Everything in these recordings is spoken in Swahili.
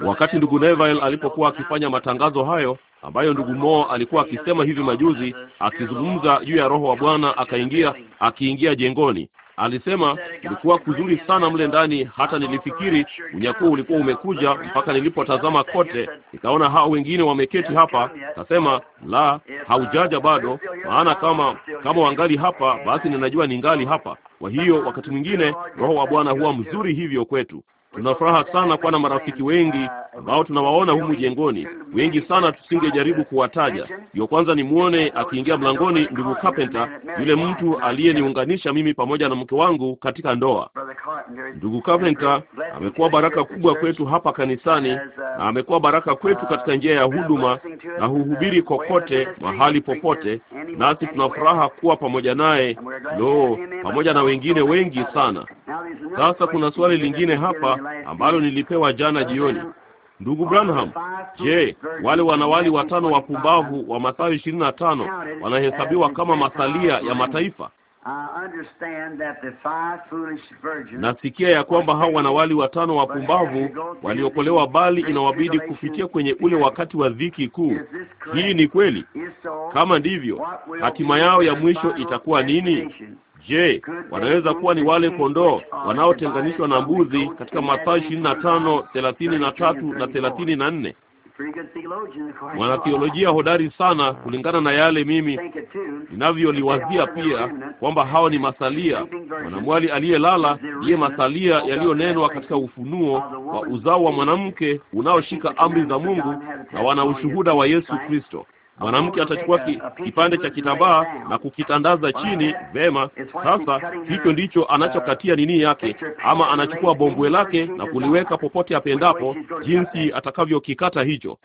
Wakati ndugu Neville alipokuwa akifanya matangazo hayo ambayo ndugu Mo alikuwa akisema hivi majuzi, akizungumza juu ya Roho wa Bwana akaingia, akiingia jengoni, alisema ilikuwa kuzuri sana mle ndani, hata nilifikiri unyakuo ulikuwa umekuja, mpaka nilipotazama kote nikaona hao wengine wameketi hapa. Kasema, la, haujaja bado, maana kama kama wangali hapa, basi ninajua ningali hapa. Kwa hiyo wakati mwingine Roho wa Bwana huwa mzuri hivyo kwetu tunafuraha sana kuwa na marafiki wengi ambao tunawaona humu jengoni, wengi sana tusingejaribu kuwataja. Yo kwanza nimwone akiingia mlangoni, ndugu Carpenter, yule mtu aliyeniunganisha mimi pamoja na mke wangu katika ndoa. Ndugu Carpenter amekuwa baraka kubwa kwetu hapa kanisani na amekuwa baraka kwetu katika njia ya huduma na huhubiri kokote, mahali popote, nasi tunafuraha kuwa pamoja naye, lo, pamoja na wengine wengi sana. Sasa kuna swali lingine hapa ambalo nilipewa jana jioni. Ndugu uh, Branham, je, wale wanawali watano wapumbavu wa Mathayo ishirini na tano wanahesabiwa kama masalia ya mataifa? Nasikia ya kwamba hao wanawali watano wapumbavu waliokolewa, bali inawabidi kufikia kwenye ule wakati wa dhiki kuu. Hii ni kweli? Kama ndivyo, hatima yao ya mwisho itakuwa nini? Je, wanaweza kuwa ni wale kondoo wanaotenganishwa na mbuzi katika Mathayo ishirini na tano thelathini na tatu na thelathini na nne? Mwanatheolojia hodari sana kulingana na yale mimi ninavyoliwazia pia, kwamba hao ni masalia. Mwanamwali aliyelala ndiye masalia yaliyonenwa katika Ufunuo wa uzao wa mwanamke unaoshika amri za Mungu na wana ushuhuda wa Yesu Kristo mwanamke atachukua ki, kipande cha kitambaa na kukitandaza chini vema. Sasa hicho ndicho uh, anachokatia nini yake, ama anachukua bombwe lake na kuliweka uh, popote apendapo, jinsi atakavyokikata hicho.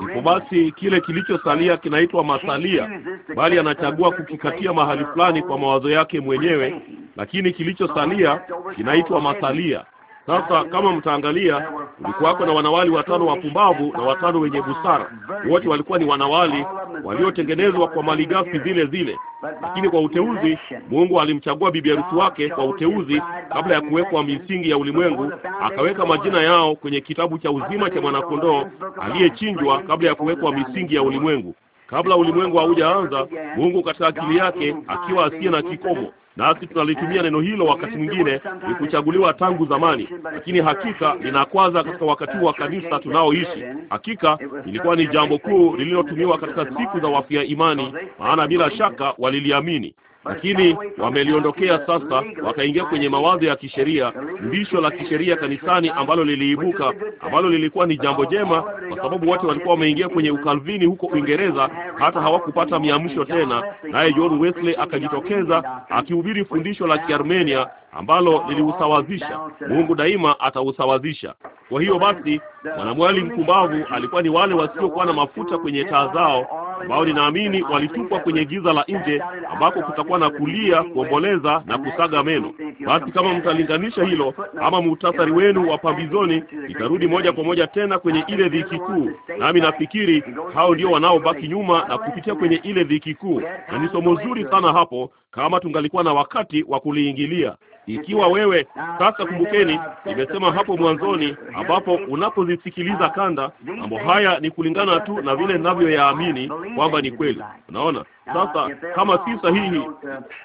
Ndipo basi kile kilichosalia kinaitwa masalia, bali anachagua kukikatia mahali fulani kwa mawazo yake mwenyewe, lakini kilichosalia kinaitwa masalia. Sasa kama mtaangalia, kulikuwako na wanawali watano wapumbavu na watano wenye busara. Wote walikuwa ni wanawali waliotengenezwa kwa malighafi zile zile, lakini kwa uteuzi, Mungu alimchagua bibi harusi wake kwa uteuzi, kabla ya kuwekwa misingi ya ulimwengu, akaweka majina yao kwenye kitabu cha uzima cha mwanakondoo aliyechinjwa kabla ya kuwekwa misingi ya ulimwengu. Kabla ulimwengu haujaanza, Mungu katika akili yake, akiwa asiye na kikomo nasi tunalitumia neno hilo wakati mwingine, ni kuchaguliwa tangu zamani, lakini hakika linakwaza katika wakati wa kanisa tunaoishi. Hakika ilikuwa ni jambo kuu lililotumiwa katika siku za wafia imani, maana bila shaka waliliamini lakini wameliondokea sasa, wakaingia kwenye mawazo ya kisheria, ndisho la kisheria kanisani ambalo liliibuka, ambalo lilikuwa ni jambo jema, kwa sababu watu walikuwa wameingia kwenye ukalvini huko Uingereza, hata hawakupata miamsho tena. Naye John Wesley akajitokeza akihubiri fundisho la Kiarmenia ambalo liliusawazisha. Mungu daima atausawazisha. Kwa hiyo basi Mwanamwali mpumbavu alikuwa ni wale wasiokuwa na mafuta kwenye taa zao, ambao ninaamini walitupwa kwenye giza la nje, ambapo kutakuwa na kulia, kuomboleza na kusaga meno. Basi kama mtalinganisha hilo ama muhtasari wenu wa pambizoni, itarudi moja kwa moja tena kwenye ile dhiki kuu, nami nafikiri hao ndio wanaobaki nyuma na kupitia kwenye ile dhiki kuu, na ni somo zuri sana hapo, kama tungalikuwa na wakati wa kuliingilia. Ikiwa wewe sasa, kumbukeni, nimesema hapo mwanzoni, ambapo unapo kuzisikiliza ah, kanda. Mambo haya ni kulingana tu na vile ninavyoyaamini kwamba ni kweli. Unaona, ah, sasa kama si sahihi, uh,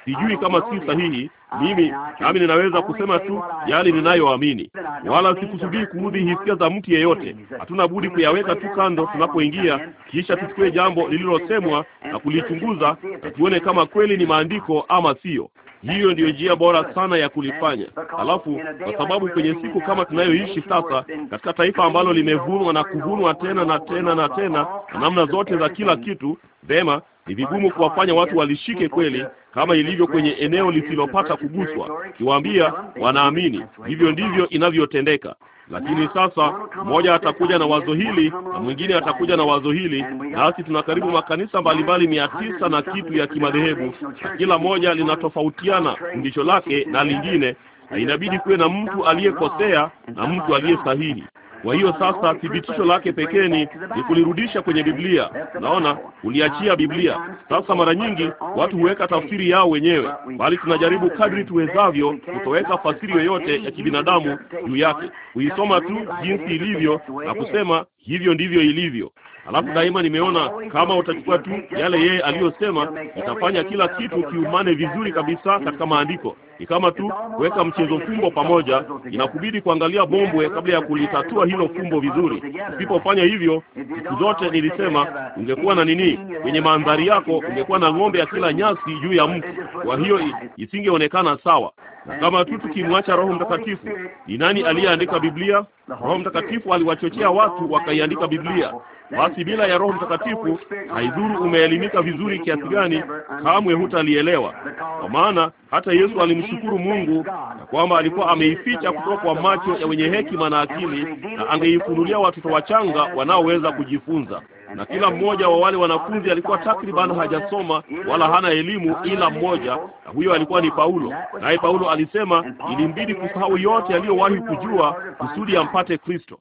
sijui kama si sahihi, ah, mimi nami ninaweza kusema tu yale ninayoamini, wala sikusudii kuudhi hisia za mtu yeyote. Hatuna budi kuyaweka tu kando tunapoingia, kisha tuchukue jambo lililosemwa na kulichunguza na tuone kama kweli ni maandiko ama sio. Hiyo ndiyo njia bora sana ya kulifanya. alafu kwa sababu kwenye siku kama tunayoishi sasa, katika taifa ambalo limevunwa na kuvunwa tena na tena na tena na namna zote za kila kitu, vema, ni vigumu kuwafanya watu walishike kweli, kama ilivyo kwenye eneo lisilopata kuguswa. Kiwaambia wanaamini, hivyo ndivyo inavyotendeka. Lakini sasa mmoja atakuja na wazo hili na mwingine atakuja na wazo hili, nasi tuna karibu makanisa mbalimbali mia tisa na kitu ya kimadhehebu, na kila moja linatofautiana fundisho lake na lingine, na inabidi kuwe na mtu aliyekosea na mtu aliye sahihi. Kwa hiyo sasa thibitisho lake pekee ni ni kulirudisha kwenye Biblia. Naona uliachia Biblia. Sasa mara nyingi watu huweka tafsiri yao wenyewe, bali tunajaribu kadri tuwezavyo kutoweka fasiri yoyote ya kibinadamu juu yake, kuisoma tu jinsi ilivyo na kusema hivyo ndivyo ilivyo. Alafu daima nimeona kama utachukua tu yale yeye aliyosema, itafanya kila kitu kiumane vizuri kabisa katika maandiko. Ni kama tu kuweka mchezo fumbo pamoja, inakubidi kuangalia bombwe kabla ya kulitatua hilo fumbo vizuri. Usipofanya hivyo, siku zote nilisema ungekuwa na nini kwenye mandhari yako, ungekuwa na ng'ombe ya kila nyasi juu ya mtu, kwa hiyo isingeonekana sawa. Na kama tu tukimwacha Roho Mtakatifu, ni nani aliyeandika Biblia? Roho Mtakatifu aliwachochea watu wakaiandika Biblia. Basi bila ya Roho Mtakatifu, haidhuru umeelimika vizuri kiasi gani, kamwe hutalielewa. Kwa maana hata Yesu alimshukuru Mungu na kwamba alikuwa ameificha kutoka kwa macho ya wenye hekima na akili, na angeifunulia watoto wachanga wanaoweza kujifunza. Na kila mmoja wa wale wanafunzi alikuwa takriban hajasoma wala hana elimu ila mmoja, na huyo alikuwa ni Paulo. Naye Paulo alisema, ilimbidi kusahau yote aliyowahi kujua kusudi apate Kristo.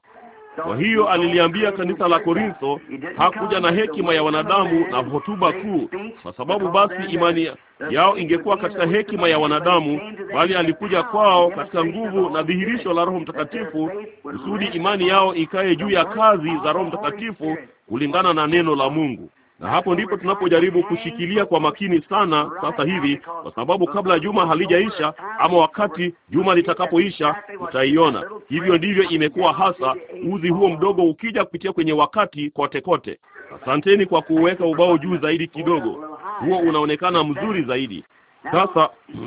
Kwa hiyo aliliambia kanisa la Korintho, hakuja na hekima ya wanadamu na hotuba kuu, kwa sababu basi imani yao ingekuwa katika hekima ya wanadamu, bali alikuja kwao katika nguvu na dhihirisho la Roho Mtakatifu, kusudi imani yao ikae juu ya kazi za Roho Mtakatifu kulingana na neno la Mungu na hapo ndipo tunapojaribu kushikilia kwa makini sana sasa hivi, kwa sababu kabla juma halijaisha ama wakati juma litakapoisha utaiona Hivyo ndivyo imekuwa hasa, uzi huo mdogo ukija kupitia kwenye wakati kote kote. Asanteni kwa kuweka ubao juu zaidi kidogo, huo unaonekana mzuri zaidi sasa.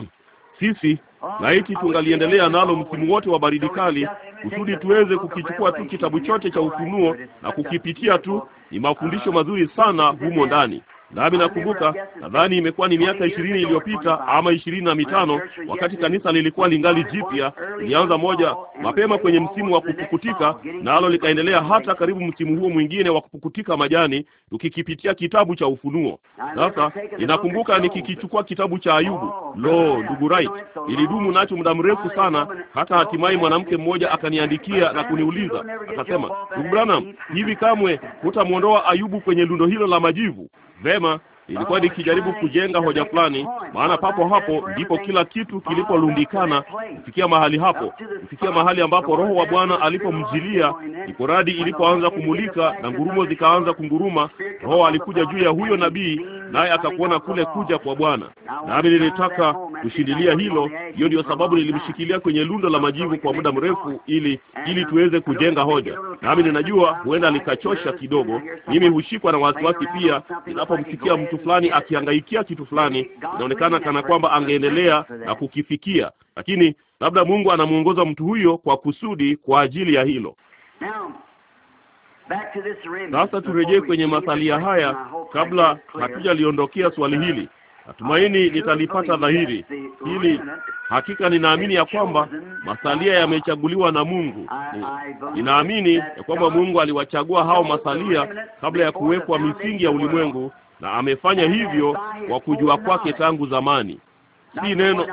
Sisi laiti tungaliendelea nalo msimu wote wa baridi kali, kusudi tuweze kukichukua tu kitabu chote cha Ufunuo na kukipitia tu ni mafundisho mazuri sana humo ndani. Nami nakumbuka, nadhani imekuwa ni miaka ishirini iliyopita ama ishirini na mitano, wakati kanisa lilikuwa lingali jipya. Ilianza moja mapema kwenye msimu wa kupukutika, nalo na likaendelea hata karibu msimu huo mwingine wa kupukutika majani, tukikipitia kitabu cha Ufunuo. Sasa inakumbuka nikikichukua kitabu cha Ayubu. Lo, ndugu Wright, ilidumu nacho muda mrefu sana, hata hatimaye mwanamke mmoja akaniandikia na kuniuliza akasema, ndugu Branham, hivi kamwe hutamwondoa Ayubu kwenye lundo hilo la majivu? Vema ilikuwa nikijaribu kujenga hoja fulani, maana papo hapo ndipo kila kitu kiliporundikana kufikia mahali hapo, kufikia mahali ambapo Roho wa Bwana alipomjilia, ndipo radi ilipoanza kumulika na ngurumo zikaanza kunguruma. Roho alikuja juu ya huyo nabii, naye akakuona kule kuja kwa Bwana. Nami nilitaka kushindilia hilo. Hiyo ndio sababu nilimshikilia kwenye lundo la majivu kwa muda mrefu, ili ili tuweze kujenga hoja. Nami ninajua huenda likachosha kidogo. Mimi hushikwa na wasiwasi pia ninapomsikia mtu mtu fulani akihangaikia kitu fulani, inaonekana kana kwamba angeendelea na kukifikia, lakini labda Mungu anamuongoza mtu huyo kwa kusudi kwa ajili ya hilo. Sasa turejee kwenye masalia haya, kabla hatujaliondokea swali uh, hili. Natumaini nitalipata dhahiri hili. Hakika ninaamini ya kwamba masalia yamechaguliwa na Mungu. Ninaamini ya kwamba Mungu aliwachagua hao masalia kabla ya kuwekwa misingi ya ulimwengu, na amefanya hivyo kwa kujua kwake tangu zamani, si neno.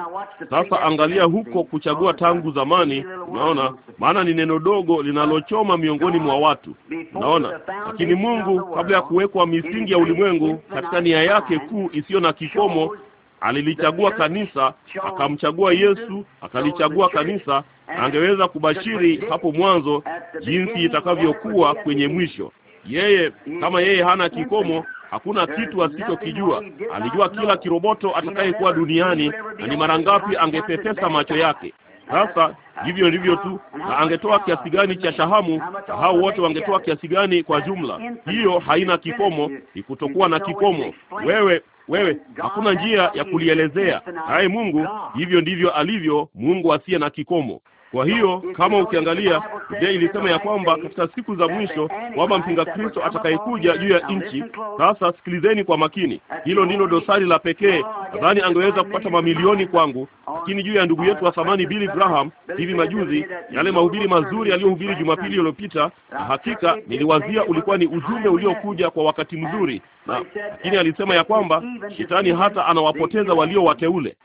Sasa angalia huko kuchagua tangu zamani, unaona, maana ni neno dogo linalochoma miongoni mwa watu, unaona. Lakini Mungu kabla ya kuwekwa misingi ya ulimwengu, katika nia yake kuu isiyo na kikomo alilichagua kanisa, akamchagua Yesu, akalichagua kanisa, na angeweza kubashiri hapo mwanzo jinsi itakavyokuwa kwenye mwisho. Yeye kama yeye hana kikomo, hakuna kitu asichokijua. Alijua kila kiroboto atakayekuwa duniani na ni mara ngapi angepepesa macho yake. Sasa hivyo ndivyo tu, na angetoa kiasi gani cha shahamu, na hao wote wangetoa kiasi gani kwa jumla. Hiyo haina kikomo, ni kutokuwa na kikomo. Wewe wewe, hakuna njia ya kulielezea. Naye Mungu hivyo ndivyo alivyo, Mungu asiye na kikomo. Kwa hiyo kama ukiangalia Biblia ilisema ya kwamba katika siku za mwisho kwamba mpinga Kristo atakayekuja juu ya nchi. Sasa sikilizeni kwa makini, hilo ndilo dosari la pekee. Nadhani angeweza kupata mamilioni kwangu, lakini juu ya ndugu yetu wa thamani Billy Graham hivi majuzi, yale mahubiri mazuri aliyohubiri Jumapili iliyopita, na hakika niliwazia ulikuwa ni ujumbe uliokuja kwa wakati mzuri, na lakini alisema ya kwamba shetani hata anawapoteza walio wateule.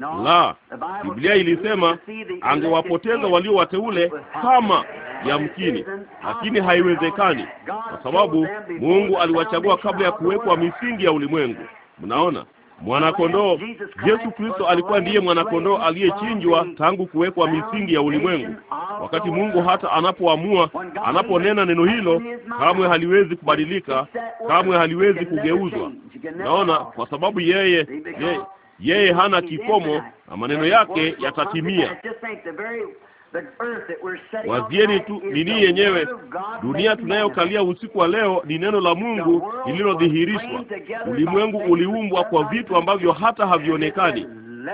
La, Biblia ilisema angewapoteza walio wateule kama yamkini, lakini haiwezekani, kwa sababu Mungu aliwachagua kabla ya kuwekwa misingi ya ulimwengu. Mnaona, mwanakondoo Yesu Kristo alikuwa ndiye mwanakondoo aliyechinjwa tangu kuwekwa misingi ya ulimwengu. Wakati Mungu hata anapoamua, anaponena neno hilo, kamwe haliwezi kubadilika, kamwe haliwezi kugeuzwa. Naona, kwa sababu yeye, yeye yeye hana kikomo na maneno yake yatatimia. Wazieni tu nini yenyewe, dunia tunayokalia usiku wa leo ni neno la Mungu lililodhihirishwa. Ulimwengu uliumbwa kwa vitu ambavyo hata havionekani.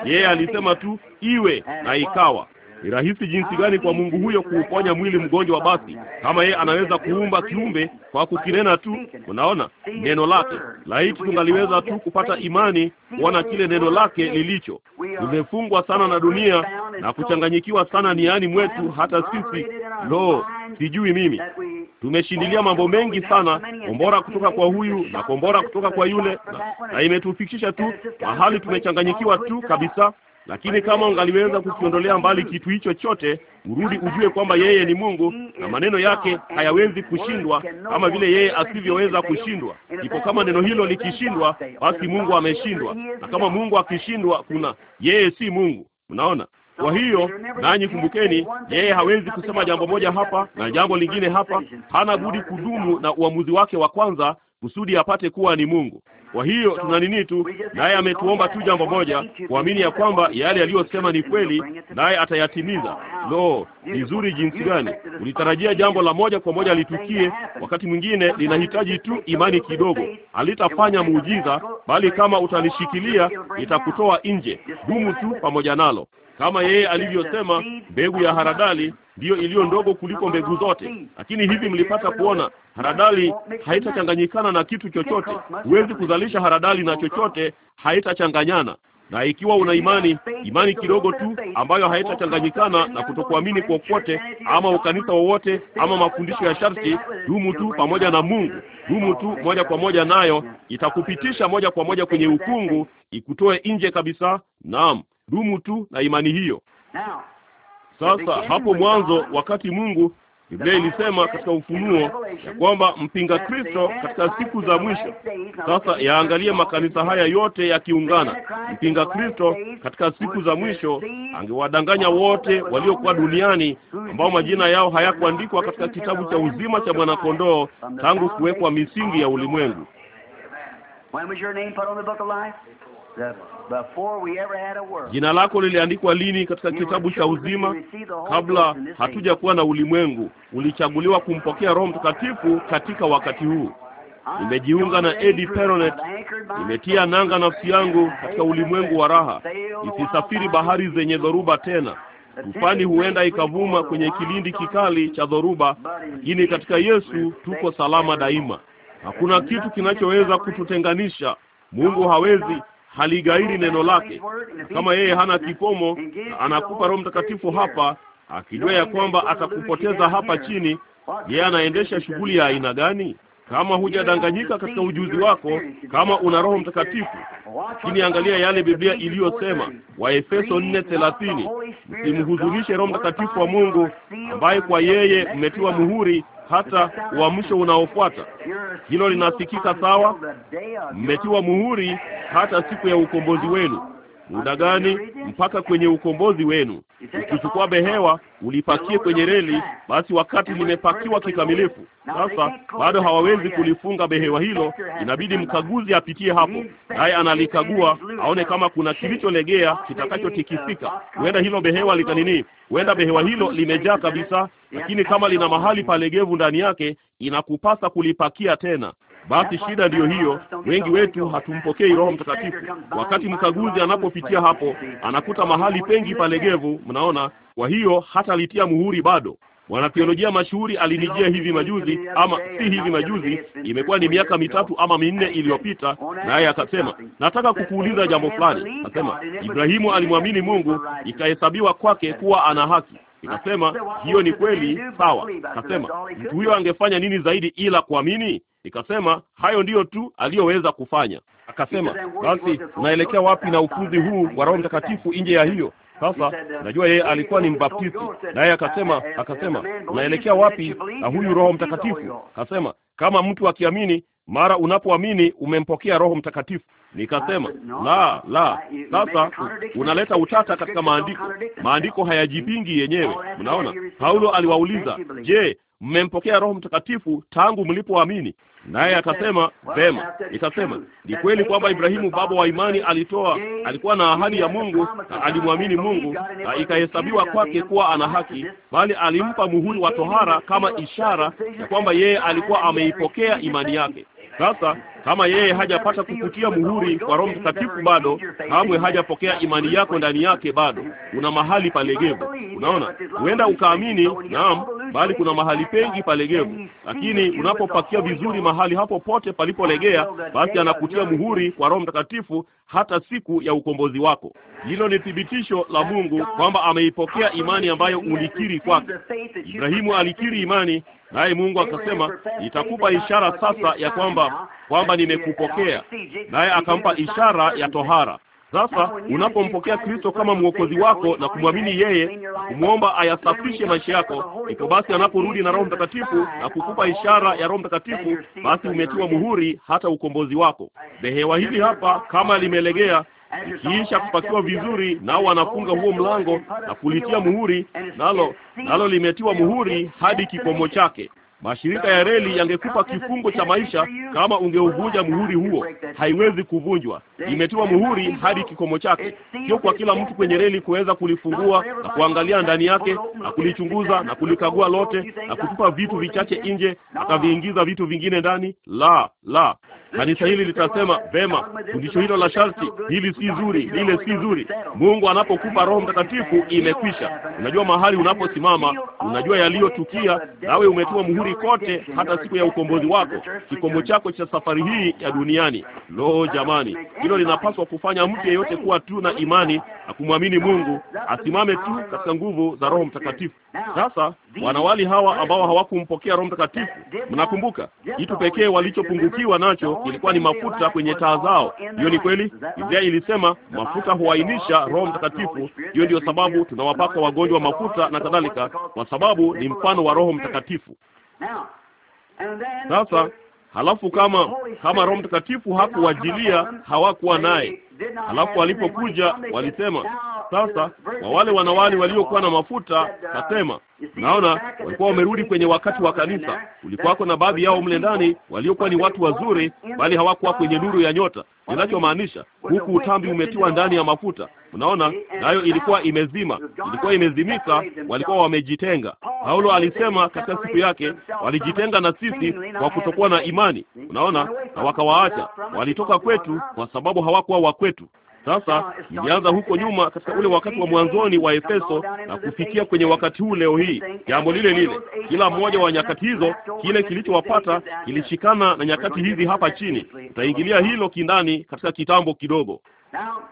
Yeye alisema tu iwe na ikawa. Ni rahisi jinsi gani kwa Mungu huyo kuuponya mwili mgonjwa? Basi kama yeye anaweza kuumba kiumbe kwa kukinena tu, unaona neno lake. Laiti tungaliweza tu kupata imani kuona kile neno lake lilicho. Tumefungwa sana na dunia na kuchanganyikiwa sana niani mwetu, hata sisi lo, sijui mimi tumeshindilia mambo mengi sana, kombora kutoka kwa huyu na kombora kutoka kwa yule, na, na imetufikisha tu mahali tumechanganyikiwa tu kabisa, lakini kama ungaliweza kukiondolea mbali kitu hicho chote, urudi ujue kwamba yeye ni Mungu na maneno yake hayawezi kushindwa, kama vile yeye asivyoweza kushindwa. Ipo kama neno hilo likishindwa, basi Mungu ameshindwa, na kama Mungu akishindwa, kuna yeye si Mungu. Mnaona? Kwa hiyo nanyi kumbukeni, yeye hawezi kusema jambo moja hapa na jambo lingine hapa. Hana budi kudumu na uamuzi wake wa kwanza kusudi apate kuwa ni Mungu. Kwa hiyo tuna nini tu, naye ametuomba tu jambo moja, kuamini ya kwamba yale aliyosema ni kweli, naye atayatimiza. Lo, oh, ni zuri jinsi gani! Ulitarajia jambo la moja kwa moja litukie, wakati mwingine linahitaji tu imani kidogo. alitafanya muujiza, bali kama utalishikilia, itakutoa nje. Dumu tu pamoja nalo. Kama yeye alivyosema, mbegu ya haradali ndiyo iliyo ndogo kuliko mbegu zote, lakini hivi mlipata kuona haradali haitachanganyikana na kitu chochote. Huwezi kuzalisha haradali na chochote, haitachanganyana na ikiwa una imani imani kidogo tu ambayo haitachanganyikana na kutokuamini kokote ama ukanisa wowote ama mafundisho ya sharti, dumu tu pamoja na Mungu, dumu tu moja kwa moja nayo, itakupitisha moja kwa moja kwenye ukungu, ikutoe nje kabisa. Naam, dumu tu na imani hiyo. Sasa hapo mwanzo, wakati Mungu, Biblia ilisema katika Ufunuo ya kwamba mpinga Kristo katika siku za mwisho. Sasa yaangalie makanisa haya yote yakiungana, mpinga Kristo katika siku za mwisho angewadanganya wote waliokuwa duniani ambao majina yao hayakuandikwa katika kitabu cha uzima cha mwanakondoo tangu kuwekwa misingi ya ulimwengu. Jina lako liliandikwa lini katika kitabu cha uzima? Kabla hatujakuwa na ulimwengu, ulichaguliwa kumpokea Roho Mtakatifu katika wakati huu. Nimejiunga na Eddie Peronet, nimetia nanga nafsi yangu katika ulimwengu wa raha. Isisafiri bahari zenye dhoruba tena. Tufani huenda ikavuma kwenye kilindi kikali cha dhoruba, lakini katika Yesu tuko salama daima. Hakuna kitu kinachoweza kututenganisha. Mungu hawezi haligairi neno lake. Kama yeye hana kikomo, anakupa Roho Mtakatifu hapa, akijua ya kwamba atakupoteza hapa chini. Yeye anaendesha shughuli ya aina gani? kama hujadanganyika katika ujuzi wako, kama una Roho Mtakatifu. Lakini angalia yale Biblia iliyosema, Waefeso nne thelathini, msimhuzunishe Roho Mtakatifu wa Mungu ambaye kwa yeye mmetiwa muhuri hata uamsho unaofuata. Hilo linasikika sawa? Mmetiwa muhuri hata siku ya ukombozi wenu muda gani mpaka kwenye ukombozi wenu. Ukichukua behewa ulipakie kwenye reli, basi wakati limepakiwa kikamilifu. Sasa bado hawawezi kulifunga behewa hilo, inabidi mkaguzi apitie hapo, naye analikagua aone kama kuna kilicholegea kitakachotikisika. Huenda hilo behewa likanini, huenda behewa hilo limejaa kabisa, lakini kama lina mahali palegevu ndani yake, inakupasa kulipakia tena. Basi shida ndiyo hiyo, wengi wetu hatumpokei Roho Mtakatifu. Wakati mkaguzi anapopitia hapo, anakuta mahali pengi palegevu, mnaona. Kwa hiyo hata litia muhuri bado. Mwanatheolojia mashuhuri alinijia hivi majuzi, ama si hivi majuzi, imekuwa ni miaka mitatu ama minne iliyopita, naye akasema, nataka kukuuliza jambo fulani. Akasema Ibrahimu alimwamini Mungu, ikahesabiwa kwake kuwa ana haki. Nikasema hiyo ni kweli, sawa. Akasema mtu huyo angefanya nini zaidi ila kuamini? Nikasema hayo ndiyo tu aliyoweza kufanya. Akasema, basi unaelekea wapi na ufuzi huu wa Roho Mtakatifu nje ya hiyo? Sasa najua yeye alikuwa ni Mbaptisti, naye akasema akasema, unaelekea wapi na huyu Roho Mtakatifu? Akasema, kama mtu akiamini, mara unapoamini umempokea Roho Mtakatifu. Nikasema la la, sasa unaleta utata katika maandiko. Maandiko hayajipingi yenyewe. Mnaona, Paulo aliwauliza, je, mmempokea Roho Mtakatifu tangu mlipoamini. Naye akasema vema. Ikasema ni kweli kwamba Ibrahimu baba wa imani alitoa, alikuwa na ahadi ya Mungu na alimwamini Mungu na ikahesabiwa kwake kuwa ana haki, bali alimpa muhuri wa tohara kama ishara ya kwamba yeye alikuwa ameipokea imani yake. Sasa kama yeye hajapata kukutia muhuri kwa Roho Mtakatifu bado, kamwe hajapokea imani yako ndani yake bado, una mahali palegevu. Unaona, huenda ukaamini, naam, bali kuna mahali pengi palegevu. Lakini unapopakia vizuri mahali hapo pote palipolegea, basi anakutia muhuri kwa Roho Mtakatifu hata siku ya ukombozi wako. Hilo ni thibitisho la Mungu kwamba ameipokea imani ambayo ulikiri kwake. Ibrahimu alikiri imani, naye Mungu akasema, nitakupa ishara sasa ya kwamba kwamba nimekupokea, naye akampa ishara ya tohara. Sasa unapompokea Kristo kama mwokozi wako na kumwamini yeye, kumwomba ayasafishe maisha yako, ipo basi anaporudi na Roho Mtakatifu na kukupa ishara ya Roho Mtakatifu, basi umetiwa muhuri hata ukombozi wako. Behewa hili hapa kama limelegea ikiisha kupakiwa vizuri, nao wanafunga huo mlango na kulitia muhuri, nalo nalo limetiwa muhuri hadi kikomo chake. Mashirika ya reli yangekupa kifungo cha maisha kama ungeuvunja muhuri huo. Haiwezi kuvunjwa, imetiwa muhuri hadi kikomo chake. Sio kwa kila mtu kwenye reli kuweza kulifungua na kuangalia ndani yake na kulichunguza na kulikagua lote na kutupa vitu vichache nje akaviingiza vitu vingine ndani. La, la, Kanisa hili litasema vema, fundisho hilo la sharti hili si zuri, lile si zuri. Mungu anapokupa Roho Mtakatifu imekwisha. Unajua mahali unaposimama, unajua yaliyotukia, nawe umetua muhuri kote, hata siku ya ukombozi wako, kikomo chako cha safari hii ya duniani. Lo, jamani, hilo linapaswa kufanya mtu yeyote kuwa tu na imani na kumwamini Mungu, asimame tu katika nguvu za Roho Mtakatifu. Sasa wanawali hawa ambao hawakumpokea Roho Mtakatifu, mnakumbuka, kitu pekee walichopungukiwa nacho ilikuwa ni mafuta kwenye taa zao. Hiyo ni kweli, Biblia ilisema mafuta huainisha Roho Mtakatifu. Hiyo ndiyo sababu tunawapaka wagonjwa mafuta na kadhalika, kwa sababu ni mfano wa Roho Mtakatifu. Sasa halafu, kama kama Roho Mtakatifu hakuwajilia, hawakuwa naye Alafu walipokuja walisema, sasa kwa wale wanawali waliokuwa na mafuta uh, katema. Naona walikuwa wamerudi kwenye wakati wa kanisa. Kulikuwako na baadhi yao mle ndani waliokuwa ni watu wazuri, bali hawakuwa kwenye nuru ya nyota. Ninachomaanisha huku, utambi umetiwa ndani ya mafuta, unaona, nayo ilikuwa imezima, ilikuwa imezimika, walikuwa wamejitenga. Paulo alisema katika siku yake walijitenga na sisi kwa kutokuwa na imani, unaona, na wakawaacha, walitoka kwetu kwa sababu hawakuwa wakwetu kwetu. Sasa ilianza huko nyuma katika ule wakati wa mwanzoni wa Efeso na kufikia kwenye wakati huu leo hii, jambo lile lile, kila mmoja wa nyakati hizo, kile kilichowapata kilishikana na nyakati hizi hapa chini. Tutaingilia hilo kindani katika kitambo kidogo.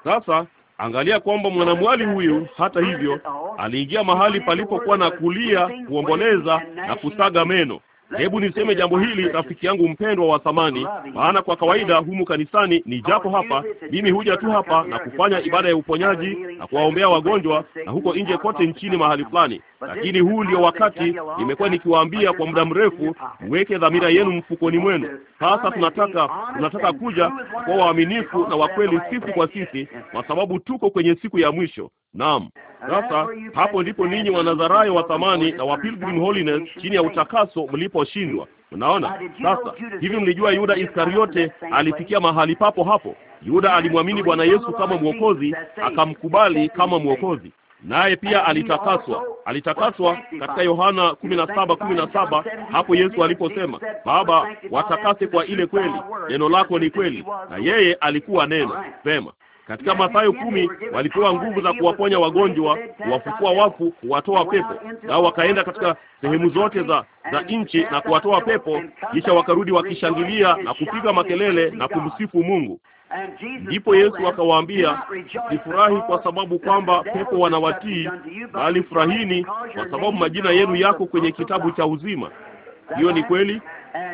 Sasa angalia kwamba mwanamwali huyu, hata hivyo, aliingia mahali palipokuwa na kulia, kuomboleza na kusaga meno. Hebu niseme jambo hili, rafiki yangu mpendwa wa thamani, maana kwa kawaida humu kanisani ni japo hapa mimi huja tu hapa na kufanya ibada ya uponyaji na kuwaombea wagonjwa na huko nje kote nchini mahali fulani, lakini huu ndio wakati nimekuwa nikiwaambia kwa muda mrefu, mweke dhamira yenu mfukoni mwenu. Sasa tunataka tunataka kuja kwa waaminifu na wakweli, sisi kwa sisi, kwa sababu tuko kwenye siku ya mwisho. Naam, sasa hapo ndipo ninyi Wanazarayo wa thamani na wa Pilgrim Holiness chini ya utakaso mliposhindwa. Unaona sasa hivi, mlijua Yuda Iskariote alifikia mahali papo hapo. Yuda alimwamini Bwana Yesu kama Mwokozi, akamkubali kama Mwokozi, naye pia alitakaswa. Alitakaswa katika Yohana kumi na saba kumi na saba hapo Yesu aliposema, Baba, watakase kwa ile kweli, neno lako ni kweli, na yeye alikuwa neno. Vema, katika Mathayo kumi walipewa nguvu za kuwaponya wagonjwa, kuwafukua wafu, kuwatoa pepo. Nao wakaenda katika sehemu zote za za nchi na kuwatoa pepo, kisha wakarudi wakishangilia na kupiga makelele na kumsifu Mungu. Ndipo Yesu akawaambia, sifurahi kwa sababu kwamba pepo wanawatii, bali furahini kwa sababu majina yenu yako kwenye kitabu cha uzima. Hiyo ni kweli,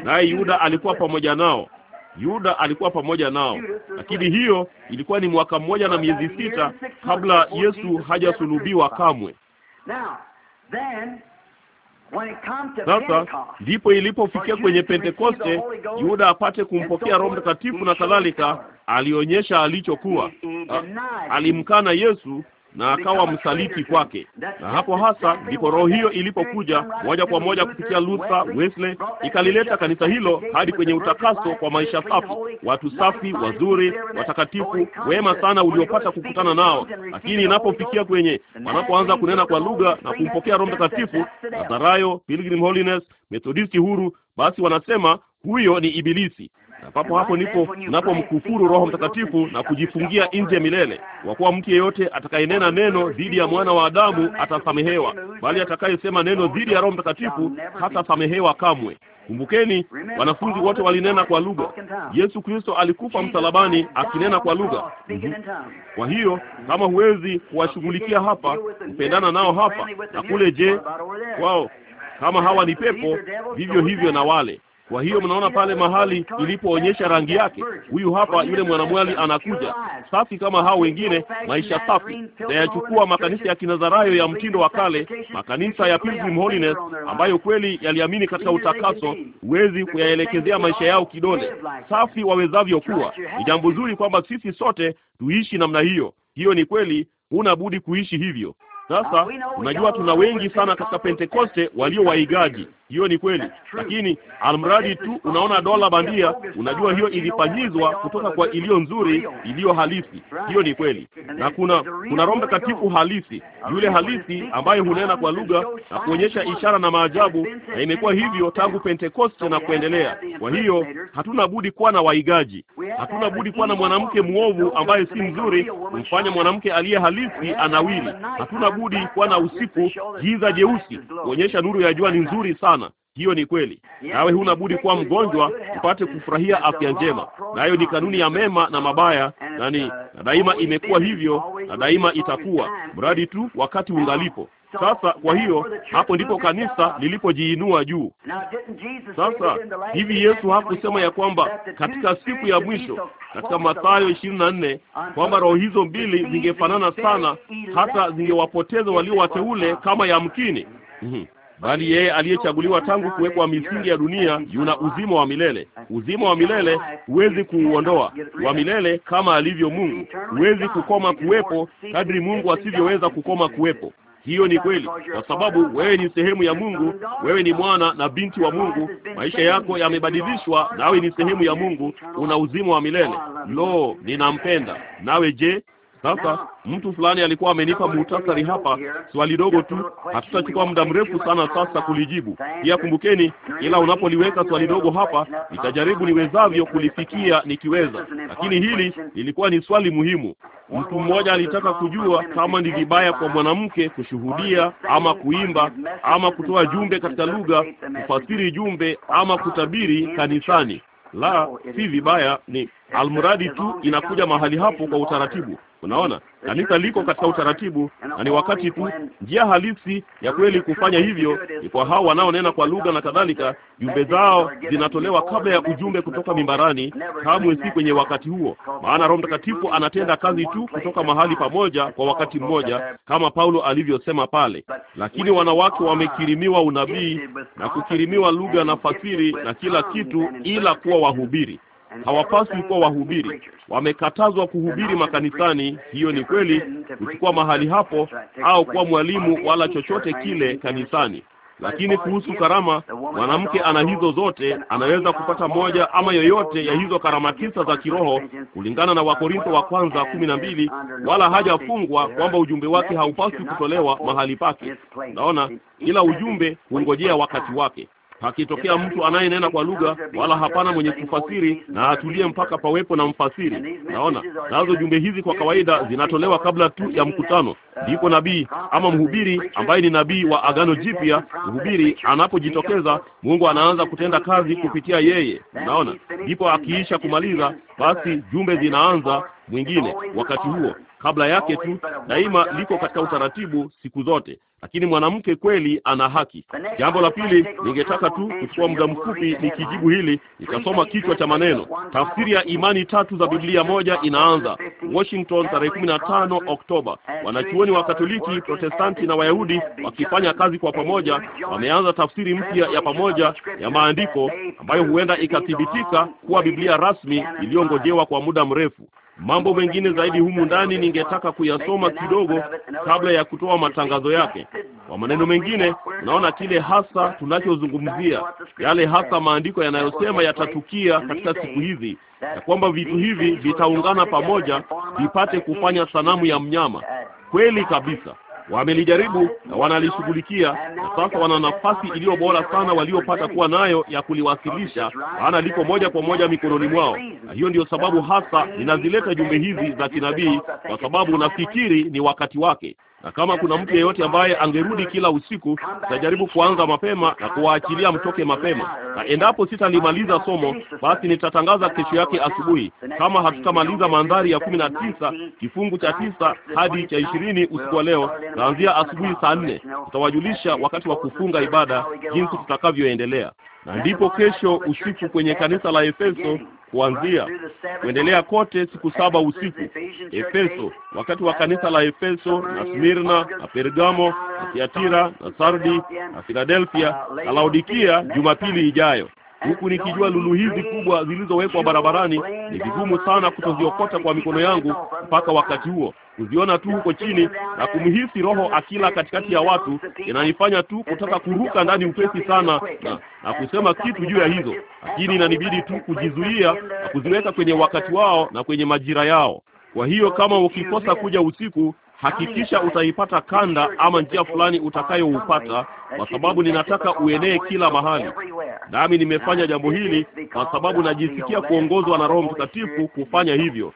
naye Yuda alikuwa pamoja nao. Yuda alikuwa pamoja nao, lakini hiyo ilikuwa ni mwaka mmoja na miezi sita kabla Yesu hajasulubiwa kamwe. Sasa ndipo ilipofikia kwenye Pentekoste, Yuda apate kumpokea Roho Mtakatifu na kadhalika, alionyesha alichokuwa. Alimkana Yesu na akawa msaliti kwake, na hapo hasa ndipo roho hiyo ilipokuja moja kwa moja kupitia Luther Wesley, ikalileta kanisa hilo hadi kwenye utakaso kwa maisha safi, watu safi, wazuri, watakatifu, wema sana uliopata kukutana nao. Lakini inapofikia kwenye wanapoanza kunena kwa lugha na kumpokea Roho Mtakatifu, Nazarayo, Pilgrim Holiness, Methodisti huru, basi wanasema huyo ni Ibilisi na papo hapo ndipo napomkufuru Roho Mtakatifu na kujifungia nje ya milele, kwa kuwa mtu yeyote atakayenena neno dhidi ya mwana wa Adamu atasamehewa, bali atakayesema neno dhidi ya Roho Mtakatifu hatasamehewa kamwe. Kumbukeni, wanafunzi wote walinena kwa lugha. Yesu Kristo alikufa msalabani akinena kwa lugha. Mhm. Kwa hiyo kama huwezi kuwashughulikia hapa, kupendana nao hapa na kule, je, wao kama hawa ni pepo, vivyo hivyo na wale kwa hiyo mnaona pale mahali ilipoonyesha rangi yake, huyu hapa yule mwanamwali anakuja safi kama hao wengine, maisha safi. Nayachukua makanisa ya Kinazarayo ya mtindo wa kale, makanisa ya Pilgrim Holiness ambayo kweli yaliamini katika utakaso, huwezi kuyaelekezea maisha yao kidole, safi wawezavyo kuwa. Ni jambo zuri kwamba sisi sote tuishi namna hiyo. Hiyo ni kweli, huna budi kuishi hivyo. Sasa uh, unajua tuna wengi sana katika Pentekoste walio waigaji, hiyo ni kweli, lakini almradi tu unaona dola bandia, unajua hiyo ilipanyizwa kutoka kwa iliyo nzuri, iliyo halisi. Hiyo ni kweli, na kuna kuna Roho Mtakatifu halisi, yule halisi ambaye hunena kwa lugha na kuonyesha ishara na maajabu, na imekuwa hivyo tangu Pentekoste na kuendelea. Kwa hiyo hatuna budi kuwa na waigaji, hatuna budi kuwa na mwanamke mwovu ambaye si mzuri kumfanya mwanamke aliye halisi anawili, hatuna budi kuwa na usiku, giza jeusi. Kuonyesha nuru ya jua ni nzuri sana, hiyo ni kweli, nawe huna budi kuwa mgonjwa upate kufurahia afya njema, nayo ni kanuni ya mema na mabaya, nani na daima imekuwa hivyo na daima itakuwa, mradi tu wakati ungalipo. Sasa kwa hiyo hapo ndipo kanisa lilipojiinua juu. Sasa hivi Yesu hakusema ya kwamba katika siku ya mwisho katika Mathayo ishirini na nne kwamba roho hizo mbili zingefanana sana hata zingewapoteza walio wateule kama yamkini. Mhm bali yeye aliyechaguliwa tangu kuwekwa misingi ya dunia yuna uzima wa milele. Uzima wa milele huwezi kuuondoa, wa milele kama alivyo Mungu. Huwezi kukoma kuwepo kadri Mungu asivyoweza kukoma kuwepo. Hiyo ni kweli, kwa sababu wewe ni sehemu ya Mungu. Wewe ni mwana na binti wa Mungu, maisha yako yamebadilishwa, nawe ni sehemu ya Mungu, una uzima wa milele. Lo, ninampenda. Nawe je? Sasa mtu fulani alikuwa amenipa muhtasari hapa, swali dogo tu, hatutachukua muda mrefu sana sasa kulijibu. Pia kumbukeni, ila unapoliweka swali dogo hapa, nitajaribu niwezavyo kulifikia nikiweza, lakini hili lilikuwa ni swali muhimu. Mtu mmoja alitaka kujua kama ni vibaya kwa mwanamke kushuhudia ama kuimba ama kutoa jumbe katika lugha, kufasiri jumbe ama kutabiri kanisani. La, si vibaya, ni almuradi tu inakuja mahali hapo kwa utaratibu. Unaona, kanisa liko katika utaratibu, na ni wakati tu. Njia halisi ya kweli kufanya hivyo ni kwa hao wanaonena kwa lugha na kadhalika. Jumbe zao zinatolewa kabla ya ujumbe kutoka mimbarani, kamwe si kwenye wakati huo, maana Roho Mtakatifu anatenda kazi tu kutoka mahali pamoja kwa wakati mmoja, kama Paulo alivyosema pale. Lakini wanawake wamekirimiwa unabii na kukirimiwa lugha na fasiri na kila kitu, ila kuwa wahubiri hawapaswi kuwa wahubiri. Wamekatazwa kuhubiri makanisani, hiyo ni kweli, kuchukua mahali hapo au kuwa mwalimu wala chochote kile kanisani. Lakini kuhusu karama, mwanamke ana hizo zote, anaweza uh, kupata moja ama yoyote ya hizo karama tisa za kiroho kulingana na Wakorintho wa kwanza kumi na mbili, wala hajafungwa kwamba ujumbe wake haupaswi kutolewa mahali pake. Naona ila ujumbe hungojea wakati wake. Hakitokea mtu anayenena kwa lugha, wala hapana mwenye kufasiri, na atulie mpaka pawepo na mfasiri. Naona nazo jumbe hizi kwa kawaida zinatolewa kabla tu ya mkutano, ndipo nabii ama mhubiri ambaye ni nabii wa Agano Jipya, mhubiri anapojitokeza, Mungu anaanza kutenda kazi kupitia yeye. Naona ndipo akiisha kumaliza, basi jumbe zinaanza mwingine wakati huo kabla yake tu, daima liko katika utaratibu siku zote, lakini mwanamke kweli ana haki. Jambo la pili, ningetaka tu kuchukua muda mfupi nikijibu hili, nikasoma kichwa cha maneno, tafsiri ya imani tatu za Biblia moja. Inaanza Washington tarehe 15 Oktoba. Wanachuoni wa Katoliki, Protestanti na Wayahudi wakifanya kazi kwa pamoja, wameanza tafsiri mpya ya pamoja ya maandiko ambayo huenda ikathibitika kuwa Biblia rasmi iliyongojewa kwa muda mrefu. Mambo mengine zaidi humu ndani ningetaka kuyasoma kidogo kabla ya kutoa matangazo yake. Kwa maneno mengine, naona kile hasa tunachozungumzia, yale hasa maandiko yanayosema yatatukia katika siku hizi, ya kwamba vitu hivi vitaungana pamoja vipate kufanya sanamu ya mnyama. Kweli kabisa. Wamelijaribu na wanalishughulikia, na sasa wana nafasi iliyo bora sana waliopata kuwa nayo ya kuliwasilisha, maana liko moja kwa moja mikononi mwao. Na hiyo ndiyo sababu hasa ninazileta jumbe hizi za kinabii, kwa sababu nafikiri ni wakati wake na kama kuna mtu yeyote ambaye angerudi kila usiku, nitajaribu kuanza mapema na kuwaachilia mtoke mapema, na endapo sitalimaliza somo, basi nitatangaza kesho yake asubuhi. Kama hatutamaliza mandhari ya kumi na tisa kifungu cha tisa hadi cha ishirini usiku wa leo, naanzia asubuhi saa nne, tutawajulisha wakati wa kufunga ibada jinsi tutakavyoendelea na ndipo kesho usiku kwenye kanisa la Efeso kuanzia kuendelea kote siku saba usiku Efeso, wakati wa kanisa la Efeso na Smirna na Pergamo na Tiatira na Sardi na Filadelfia na Laodikia Jumapili ijayo huku nikijua lulu hizi kubwa zilizowekwa barabarani ni vigumu sana kutoziokota kwa mikono yangu mpaka wakati huo. Kuziona tu huko chini na kumhisi Roho akila katikati ya watu inanifanya tu kutaka kuruka ndani upesi sana na, na kusema kitu juu ya hizo, lakini inanibidi tu kujizuia na kuziweka kwenye wakati wao na kwenye majira yao. Kwa hiyo kama ukikosa kuja usiku hakikisha utaipata kanda ama njia fulani utakayoupata, kwa sababu ninataka uenee kila mahali. Nami nimefanya jambo hili kwa sababu najisikia kuongozwa na Roho Mtakatifu kufanya hivyo.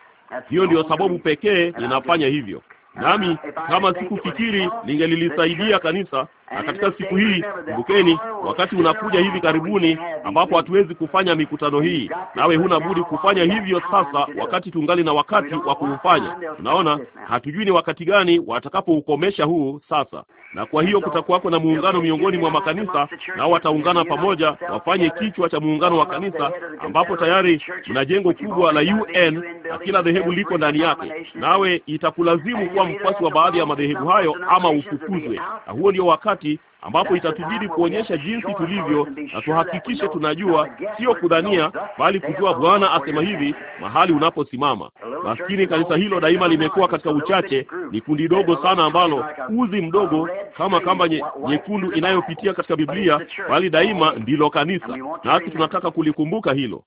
Hiyo ndiyo sababu pekee ninafanya hivyo. Nami kama sikufikiri ningelilisaidia kanisa na yaani katika siku hii, kumbukeni, wakati unakuja hivi karibuni ambapo hatuwezi kufanya mikutano hii, nawe huna budi kufanya hivyo sasa, wakati tungali na wakati wa kuufanya. Unaona, hatujui ni wakati gani watakapoukomesha huu sasa, na kwa hiyo kutakuwako na muungano miongoni mwa makanisa, nao wataungana pamoja wafanye kichwa cha muungano wa kanisa, ambapo tayari mna jengo kubwa la UN na kila dhehebu liko ndani yake, nawe itakulazimu kuwa mfuasi wa baadhi ya madhehebu hayo ama ufukuzwe, na huo ndio wakati wakati ambapo itatubidi kuonyesha jinsi tulivyo na tuhakikishe tunajua, sio kudhania, bali kujua Bwana asema hivi mahali unaposimama. Maskini kanisa hilo daima limekuwa katika uchache, ni kundi dogo sana ambalo uzi mdogo kama kamba nye, nyekundu inayopitia katika Biblia, bali daima ndilo kanisa, nasi tunataka kulikumbuka hilo.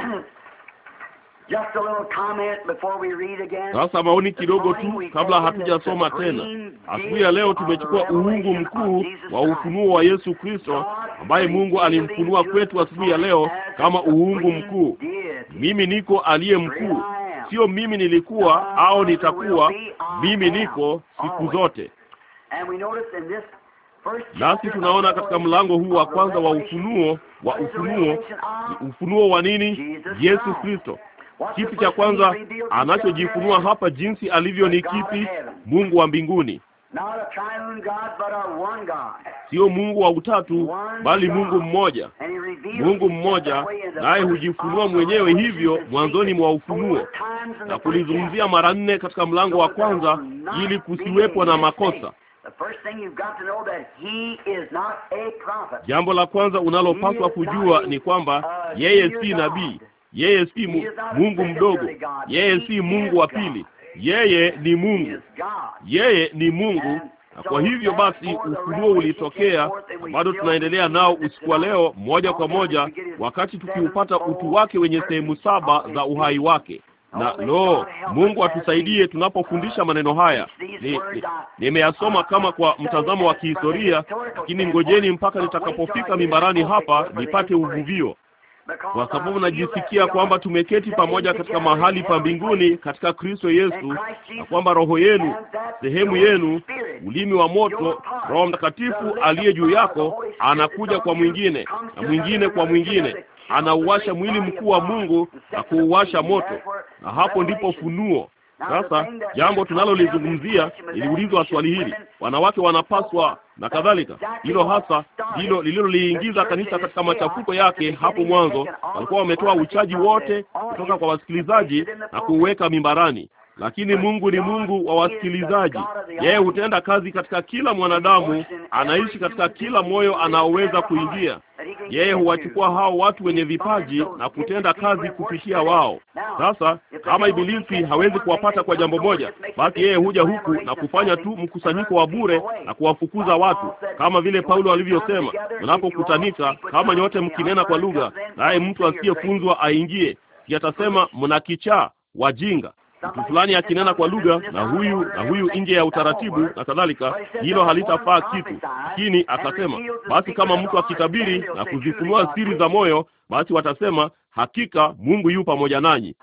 Sasa maoni kidogo tu kabla hatujasoma tena. Asubuhi ya leo tumechukua uungu mkuu wa ufunuo wa Yesu Kristo ambaye Mungu alimfunua kwetu asubuhi ya leo kama uungu mkuu. Mimi niko aliye mkuu. Sio mimi nilikuwa au nitakuwa, mimi niko siku zote. Nasi tunaona katika mlango huu wa kwanza wa ufunuo wa ufunuo, ufunuo wa nini? Yesu Kristo. Kipi cha kwanza anachojifunua hapa jinsi alivyo ni kipi? Mungu wa mbinguni, sio Mungu wa utatu, bali Mungu mmoja. Mungu mmoja naye hujifunua mwenyewe hivyo mwanzoni mwa Ufunuo, na kulizungumzia mara nne katika mlango wa kwanza, ili kusiwepo na makosa. Jambo la kwanza unalopaswa kujua ni kwamba yeye si nabii, yeye si mu, Mungu mdogo, yeye si Mungu wa pili, yeye ni Mungu, yeye ni Mungu. Na kwa hivyo basi ufunuo ulitokea, bado tunaendelea nao usiku wa leo, moja kwa moja, wakati tukiupata utu wake wenye sehemu saba za uhai wake na lo, Mungu atusaidie tunapofundisha uh, maneno haya. Uh, nimeyasoma ni, uh, ni kama kwa mtazamo wa kihistoria, lakini ngojeni mpaka nitakapofika mimbarani hapa nipate uvuvio kwa sababu najisikia kwamba tumeketi pamoja katika mahali pa mbinguni katika Kristo Yesu, na kwamba roho yenu, sehemu yenu, ulimi wa moto, Roho Mtakatifu aliye juu yako anakuja kwa mwingine na mwingine kwa mwingine, anauwasha mwili mkuu wa Mungu na kuuwasha moto, na hapo ndipo funuo sasa jambo tunalolizungumzia, liliulizwa swali hili, wanawake wanapaswa na kadhalika. Hilo hasa ndilo lililoliingiza kanisa katika machafuko yake hapo mwanzo. Walikuwa wametoa uchaji wote kutoka kwa wasikilizaji na kuuweka mimbarani, lakini Mungu ni Mungu wa wasikilizaji. Yeye hutenda kazi katika kila mwanadamu, anaishi katika kila moyo anaoweza kuingia. Yeye huwachukua hao watu wenye vipaji na kutenda kazi kupitia wao. Sasa kama Ibilisi hawezi kuwapata kwa jambo moja, basi yeye huja huku na kufanya tu mkusanyiko wa bure na kuwafukuza watu, kama vile Paulo alivyosema, mnapokutanika kama nyote mkinena kwa lugha, naye mtu asiyefunzwa aingie, yatasema mnakichaa mna kichaa wajinga mtu fulani akinena kwa lugha na huyu na huyu nje ya utaratibu na kadhalika, hilo halitafaa kitu. Lakini akasema basi, kama mtu akitabiri na kuzifunua siri za moyo, basi watasema hakika Mungu yu pamoja nanyi.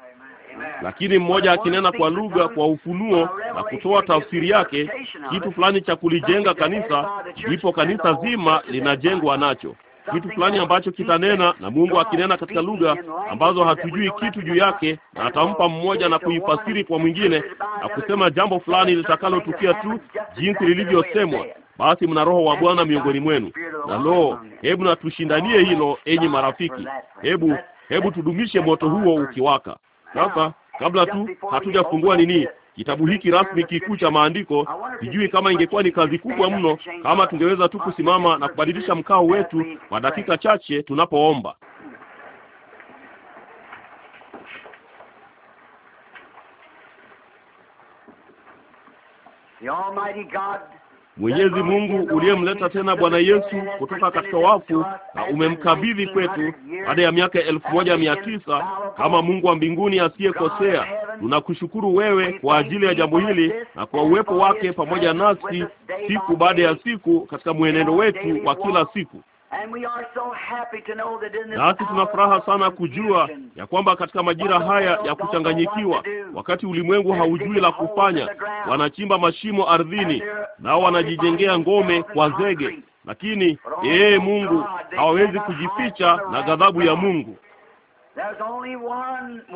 Lakini mmoja akinena kwa lugha kwa ufunuo na kutoa tafsiri yake, kitu fulani cha kulijenga kanisa, ndipo kanisa zima linajengwa nacho kitu fulani ambacho kitanena, na Mungu akinena katika lugha ambazo hatujui kitu juu yake, na atampa mmoja na kuifasiri kwa mwingine na kusema jambo fulani litakalotukia tu jinsi lilivyosemwa. Basi mna roho wa Bwana miongoni mwenu. Na loo, hebu na tushindanie hilo, enyi marafiki. Hebu hebu tudumishe moto huo ukiwaka. Sasa kabla tu hatujafungua nini kitabu hiki rasmi kikuu cha maandiko. Sijui kama ingekuwa ni kazi kubwa mno kama tungeweza tu kusimama na kubadilisha mkao wetu kwa dakika chache tunapoomba. The Almighty God Mwenyezi Mungu uliyemleta tena Bwana Yesu kutoka katika wafu na umemkabidhi kwetu baada ya miaka elfu moja mia tisa kama Mungu wa mbinguni asiyekosea, tunakushukuru wewe kwa ajili ya jambo hili na kwa uwepo wake pamoja nasi siku baada ya siku katika mwenendo wetu wa kila siku. Nasi tuna furaha sana kujua ya kwamba katika majira haya ya kuchanganyikiwa, wakati ulimwengu haujui la kufanya, wanachimba mashimo ardhini, nao wanajijengea ngome kwa zege, lakini ee Mungu hawawezi kujificha na ghadhabu ya Mungu.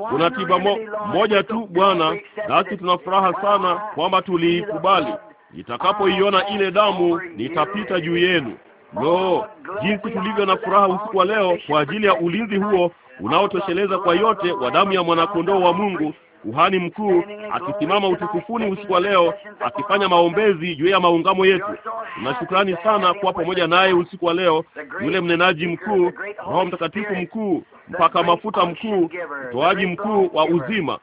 Kuna tiba mo, moja tu Bwana, nasi tuna furaha sana kwamba tuliikubali. Nitakapoiona ile damu, nitapita juu yenu. Lo, jinsi tulivyo na furaha usiku wa leo kwa ajili ya ulinzi huo unaotosheleza kwa yote wa damu ya mwanakondoo wa Mungu, kuhani mkuu akisimama utukufuni usiku wa leo akifanya maombezi juu ya maungamo yetu. Na shukrani sana kuwa pamoja naye usiku wa leo, yule mnenaji mkuu, Roho Mtakatifu mkuu, mpaka mafuta mkuu, mtoaji mkuu wa uzima.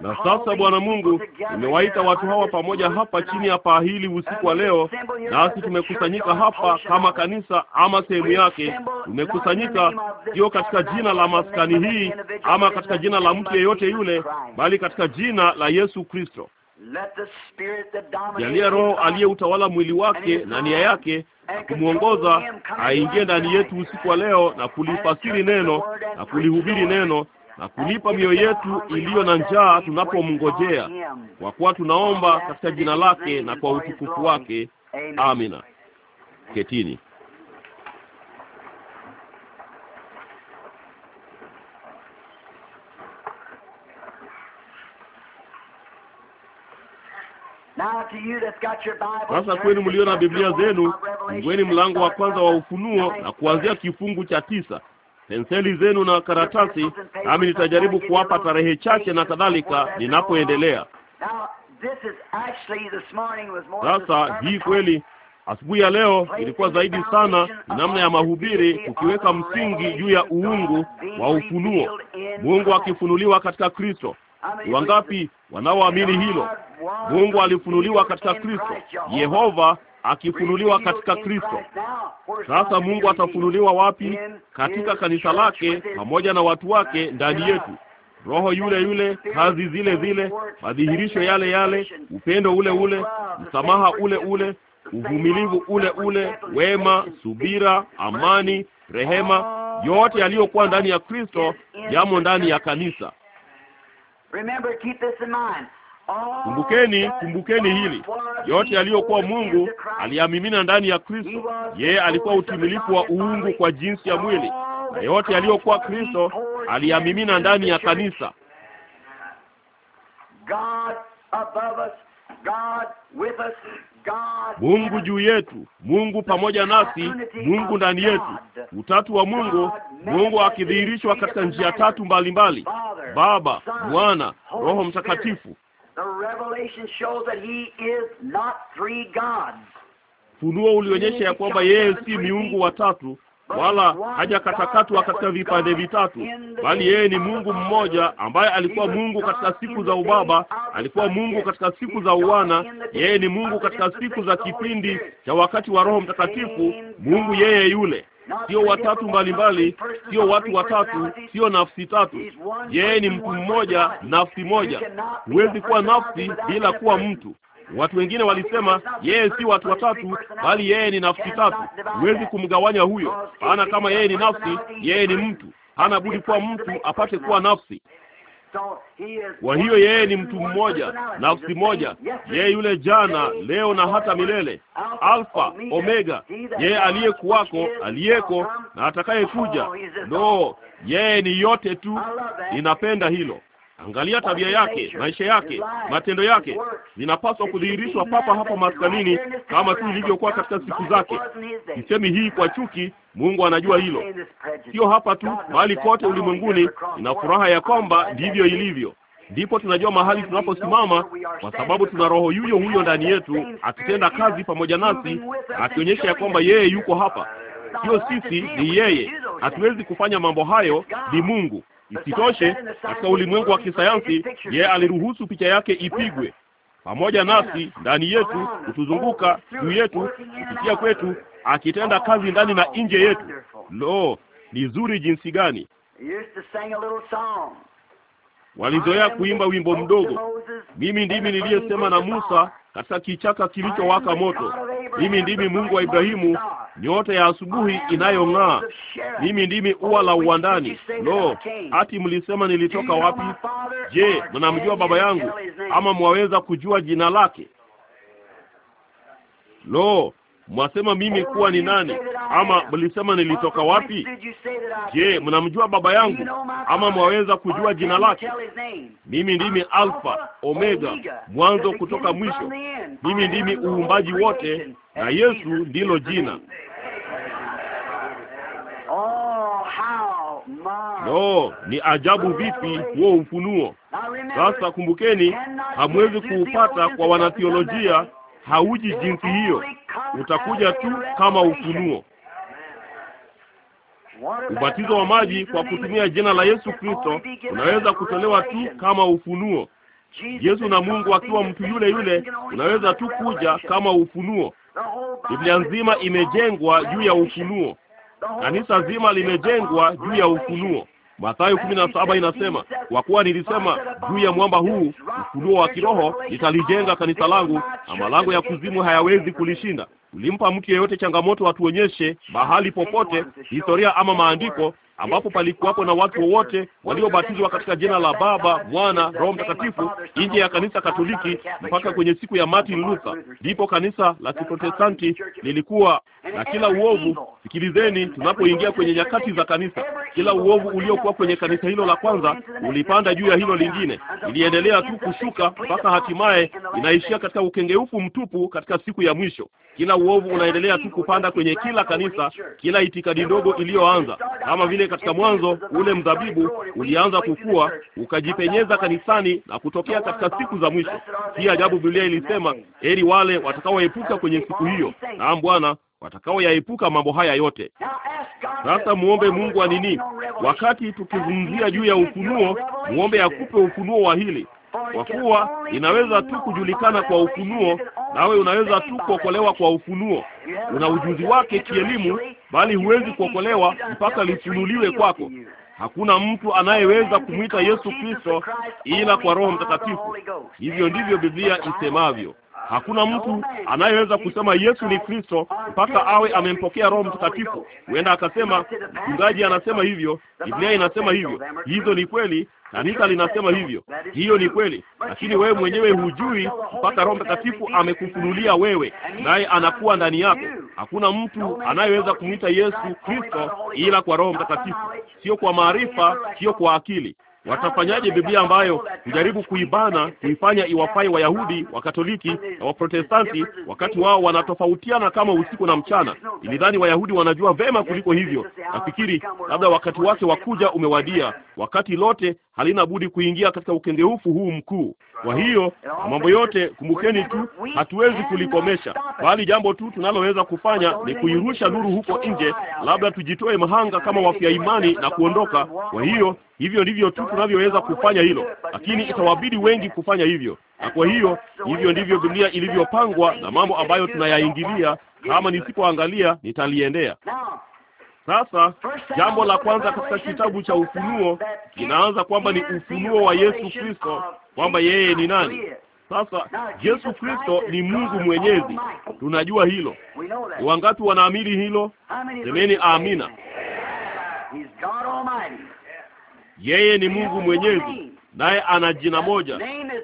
Na sasa Bwana Mungu, nimewaita watu hawa pamoja hapa chini ya paa hili usiku wa leo, nasi tumekusanyika hapa kama kanisa ama sehemu yake. Tumekusanyika sio katika jina la maskani hii ama katika jina la mtu yeyote yule, bali katika jina la Yesu Kristo. Jalia Roho aliyeutawala mwili wake na nia yake na kumwongoza aingie ndani yetu usiku wa leo na kulifasiri neno na kulihubiri neno na kulipa mioyo yetu iliyo na njaa tunapomngojea, kwa kuwa tunaomba katika jina lake na kwa utukufu wake. Amina. Ketini. Sasa kwenu mlio na Biblia zenu, fungueni mlango wa kwanza wa Ufunuo na kuanzia kifungu cha tisa penseli zenu na karatasi, nami nitajaribu kuwapa tarehe chache na kadhalika ninapoendelea. Sasa hii kweli asubuhi ya leo ilikuwa zaidi sana namna ya mahubiri, kukiweka msingi juu ya uungu wa ufunuo, Mungu akifunuliwa katika Kristo. Ni wangapi wanaoamini hilo? Mungu alifunuliwa katika Kristo. Yehova akifunuliwa katika Kristo. Sasa Mungu atafunuliwa wapi? Katika kanisa lake pamoja na watu wake ndani yetu, Roho yule yule, kazi zile zile, madhihirisho yale yale, upendo ule ule, msamaha ule ule, uvumilivu ule ule, wema, subira, amani, rehema, yote yaliyokuwa ndani ya Kristo yamo ndani ya kanisa. Kumbukeni, ah, kumbukeni hili yote aliyokuwa Mungu aliyamimina ndani ya Kristo. Yeye alikuwa utimilifu wa uungu kwa jinsi ya mwili, na ah, yote aliyokuwa Kristo aliyamimina ndani ya kanisa. Mungu juu yetu, Mungu pamoja nasi, Mungu ndani yetu, utatu wa Mungu, Mungu akidhihirishwa katika njia tatu mbalimbali mbali. Baba, Mwana, Roho Mtakatifu funuo ulionyesha ya kwamba yeye si miungu watatu wala hajakatakatwa katika vipande vitatu, bali yeye ni Mungu mmoja ambaye alikuwa Mungu katika siku za ubaba, alikuwa Mungu katika siku za uwana, yeye ni Mungu katika siku za kipindi cha wakati wa Roho Mtakatifu, Mungu yeye yule sio watatu mbalimbali, sio watu watatu, sio nafsi tatu. Yeye ni mtu mmoja, nafsi moja. Huwezi kuwa nafsi bila kuwa mtu. Watu wengine walisema yeye si watu watatu, bali yeye ni nafsi tatu. Huwezi kumgawanya huyo, maana kama yeye ni nafsi, yeye ni mtu hana budi kuwa mtu apate kuwa nafsi. Kwa hiyo yeye ni mtu mmoja, nafsi moja, yeye yule jana, leo na hata milele, Alfa Omega, yeye aliyekuwako, aliyeko na atakayekuja. no, yeye ni yote tu. Ninapenda hilo. Angalia tabia yake, maisha yake, matendo yake, zinapaswa kudhihirishwa papa hapa maskanini, kama tu ilivyokuwa katika siku zake. Msemi hii kwa chuki. Mungu anajua hilo, sio hapa tu, bali kote ulimwenguni. Ina furaha ya kwamba ndivyo ilivyo. Ndipo tunajua mahali tunaposimama, kwa sababu tuna Roho yuyo huyo ndani yetu akitenda kazi pamoja nasi, akionyesha ya kwamba yeye yuko hapa. Sio sisi, ni yeye. Hatuwezi kufanya mambo hayo, ni Mungu. Isitoshe, katika ulimwengu wa kisayansi, yeye aliruhusu picha yake ipigwe pamoja nasi, ndani yetu, kutuzunguka, juu yetu, kupitia kwetu, akitenda kazi ndani na nje yetu. Lo, ni zuri jinsi gani! Walizoea kuimba wimbo mdogo, mimi ndimi niliyesema na Musa katika kichaka kilichowaka moto, mimi ndimi Mungu wa Ibrahimu, nyota ya asubuhi inayong'aa. Mimi ndimi oh, ua la uwandani. Lo, ati mlisema nilitoka wapi? Je, mnamjua baba yangu ama mwaweza kujua jina lake? Lo, Mwasema mimi kuwa ni nani? Ama mlisema nilitoka wapi? Je, mnamjua baba yangu? Ama mwaweza kujua jina lake? Mimi ndimi Alfa, Omega, mwanzo kutoka mwisho. Mimi ndimi uumbaji wote, na Yesu ndilo jina. Oh, no, ni ajabu vipi huo ufunuo! Sasa kumbukeni, hamwezi kuupata kwa wanatheolojia, hauji jinsi hiyo utakuja tu kama ufunuo. Ubatizo wa maji kwa kutumia jina la Yesu Kristo unaweza kutolewa tu kama ufunuo. Yesu na Mungu akiwa mtu yule yule unaweza tu kuja kama ufunuo. Biblia nzima imejengwa juu ya ufunuo. Kanisa zima limejengwa juu ya ufunuo. Mathayo kumi na saba inasema kwa kuwa nilisema juu ya mwamba huu mfunuo wa kiroho nitalijenga kanisa langu, na malango ya kuzimu hayawezi kulishinda. ulimpa mtu yeyote changamoto, atuonyeshe mahali popote, historia ama maandiko, ambapo palikuwapo na watu wote waliobatizwa katika jina la Baba, Mwana, Roho Mtakatifu nje ya kanisa Katoliki mpaka kwenye siku ya Martin Luther. Ndipo kanisa la Kiprotestanti lilikuwa na kila uovu. Sikilizeni, tunapoingia kwenye nyakati za kanisa, kila uovu uliokuwa kwenye kanisa hilo la kwanza ulipanda juu ya hilo lingine, iliendelea tu kushuka mpaka hatimaye inaishia katika ukengeufu mtupu katika siku ya mwisho. Kila uovu unaendelea tu kupanda kwenye kila kanisa, kila itikadi ndogo iliyoanza kama vile katika Mwanzo, ule mzabibu ulianza kukua ukajipenyeza kanisani na kutokea katika siku za mwisho. Si ajabu Biblia ilisema, heri wale watakaoepuka kwenye siku hiyo. Naam Bwana, watakaoyaepuka mambo haya yote. Sasa muombe Mungu wa nini? Wakati tukizungumzia juu ya ufunuo, muombe akupe ufunuo wa hili kwa kuwa inaweza tu kujulikana kwa ufunuo, nawe unaweza tu kuokolewa kwa ufunuo. Una ujuzi wake kielimu, bali huwezi kuokolewa mpaka lifunuliwe kwako. Hakuna mtu anayeweza kumwita Yesu Kristo ila kwa Roho Mtakatifu. Hivyo ndivyo Biblia isemavyo. Hakuna mtu anayeweza kusema Yesu ni Kristo mpaka awe amempokea Roho Mtakatifu. Huenda akasema mchungaji anasema hivyo, Biblia inasema hivyo, hizo ni kweli, kanisa linasema hivyo, hiyo ni kweli, lakini wewe mwenyewe hujui mpaka Roho Mtakatifu amekufunulia wewe, naye anakuwa ndani yako. Hakuna mtu anayeweza kumwita Yesu Kristo ila kwa Roho Mtakatifu, sio kwa maarifa, sio kwa akili Watafanyaje Biblia ambayo hujaribu kuibana kuifanya iwafai Wayahudi, Wakatoliki na Waprotestanti, wakati wao wanatofautiana kama usiku na mchana? Ilidhani Wayahudi wanajua vema kuliko hivyo. Nafikiri labda wakati wake wa kuja umewadia, wakati lote halina budi kuingia katika ukengeufu huu mkuu. Kwa hiyo mambo yote, kumbukeni tu, hatuwezi kulikomesha, bali jambo tu tunaloweza kufanya ni kuirusha nuru huko nje, labda tujitoe mahanga kama wafia imani na kuondoka. Kwa hiyo Hivyo ndivyo tu tunavyoweza kufanya hilo, lakini itawabidi wengi kufanya hivyo, na kwa hiyo hivyo ndivyo Biblia ilivyopangwa na mambo ambayo tunayaingilia. Kama nisipoangalia nitaliendea. Sasa jambo la kwanza katika kitabu cha Ufunuo inaanza kwamba ni ufunuo wa Yesu Kristo, kwamba yeye ni nani. Sasa Yesu Kristo ni Mungu Mwenyezi, tunajua hilo. wangapi wanaamini hilo? Semeni amina. Yeye ni Mungu Mwenyezi, naye ana jina moja,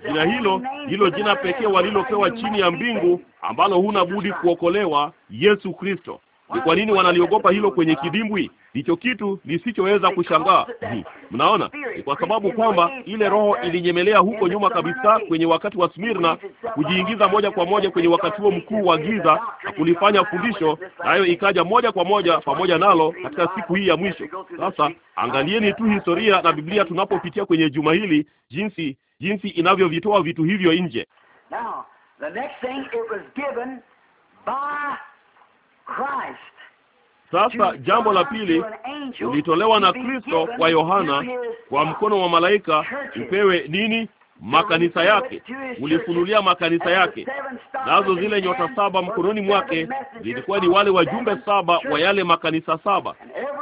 jina hilo hilo jina pekee walilopewa chini ya mbingu, ambalo huna budi kuokolewa, Yesu Kristo. Ni kwa nini wanaliogopa hilo kwenye kidimbwi? Ndicho kitu lisichoweza kushangaa. Hmm. Mnaona, ni kwa sababu kwamba ile roho ilinyemelea huko nyuma kabisa kwenye wakati wa Smirna, kujiingiza moja kwa moja kwenye wakati huo mkuu wa giza na kulifanya fundisho, nayo ikaja moja kwa moja pamoja nalo katika siku hii ya mwisho. Sasa angalieni tu historia na Biblia tunapopitia kwenye juma hili, jinsi jinsi inavyovitoa vitu hivyo nje. Sasa jambo la pili, ulitolewa na Kristo kwa Yohana kwa mkono wa malaika upewe nini? Makanisa yake, ulifunulia makanisa yake. Nazo zile nyota saba mkononi mwake zilikuwa ni wale wajumbe saba wa yale makanisa saba,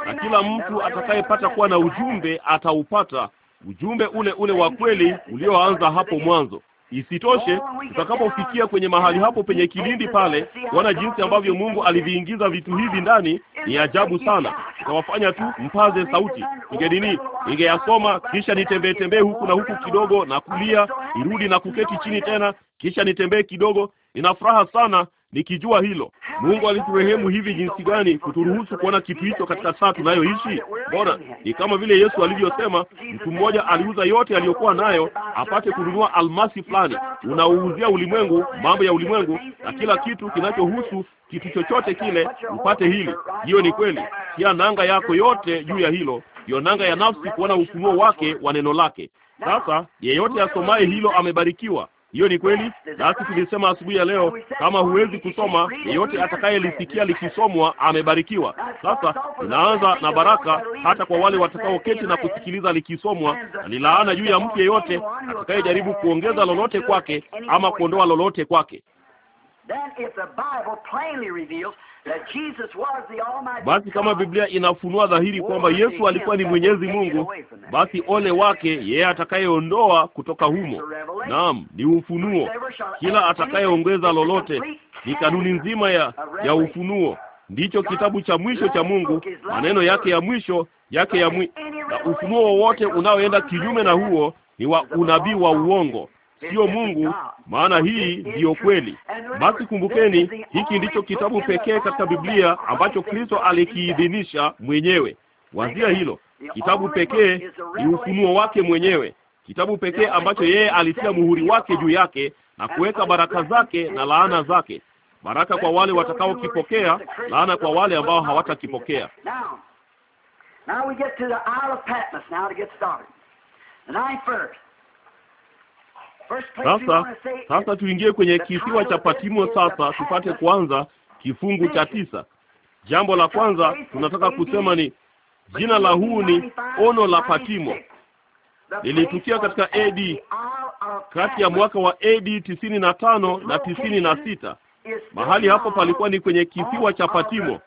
na kila mtu atakayepata kuwa na ujumbe ataupata ujumbe ule ule wa kweli ulioanza hapo mwanzo. Isitoshe, oh, tutakapofikia kwenye mahali hapo penye kilindi pale, kuona jinsi ambavyo Mungu aliviingiza vitu hivi ndani, ni ajabu sana. Itawafanya tu mpaze sauti. ingedini ningeyasoma kisha nitembee tembee huku na huku kidogo na kulia, irudi na kuketi chini tena, kisha nitembee kidogo. Nina furaha sana Nikijua hilo, Mungu aliturehemu hivi jinsi gani kuturuhusu kuona kitu hicho katika saa tunayoishi. Mbona ni kama vile Yesu alivyosema, mtu mmoja aliuza yote aliyokuwa nayo apate kununua almasi fulani. Unauuzia ulimwengu mambo ya ulimwengu na kila kitu kinachohusu kitu chochote kile, upate hili. Hiyo ni kweli. pia nanga yako yote juu ya hilo, hiyo nanga ya nafsi, kuona ufunuo wake wa neno lake. Sasa yeyote asomaye hilo amebarikiwa. Hiyo ni kweli, basi tulisema asubuhi ya leo, kama huwezi kusoma, yeyote atakayelisikia likisomwa amebarikiwa. Sasa inaanza na baraka hata kwa wale watakaoketi na kusikiliza likisomwa, na ni laana juu ya mtu yeyote atakayejaribu kuongeza lolote kwake ama kuondoa lolote kwake. Basi kama Biblia inafunua dhahiri kwamba Yesu alikuwa ni Mwenyezi Mungu, basi ole wake yeye atakayeondoa kutoka humo. Naam, ni ufunuo. Kila atakayeongeza lolote ni kanuni nzima ya ya ufunuo. Ndicho kitabu cha mwisho cha Mungu, maneno yake ya mwisho yake ya mwi... na ufunuo wowote unaoenda kinyume na huo ni wa unabii wa uongo siyo Mungu, maana hii ndiyo kweli. Basi kumbukeni, hiki ndicho kitabu pekee katika Biblia ambacho Kristo alikiidhinisha mwenyewe. Wazia hilo, kitabu pekee ni ufunuo wake mwenyewe, kitabu pekee ambacho yeye alitia muhuri wake juu yake na kuweka baraka zake na laana zake, baraka kwa wale watakaokipokea, laana kwa wale ambao hawatakipokea. Now we get to the Isle of Patmos now to get started. The I first sasa sasa tuingie kwenye kisiwa cha Patimo sasa, tupate kwanza kifungu cha tisa. Jambo la kwanza tunataka kusema ni jina la huu ni ono la Patimo. Lilitukia katika AD kati ya mwaka wa AD tisini na tano na tisini na sita. Mahali hapo palikuwa ni kwenye kisiwa cha Patimo.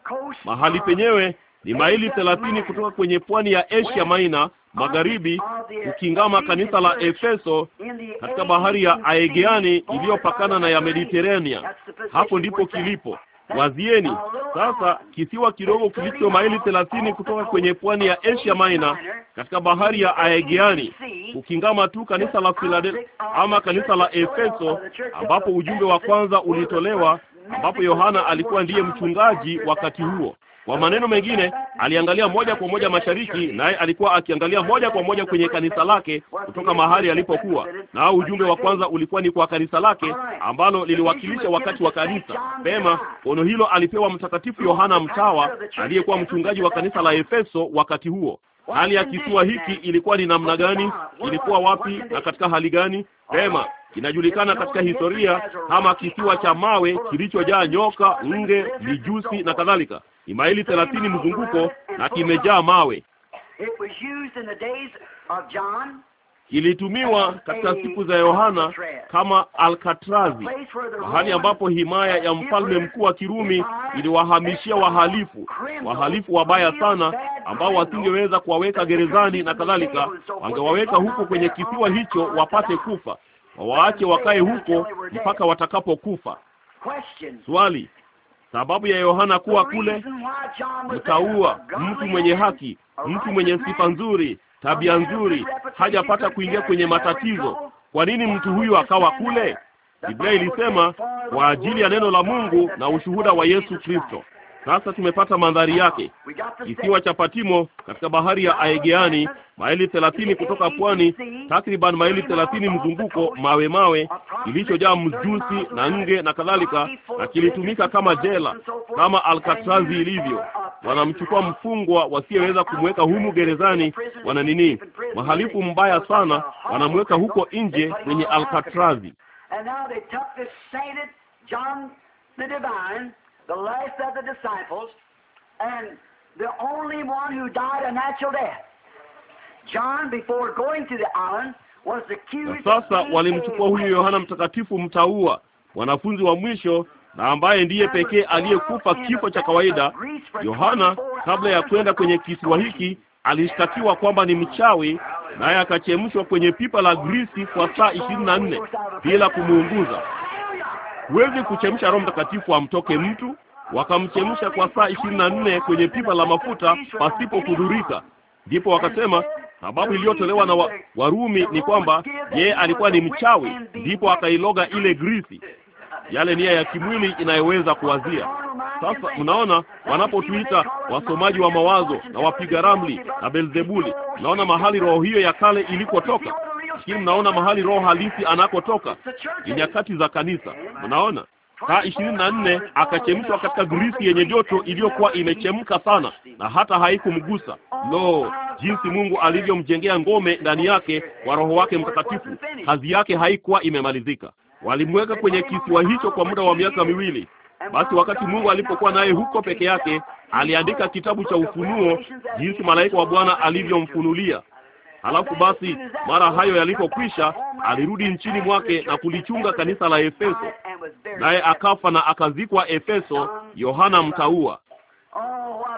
Mahali penyewe ni maili thelathini kutoka kwenye pwani ya Asia Maina magharibi, ukingama kanisa la Efeso katika bahari ya Aegeani iliyopakana na ya Mediterania. Hapo ndipo kilipo. Wazieni sasa kisiwa kidogo kilicho maili thelathini kutoka kwenye pwani ya Asia Minor katika bahari ya Aegeani, ukingama tu kanisa la Philadelphia ama kanisa la Efeso, ambapo ujumbe wa kwanza ulitolewa, ambapo Yohana alikuwa ndiye mchungaji wakati huo. Kwa maneno mengine, aliangalia moja kwa moja mashariki, naye alikuwa akiangalia moja kwa moja kwenye kanisa lake kutoka mahali alipokuwa. Na ujumbe wa kwanza ulikuwa ni kwa kanisa lake ambalo liliwakilisha wakati wa kanisa pema. Ono hilo alipewa Mtakatifu Yohana Mtawa, aliyekuwa mchungaji wa kanisa la Efeso wakati huo. Hali ya kisiwa hiki ilikuwa ni namna gani? Ilikuwa wapi na katika hali gani? Pema. Kinajulikana katika historia kama kisiwa cha mawe kilichojaa nyoka, nge, mijusi na kadhalika. Ni maili thelathini mzunguko na kimejaa mawe. Kilitumiwa katika siku za Yohana kama Alkatrazi, mahali ambapo himaya ya mfalme mkuu wa Kirumi iliwahamishia wahalifu, wahalifu wabaya sana ambao wasingeweza kuwaweka gerezani na kadhalika, wangewaweka huko kwenye kisiwa hicho wapate kufa wawaache wakae huko mpaka watakapokufa. Swali, sababu ya Yohana kuwa kule, mtaua mtu mwenye haki, mtu mwenye sifa nzuri, tabia nzuri, hajapata kuingia kwenye matatizo. Kwa nini mtu huyu akawa kule? Biblia ilisema kwa ajili ya neno la Mungu na ushuhuda wa Yesu Kristo. Sasa tumepata mandhari yake, kisiwa cha Patimo katika bahari ya Aegeani, maili thelathini kutoka pwani, takriban maili thelathini mzunguko, mawe mawe, kilichojaa mjusi na nge na kadhalika, na kilitumika kama jela, kama Alkatrazi ilivyo. Wanamchukua mfungwa wasiyeweza kumweka humu gerezani, wana nini, mahalifu mbaya sana, wanamweka huko nje kwenye Alkatrazi the last of the disciples, and the only one who died a natural death. John, before going to the island, was accused. sasa walimchukua huyu Yohana Mtakatifu mtaua, wanafunzi wa mwisho na ambaye ndiye pekee aliyekufa kifo cha kawaida. Yohana, kabla ya kwenda kwenye kisiwa hiki, alishtakiwa kwamba ni mchawi, naye akachemshwa kwenye pipa la grisi kwa saa ishirini na nne bila kumuunguza. Huwezi kuchemsha Roho Mtakatifu amtoke mtu. Wakamchemsha kwa saa ishirini na nne kwenye pipa la mafuta pasipo kudhurika. Ndipo wakasema sababu iliyotolewa na wa, Warumi ni kwamba yeye alikuwa ni mchawi, ndipo akailoga ile grisi. Yale nia ya kimwili inayoweza kuwazia. Sasa mnaona wanapotuita wasomaji wa mawazo na wapiga ramli na Belzebuli, naona mahali roho hiyo ya kale ilikotoka. Lakini mnaona mahali roho halisi anakotoka. Ni nyakati za kanisa, mnaona saa ishirini na nne akachemshwa katika grisi yenye joto iliyokuwa imechemka sana, na hata haikumgusa. Lo, oh, jinsi Mungu alivyomjengea ngome ndani yake kwa Roho wake Mtakatifu! Kazi yake haikuwa imemalizika. Walimweka kwenye kisiwa hicho kwa muda wa miaka miwili. Basi wakati Mungu alipokuwa naye huko peke yake, aliandika kitabu cha Ufunuo, jinsi malaika wa Bwana alivyomfunulia. Halafu basi mara hayo yalipokwisha, alirudi nchini mwake na kulichunga kanisa la Efeso, naye akafa na akazikwa Efeso. Yohana mtaua. Oh,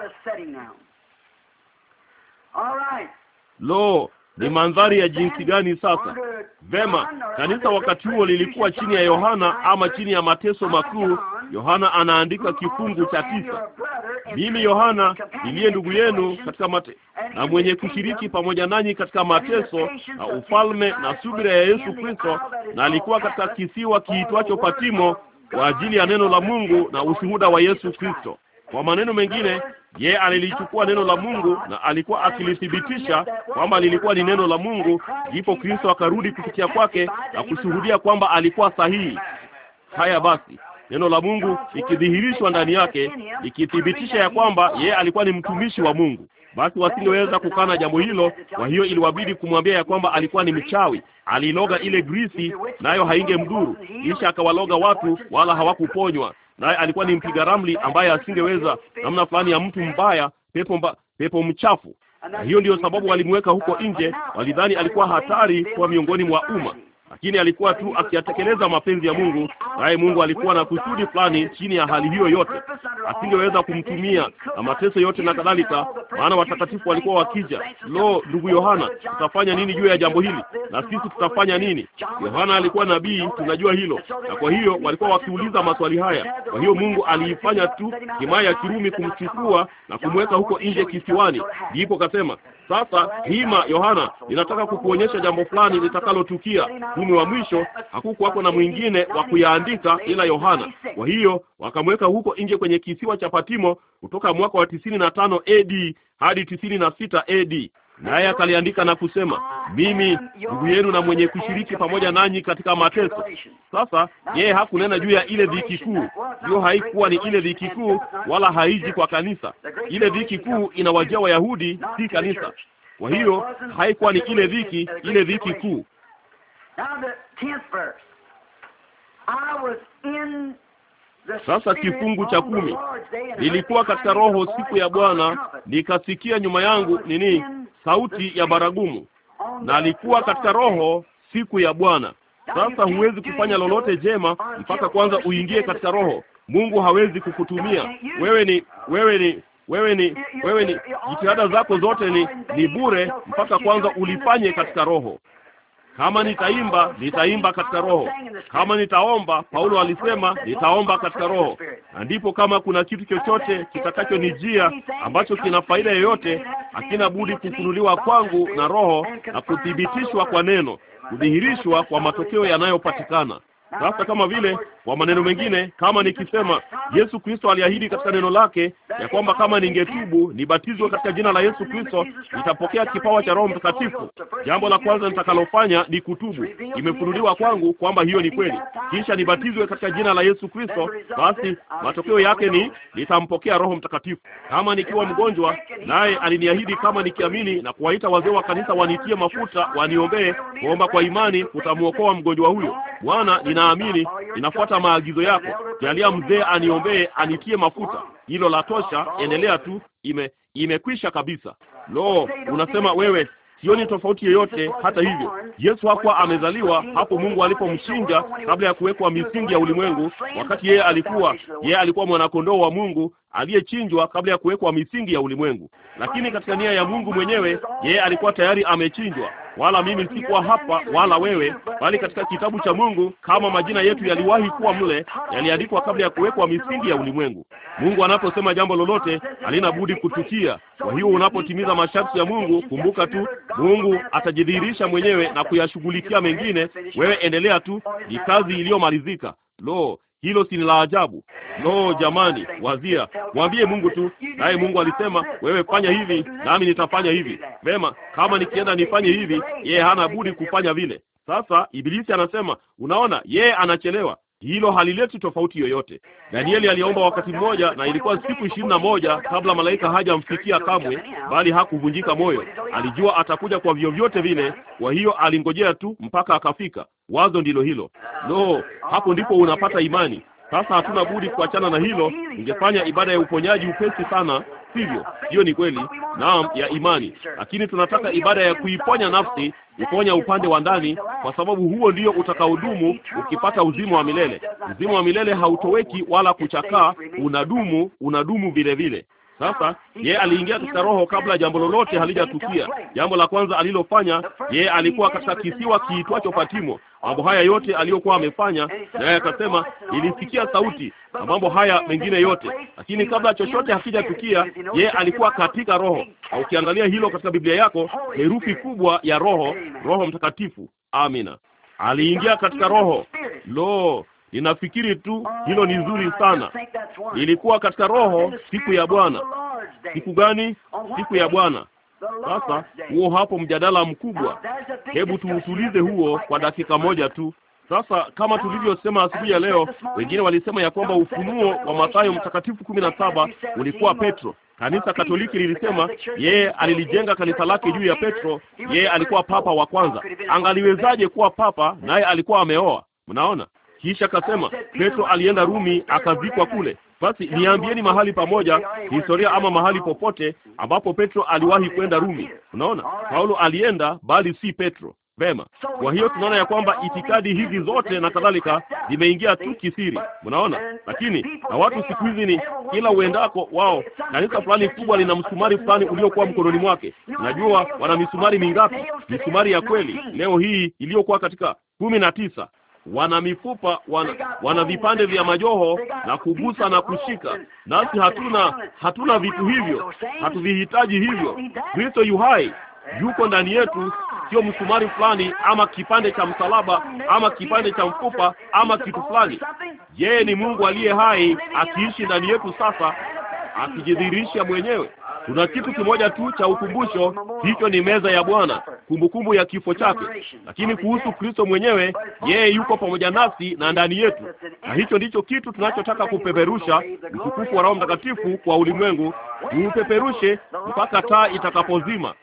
Lo, ni mandhari ya jinsi gani sasa? Vema, kanisa wakati huo lilikuwa chini ya Yohana ama chini ya mateso makuu. Yohana anaandika kifungu cha tisa, mimi Yohana niliye ndugu yenu katika mate na mwenye kushiriki pamoja nanyi katika mateso na ufalme na subira ya Yesu Kristo, na alikuwa katika kisiwa kiitwacho Patimo kwa ajili ya neno la Mungu na ushuhuda wa Yesu Kristo. Kwa maneno mengine, yeye alilichukua neno la Mungu na alikuwa akilithibitisha kwamba lilikuwa ni neno la Mungu, ndipo Kristo akarudi kupitia kwake na kushuhudia kwamba alikuwa sahihi. Haya basi, neno la Mungu likidhihirishwa ndani yake, likithibitisha ya kwamba yeye alikuwa ni mtumishi wa Mungu. Basi wasingeweza kukana jambo hilo. Kwa hiyo iliwabidi kumwambia ya kwamba alikuwa ni mchawi, aliloga ile grisi, nayo haingemdhuru. Kisha akawaloga watu, wala hawakuponywa naye alikuwa ni mpiga ramli ambaye asingeweza, namna fulani ya mtu mbaya, pepo mba, pepo mchafu, na hiyo ndiyo sababu walimweka huko nje. Walidhani alikuwa hatari kwa miongoni mwa umma, lakini alikuwa tu akiyatekeleza mapenzi ya Mungu, naye Mungu alikuwa na kusudi fulani chini ya hali hiyo yote. Asingeweza kumtumia na mateso yote na kadhalika, maana watakatifu walikuwa wakija, lo, ndugu Yohana, tutafanya nini juu ya jambo hili? Na sisi tutafanya nini? Yohana alikuwa nabii, tunajua hilo, na kwa hiyo walikuwa wakiuliza maswali haya. Kwa hiyo Mungu aliifanya tu himaya ya Kirumi kumchukua na kumweka huko nje kisiwani, ndipo kasema sasa hima Yohana inataka kukuonyesha jambo fulani litakalotukia. Mume wa mwisho hakukuwako na mwingine wa kuyaandika ila Yohana. Kwa hiyo wakamweka huko nje kwenye kisiwa cha Patimo kutoka mwaka wa tisini na tano AD hadi tisini na sita AD naye akaliandika na kusema, mimi ndugu yenu na mwenye kushiriki pamoja nanyi katika mateso. Sasa yeye hakunena juu ya ile dhiki kuu, hiyo haikuwa ni ile dhiki kuu, wala haiji kwa kanisa. Ile dhiki kuu inawajia Wayahudi, si kanisa. Kwa hiyo haikuwa ni ile dhiki, ile dhiki kuu. Sasa kifungu cha kumi, nilikuwa katika roho siku ya Bwana, nikasikia nyuma yangu nini, sauti ya baragumu, na alikuwa katika roho siku ya Bwana. Sasa huwezi kufanya lolote jema mpaka kwanza uingie katika roho. Mungu hawezi kukutumia wewe, ni wewe ni wewe ni wewe ni jitihada zako zote ni ni bure mpaka kwanza ulifanye katika roho. Kama nitaimba, nitaimba katika Roho. Kama nitaomba, Paulo alisema nitaomba katika Roho. Na ndipo kama kuna kitu chochote kitakachonijia ambacho kina faida yoyote, hakina budi kufunuliwa kwangu na Roho na kuthibitishwa kwa neno, kudhihirishwa kwa matokeo yanayopatikana. Sasa kama vile kwa maneno mengine, kama nikisema Yesu Kristo aliahidi katika neno lake ya kwamba kama ningetubu nibatizwe katika jina la Yesu Kristo nitapokea kipawa cha Roho Mtakatifu, jambo la kwanza nitakalofanya ni kutubu. Imefunuliwa kwangu kwamba hiyo ni kweli, kisha nibatizwe katika jina la Yesu Kristo, basi matokeo yake ni nitampokea Roho Mtakatifu. Kama nikiwa mgonjwa, naye aliniahidi kama nikiamini na kuwaita wazee wa kanisa wanitie mafuta, waniombee, kuomba kwa imani kutamwokoa mgonjwa huyo. Bwana, nina ninaamini ninafuata maagizo yako. Jalia mzee aniombee, anitie mafuta. Hilo la tosha, endelea tu. Ime- imekwisha kabisa. Lo, unasema wewe Sioni tofauti yoyote. Hata hivyo, Yesu hakuwa amezaliwa hapo Mungu alipomchinja kabla ya kuwekwa misingi ya ulimwengu, wakati yeye alikuwa yeye alikuwa mwanakondoo wa Mungu aliyechinjwa kabla ya kuwekwa misingi ya ulimwengu, lakini katika nia ya Mungu mwenyewe yeye alikuwa tayari amechinjwa, wala mimi sikuwa hapa wala wewe, bali katika kitabu cha Mungu kama majina yetu yaliwahi kuwa mle, yaliandikwa kabla ya kuwekwa misingi ya ulimwengu. Mungu anaposema jambo lolote halina budi kutukia. Kwa hiyo unapotimiza masharti ya Mungu, kumbuka tu Mungu atajidhihirisha mwenyewe na kuyashughulikia mengine. Wewe endelea tu, ni kazi iliyomalizika. Lo, hilo si la ajabu. No jamani, wazia, mwambie Mungu tu, naye Mungu alisema, wewe fanya hivi nami nitafanya hivi. Vema, kama nikienda nifanye hivi, yeye hana budi kufanya vile. Sasa ibilisi anasema, unaona, yeye anachelewa. Hilo halileti tofauti yoyote. Danieli aliomba wakati mmoja, na ilikuwa siku ishirini na moja kabla malaika hajamfikia kamwe, bali hakuvunjika moyo. Alijua atakuja kwa vyovyote vile, kwa hiyo alingojea tu mpaka akafika. Wazo ndilo hilo. No, hapo ndipo unapata imani. Sasa hatuna budi kuachana na hilo. Ingefanya ibada ya uponyaji upesi sana, sivyo? Hiyo ni kweli, naam, ya imani, lakini tunataka ibada ya kuiponya nafsi, kuponya upande wa ndani, kwa sababu huo ndio utakaodumu ukipata uzima wa milele. Uzima wa milele hautoweki wala kuchakaa, unadumu, unadumu vile vile. Sasa yeye aliingia katika roho kabla jambo lolote halijatukia. Jambo la kwanza alilofanya, yeye alikuwa katika kisiwa kiitwacho Patimo mambo haya yote aliyokuwa amefanya, naye akasema, ilisikia sauti na mambo haya mengine yote, lakini kabla chochote hakijatukia, yeye alikuwa katika Roho. Na ukiangalia hilo katika Biblia yako, herufi kubwa ya Roho, Roho Mtakatifu. Amina, aliingia katika Roho. Lo, ninafikiri tu hilo ni nzuri oh, sana. Ilikuwa katika Roho siku ya Bwana. Siku gani? Siku ya Bwana. Sasa huo hapo mjadala mkubwa, hebu tuutulize huo kwa dakika moja tu. Sasa kama ah, tulivyosema asubuhi ya leo, wengine walisema ya kwamba ufunuo wa Mathayo mtakatifu kumi na saba ulikuwa Petro. Kanisa Katoliki lilisema yeye alilijenga kanisa lake juu ya Petro, yeye alikuwa papa wa kwanza. Angaliwezaje kuwa papa naye alikuwa ameoa? Mnaona? Kisha akasema Petro alienda Rumi akazikwa kule. Basi niambieni mahali pamoja historia ama mahali popote ambapo Petro aliwahi kwenda Rumi. Unaona, Paulo alienda, bali si Petro. Vema, kwa hiyo tunaona ya kwamba itikadi hizi zote na kadhalika zimeingia tu kisiri, mnaona. Lakini na watu siku hizi ni kila uendako wao, kanisa fulani kubwa lina msumari fulani uliokuwa mkononi mwake. Unajua wana misumari mingapi? Misumari ya kweli leo hii iliyokuwa katika kumi na tisa wana mifupa, wana, wana vipande vya majoho na kugusa na kushika. Nasi hatuna hatuna vitu hivyo, hatuvihitaji hivyo. Kristo yu hai, yuko ndani yetu, sio msumari fulani ama kipande cha msalaba ama kipande cha mfupa ama kitu fulani. Yeye ni Mungu aliye hai akiishi ndani yetu sasa, akijidhihirisha mwenyewe. Tuna kitu kimoja tu cha ukumbusho, hicho ni meza ya Bwana, kumbukumbu ya kifo chake. Lakini kuhusu Kristo mwenyewe, yeye yuko pamoja nasi na ndani yetu, na hicho ndicho kitu tunachotaka kupeperusha, utukufu wa Roho Mtakatifu kwa ulimwengu, tuupeperushe mpaka taa itakapozima.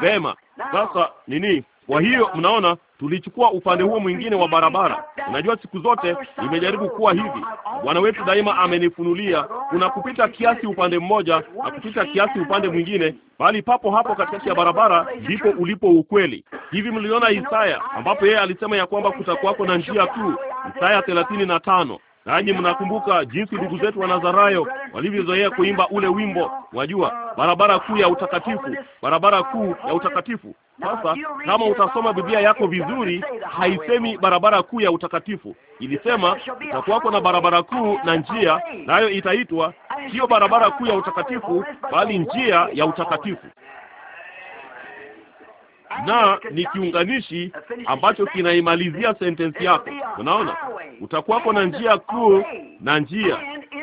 Vema, sasa nini? Kwa hiyo mnaona, tulichukua upande huo mwingine wa barabara. Unajua, siku zote nimejaribu kuwa hivi. Bwana wetu daima amenifunulia kuna kupita kiasi upande mmoja na kupita kiasi upande mwingine, bali papo hapo katikati ya barabara ndipo ulipo ukweli. Hivi mliona Isaya, ambapo yeye alisema ya kwamba kutakuwako na njia tu, Isaya thelathini na tano. Nanyi mnakumbuka jinsi ndugu zetu wa Nazarayo walivyozoea kuimba ule wimbo, wajua, barabara kuu ya utakatifu, barabara kuu ya utakatifu. Sasa kama utasoma Biblia yako vizuri, haisemi barabara kuu ya utakatifu, ilisema utakuwako na barabara kuu na njia, nayo itaitwa, siyo barabara kuu ya utakatifu, bali njia ya utakatifu na ni kiunganishi ambacho kinaimalizia sentensi yako. Unaona, utakuwako na njia kuu na njia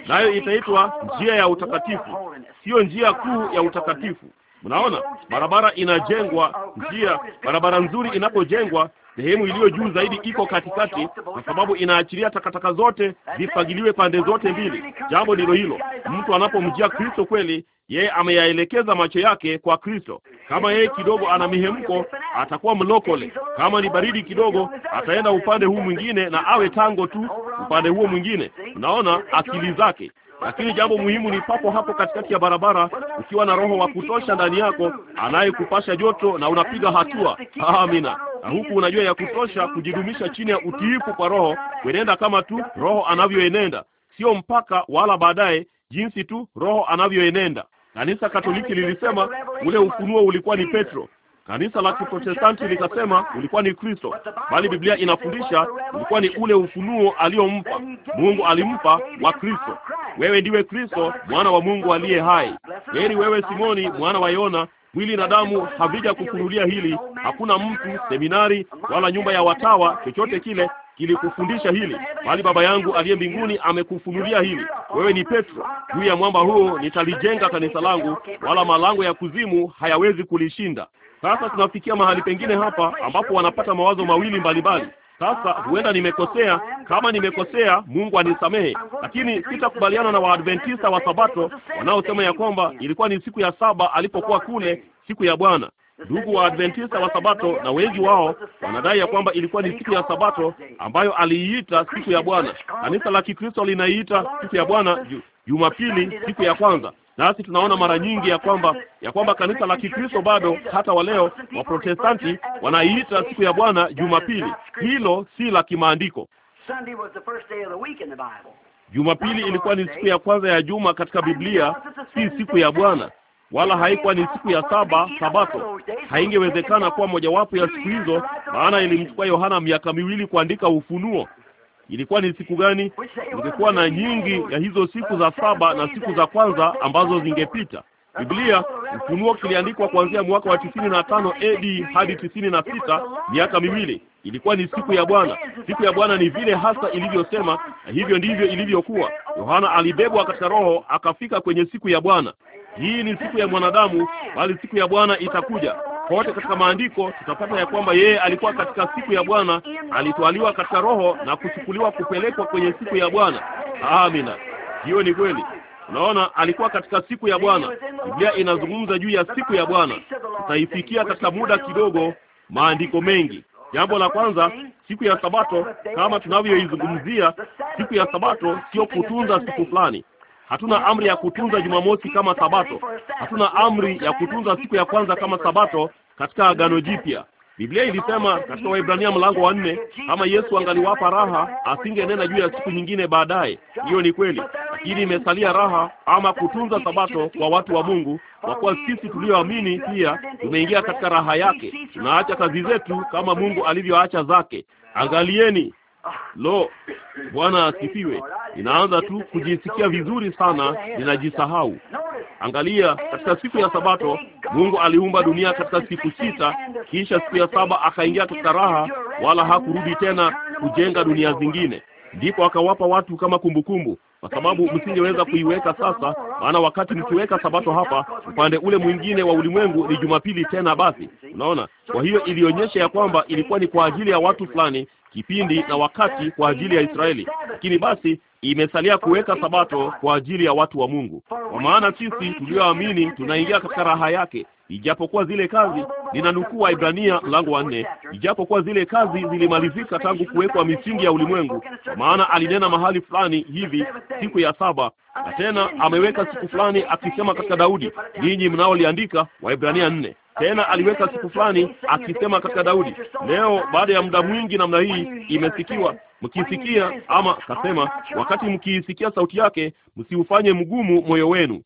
nayo itaitwa njia ya utakatifu, siyo njia kuu ya utakatifu. Mnaona, barabara inajengwa, njia barabara nzuri inapojengwa Sehemu iliyo juu zaidi iko katikati, kwa sababu inaachilia takataka zote zifagiliwe pande zote mbili. Jambo ndilo hilo, mtu anapomjia Kristo kweli, yeye ameyaelekeza macho yake kwa Kristo. Kama yeye kidogo ana mihemko, atakuwa mlokole. Kama ni baridi kidogo, ataenda upande huu mwingine na awe tango tu upande huo mwingine. Unaona akili zake lakini jambo muhimu ni papo hapo katikati ya barabara, ukiwa na roho wa kutosha ndani yako anayekupasha joto na unapiga hatua. Amina. Na huku unajua ya kutosha kujidumisha chini ya utiifu kwa roho, kuenenda kama tu roho anavyoenenda, sio mpaka wala baadaye, jinsi tu roho anavyoenenda. Kanisa Katoliki lilisema ule ufunuo ulikuwa ni Petro. Kanisa la Kiprotestanti likasema ulikuwa ni Kristo, bali Biblia inafundisha ulikuwa ni ule ufunuo aliyompa Mungu, alimpa wa Kristo. Wewe ndiwe Kristo, mwana wa Mungu aliye hai. Heri wewe Simoni mwana wa Yona, mwili na damu havija kufunulia hili. Hakuna mtu, seminari wala nyumba ya watawa, chochote kile kilikufundisha hili, bali Baba yangu aliye mbinguni amekufunulia hili. Wewe ni Petro, juu ya mwamba huu nitalijenga kanisa langu, wala malango ya kuzimu hayawezi kulishinda. Sasa tunafikia mahali pengine hapa ambapo wanapata mawazo mawili mbalimbali. Sasa huenda nimekosea. Kama nimekosea, Mungu anisamehe, lakini sitakubaliana na Waadventista wa Sabato wanaosema ya kwamba ilikuwa ni siku ya saba alipokuwa kule, siku ya Bwana. Ndugu Adventista wa Sabato na wengi wao wanadai ya kwamba ilikuwa ni siku ya Sabato ambayo aliiita siku ya Bwana. Kanisa la Kikristo linaiita siku ya Bwana Jumapili, siku ya kwanza. Nasi tunaona mara nyingi ya kwamba ya kwamba kanisa la Kikristo bado hata wa leo Waprotestanti wanaiita siku ya Bwana Jumapili. Hilo si la kimaandiko. Jumapili ilikuwa ni siku ya kwanza ya juma katika Biblia, si siku ya Bwana, wala haikuwa ni siku ya saba Sabato. Haingewezekana kuwa mojawapo ya siku hizo, maana ilimchukua Yohana miaka miwili kuandika Ufunuo ilikuwa ni siku gani? ingekuwa na nyingi ya hizo siku za saba na siku za kwanza ambazo zingepita. Biblia Ufunuo kiliandikwa kuanzia mwaka wa tisini na tano AD hadi tisini na sita miaka miwili. Ilikuwa ni siku ya Bwana. Siku ya Bwana ni vile hasa ilivyosema, na hivyo ndivyo ilivyokuwa. Yohana alibebwa katika Roho akafika kwenye siku ya Bwana. Hii ni siku ya mwanadamu, bali siku ya Bwana itakuja. Kote katika maandiko tutapata ya kwamba yeye alikuwa katika siku ya Bwana, alitwaliwa katika roho na kuchukuliwa kupelekwa kwenye siku ya Bwana. Amina, hiyo ni kweli. Unaona, alikuwa katika siku ya Bwana. Biblia inazungumza juu ya siku ya Bwana, tutaifikia katika muda kidogo. Maandiko mengi Jambo la kwanza, siku ya Sabato, kama tunavyoizungumzia siku ya Sabato, sio kutunza siku fulani, Hatuna amri ya kutunza Jumamosi kama Sabato. Hatuna amri ya kutunza siku ya kwanza kama Sabato katika Agano Jipya. Biblia ilisema katika Waebrania mlango wa nne, kama Yesu angaliwapa raha, asingenena juu ya siku nyingine baadaye. Hiyo ni kweli, lakini imesalia raha ama kutunza sabato kwa watu wa Mungu, kwa kuwa sisi tulioamini pia tumeingia katika raha yake. Tunaacha kazi zetu kama Mungu alivyoacha zake. Angalieni, Lo, Bwana asifiwe. inaanza tu kujisikia vizuri sana, ninajisahau. Angalia, katika siku ya Sabato Mungu aliumba dunia katika siku sita, kisha siku ya saba akaingia katika raha, wala hakurudi tena kujenga dunia zingine ndipo akawapa watu kama kumbukumbu, kwa sababu msingeweza kuiweka sasa, maana wakati mkiweka sabato hapa, upande ule mwingine wa ulimwengu ni Jumapili tena. Basi unaona, kwa hiyo ilionyesha ya kwamba ilikuwa ni kwa ajili ya watu fulani, kipindi na wakati, kwa ajili ya Israeli, lakini basi imesalia kuweka sabato kwa ajili ya watu wa Mungu, kwa maana sisi tulioamini tunaingia katika raha yake ijapokuwa zile kazi, ninanukuu Ibrania mlango wa nne, ijapokuwa zile kazi zilimalizika tangu kuwekwa misingi ya ulimwengu, kwa maana alinena mahali fulani hivi siku ya saba, na tena ameweka siku fulani akisema katika Daudi, ninyi mnaoliandika Waibrania nne tena aliweka siku fulani akisema katika Daudi. Leo baada ya muda mwingi namna hii imesikiwa, mkisikia ama kasema, wakati mkiisikia sauti yake, msiufanye mgumu moyo wenu,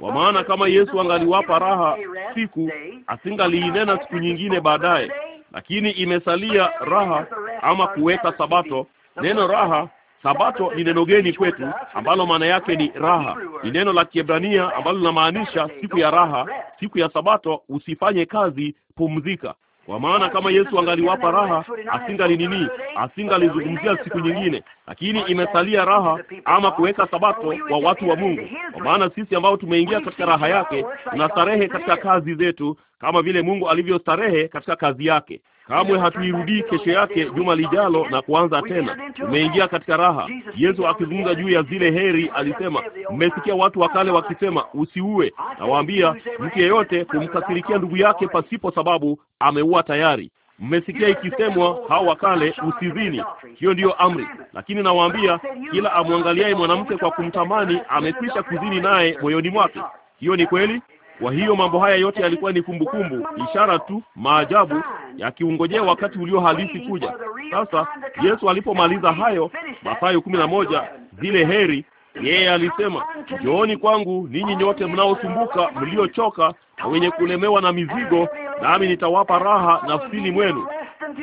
kwa maana kama Yesu angaliwapa raha siku, asingaliinena siku nyingine baadaye, lakini imesalia raha ama kuweka sabato. Neno raha Sabato ni neno geni kwetu ambalo maana yake ni raha. Ni neno la Kiebrania ambalo linamaanisha siku ya raha, siku ya Sabato, usifanye kazi, pumzika. Kwa maana kama Yesu angaliwapa raha, asingali nini, asingalizungumzia siku nyingine, lakini imesalia raha ama kuweka sabato kwa watu wa Mungu. Kwa maana sisi ambao tumeingia katika raha yake tunastarehe katika kazi zetu kama vile Mungu alivyostarehe katika kazi yake. Kamwe hatuirudii kesho yake juma lijalo na kuanza tena. Tumeingia katika raha. Yesu akizungumza juu ya zile heri alisema, mmesikia watu wa kale wakisema, usiue. Nawaambia, mtu yeyote kumkasirikia ndugu yake pasipo sababu ameua tayari. Mmesikia ikisemwa, hao wa kale, usizini. Hiyo ndiyo amri, lakini nawaambia, kila amwangaliaye mwanamke kwa kumtamani amekwisha kuzini naye moyoni mwake. Hiyo ni kweli. Kwa hiyo mambo haya yote yalikuwa ni kumbukumbu kumbu, ishara tu, maajabu yakiungojea wakati ulio halisi kuja. Sasa Yesu alipomaliza hayo, Mathayo kumi na moja, zile heri, yeye alisema, njooni kwangu ninyi nyote mnaosumbuka, mliochoka na wenye kulemewa na mizigo, nami nitawapa raha nafsini mwenu.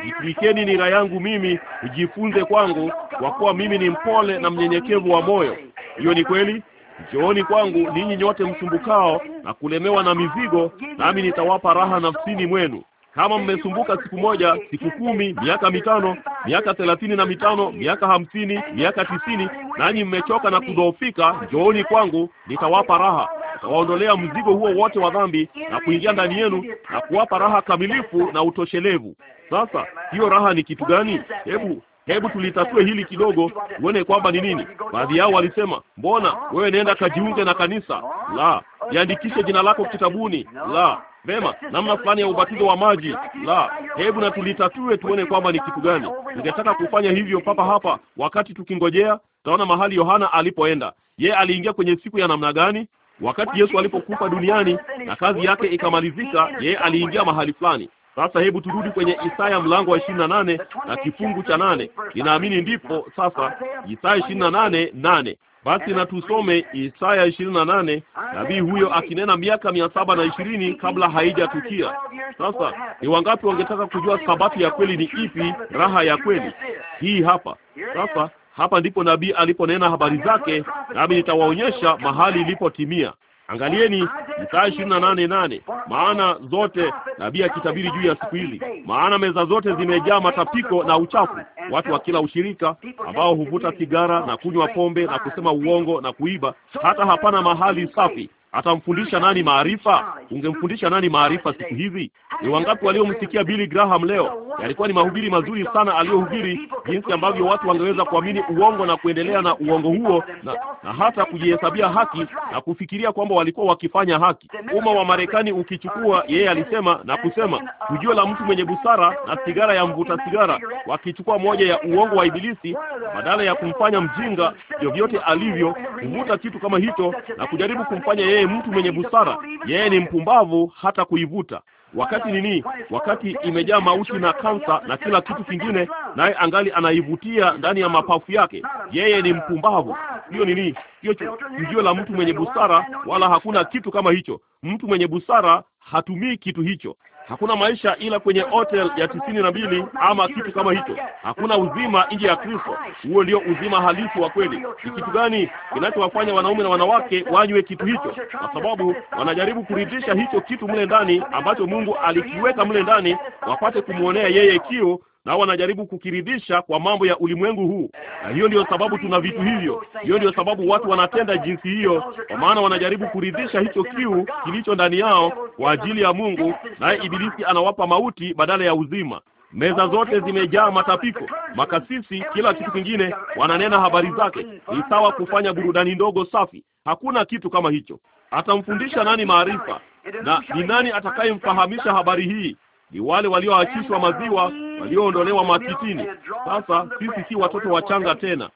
Jituikeni nira yangu mimi, mjifunze kwangu, kwa kuwa mimi ni mpole na mnyenyekevu wa moyo. Hiyo ni kweli Njooni kwangu ninyi nyote msumbukao na kulemewa na mizigo, nami nitawapa raha nafsini mwenu. Kama mmesumbuka siku moja, siku kumi, miaka mitano, miaka thelathini na mitano, miaka hamsini, miaka tisini, nanyi mmechoka na kudhoofika, njooni kwangu, nitawapa raha. Nitawaondolea mzigo huo wote wa dhambi na kuingia ndani yenu na kuwapa raha kamilifu na utoshelevu. Sasa hiyo raha ni kitu gani? Hebu hebu tulitatue hili kidogo, uone kwamba ni nini. Baadhi yao walisema, mbona wewe nenda kajiunge na kanisa la, jiandikishe jina lako kitabuni la Vema, namna fulani ya ubatizo wa maji la, hebu na tulitatue tuone kwamba ni kitu gani. Ningetaka kufanya hivyo papa hapa, wakati tukingojea taona mahali Yohana alipoenda. Ye aliingia kwenye siku ya namna gani? Wakati Yesu alipokufa duniani na kazi yake ikamalizika, ye aliingia mahali fulani. Sasa hebu turudi kwenye Isaya mlango wa ishirini na nane na kifungu cha nane. Ninaamini ndipo sasa, Isaya ishirini na nane nane. Basi na tusome Isaya ishirini na nane, nabii huyo akinena miaka mia saba na ishirini kabla haijatukia. Sasa ni wangapi wangetaka kujua sabati ya kweli ni ipi, raha ya kweli? Hii hapa sasa. Hapa ndipo nabii aliponena habari zake, nami nitawaonyesha mahali ilipotimia. Angalieni Isaya ishirini na nane nane maana zote nabii akitabiri juu ya siku hizi, maana meza zote zimejaa matapiko na uchafu, watu wa kila ushirika ambao huvuta sigara na kunywa pombe na kusema uongo na kuiba, hata hapana mahali safi Atamfundisha nani maarifa? Ungemfundisha nani maarifa siku hizi? Ni wangapi waliomsikia Billy Graham leo? Yalikuwa ni mahubiri mazuri sana aliyohubiri, jinsi ambavyo watu wangeweza kuamini uongo na kuendelea na uongo huo na, na hata kujihesabia haki na kufikiria kwamba walikuwa wakifanya haki. Umma wa Marekani ukichukua, yeye alisema na kusema, ujio la mtu mwenye busara na sigara ya mvuta sigara, wakichukua moja ya uongo wa Ibilisi, badala ya kumfanya mjinga vyovyote alivyo, kuvuta kitu kama hicho na kujaribu kumfanya yeye yeye mtu mwenye busara, yeye ni mpumbavu hata kuivuta. Wakati nini? Wakati imejaa mauti na kansa na kila kitu kingine, naye angali anaivutia ndani ya mapafu yake. Yeye ni mpumbavu. Hiyo nini? Hiyo ndio la mtu mwenye busara, wala hakuna kitu kama hicho. Mtu mwenye busara hatumii kitu hicho. Hakuna maisha ila kwenye hotel ya tisini na mbili ama kitu kama hicho. Hakuna uzima nje ya Kristo. Huo ndio uzima halisi wa kweli. Ni kitu gani kinachowafanya wanaume na wanawake wanywe kitu hicho? Kwa sababu wanajaribu kuridhisha hicho kitu mle ndani ambacho Mungu alikiweka mle ndani, wapate kumwonea yeye kiu nao wanajaribu kukiridhisha kwa mambo ya ulimwengu huu, na hiyo ndiyo sababu tuna vitu hivyo. Hiyo ndiyo sababu watu wanatenda jinsi hiyo, kwa maana wanajaribu kuridhisha hicho kiu kilicho ndani yao kwa ajili ya Mungu, naye Ibilisi anawapa mauti badala ya uzima. Meza zote zimejaa matapiko, makasisi, kila kitu kingine, wananena habari zake. Ni sawa kufanya burudani ndogo safi. Hakuna kitu kama hicho. Atamfundisha nani maarifa? Na ni nani atakayemfahamisha habari hii? ni wale walioachishwa maziwa, walioondolewa matitini. Sasa sisi si watoto wachanga tena.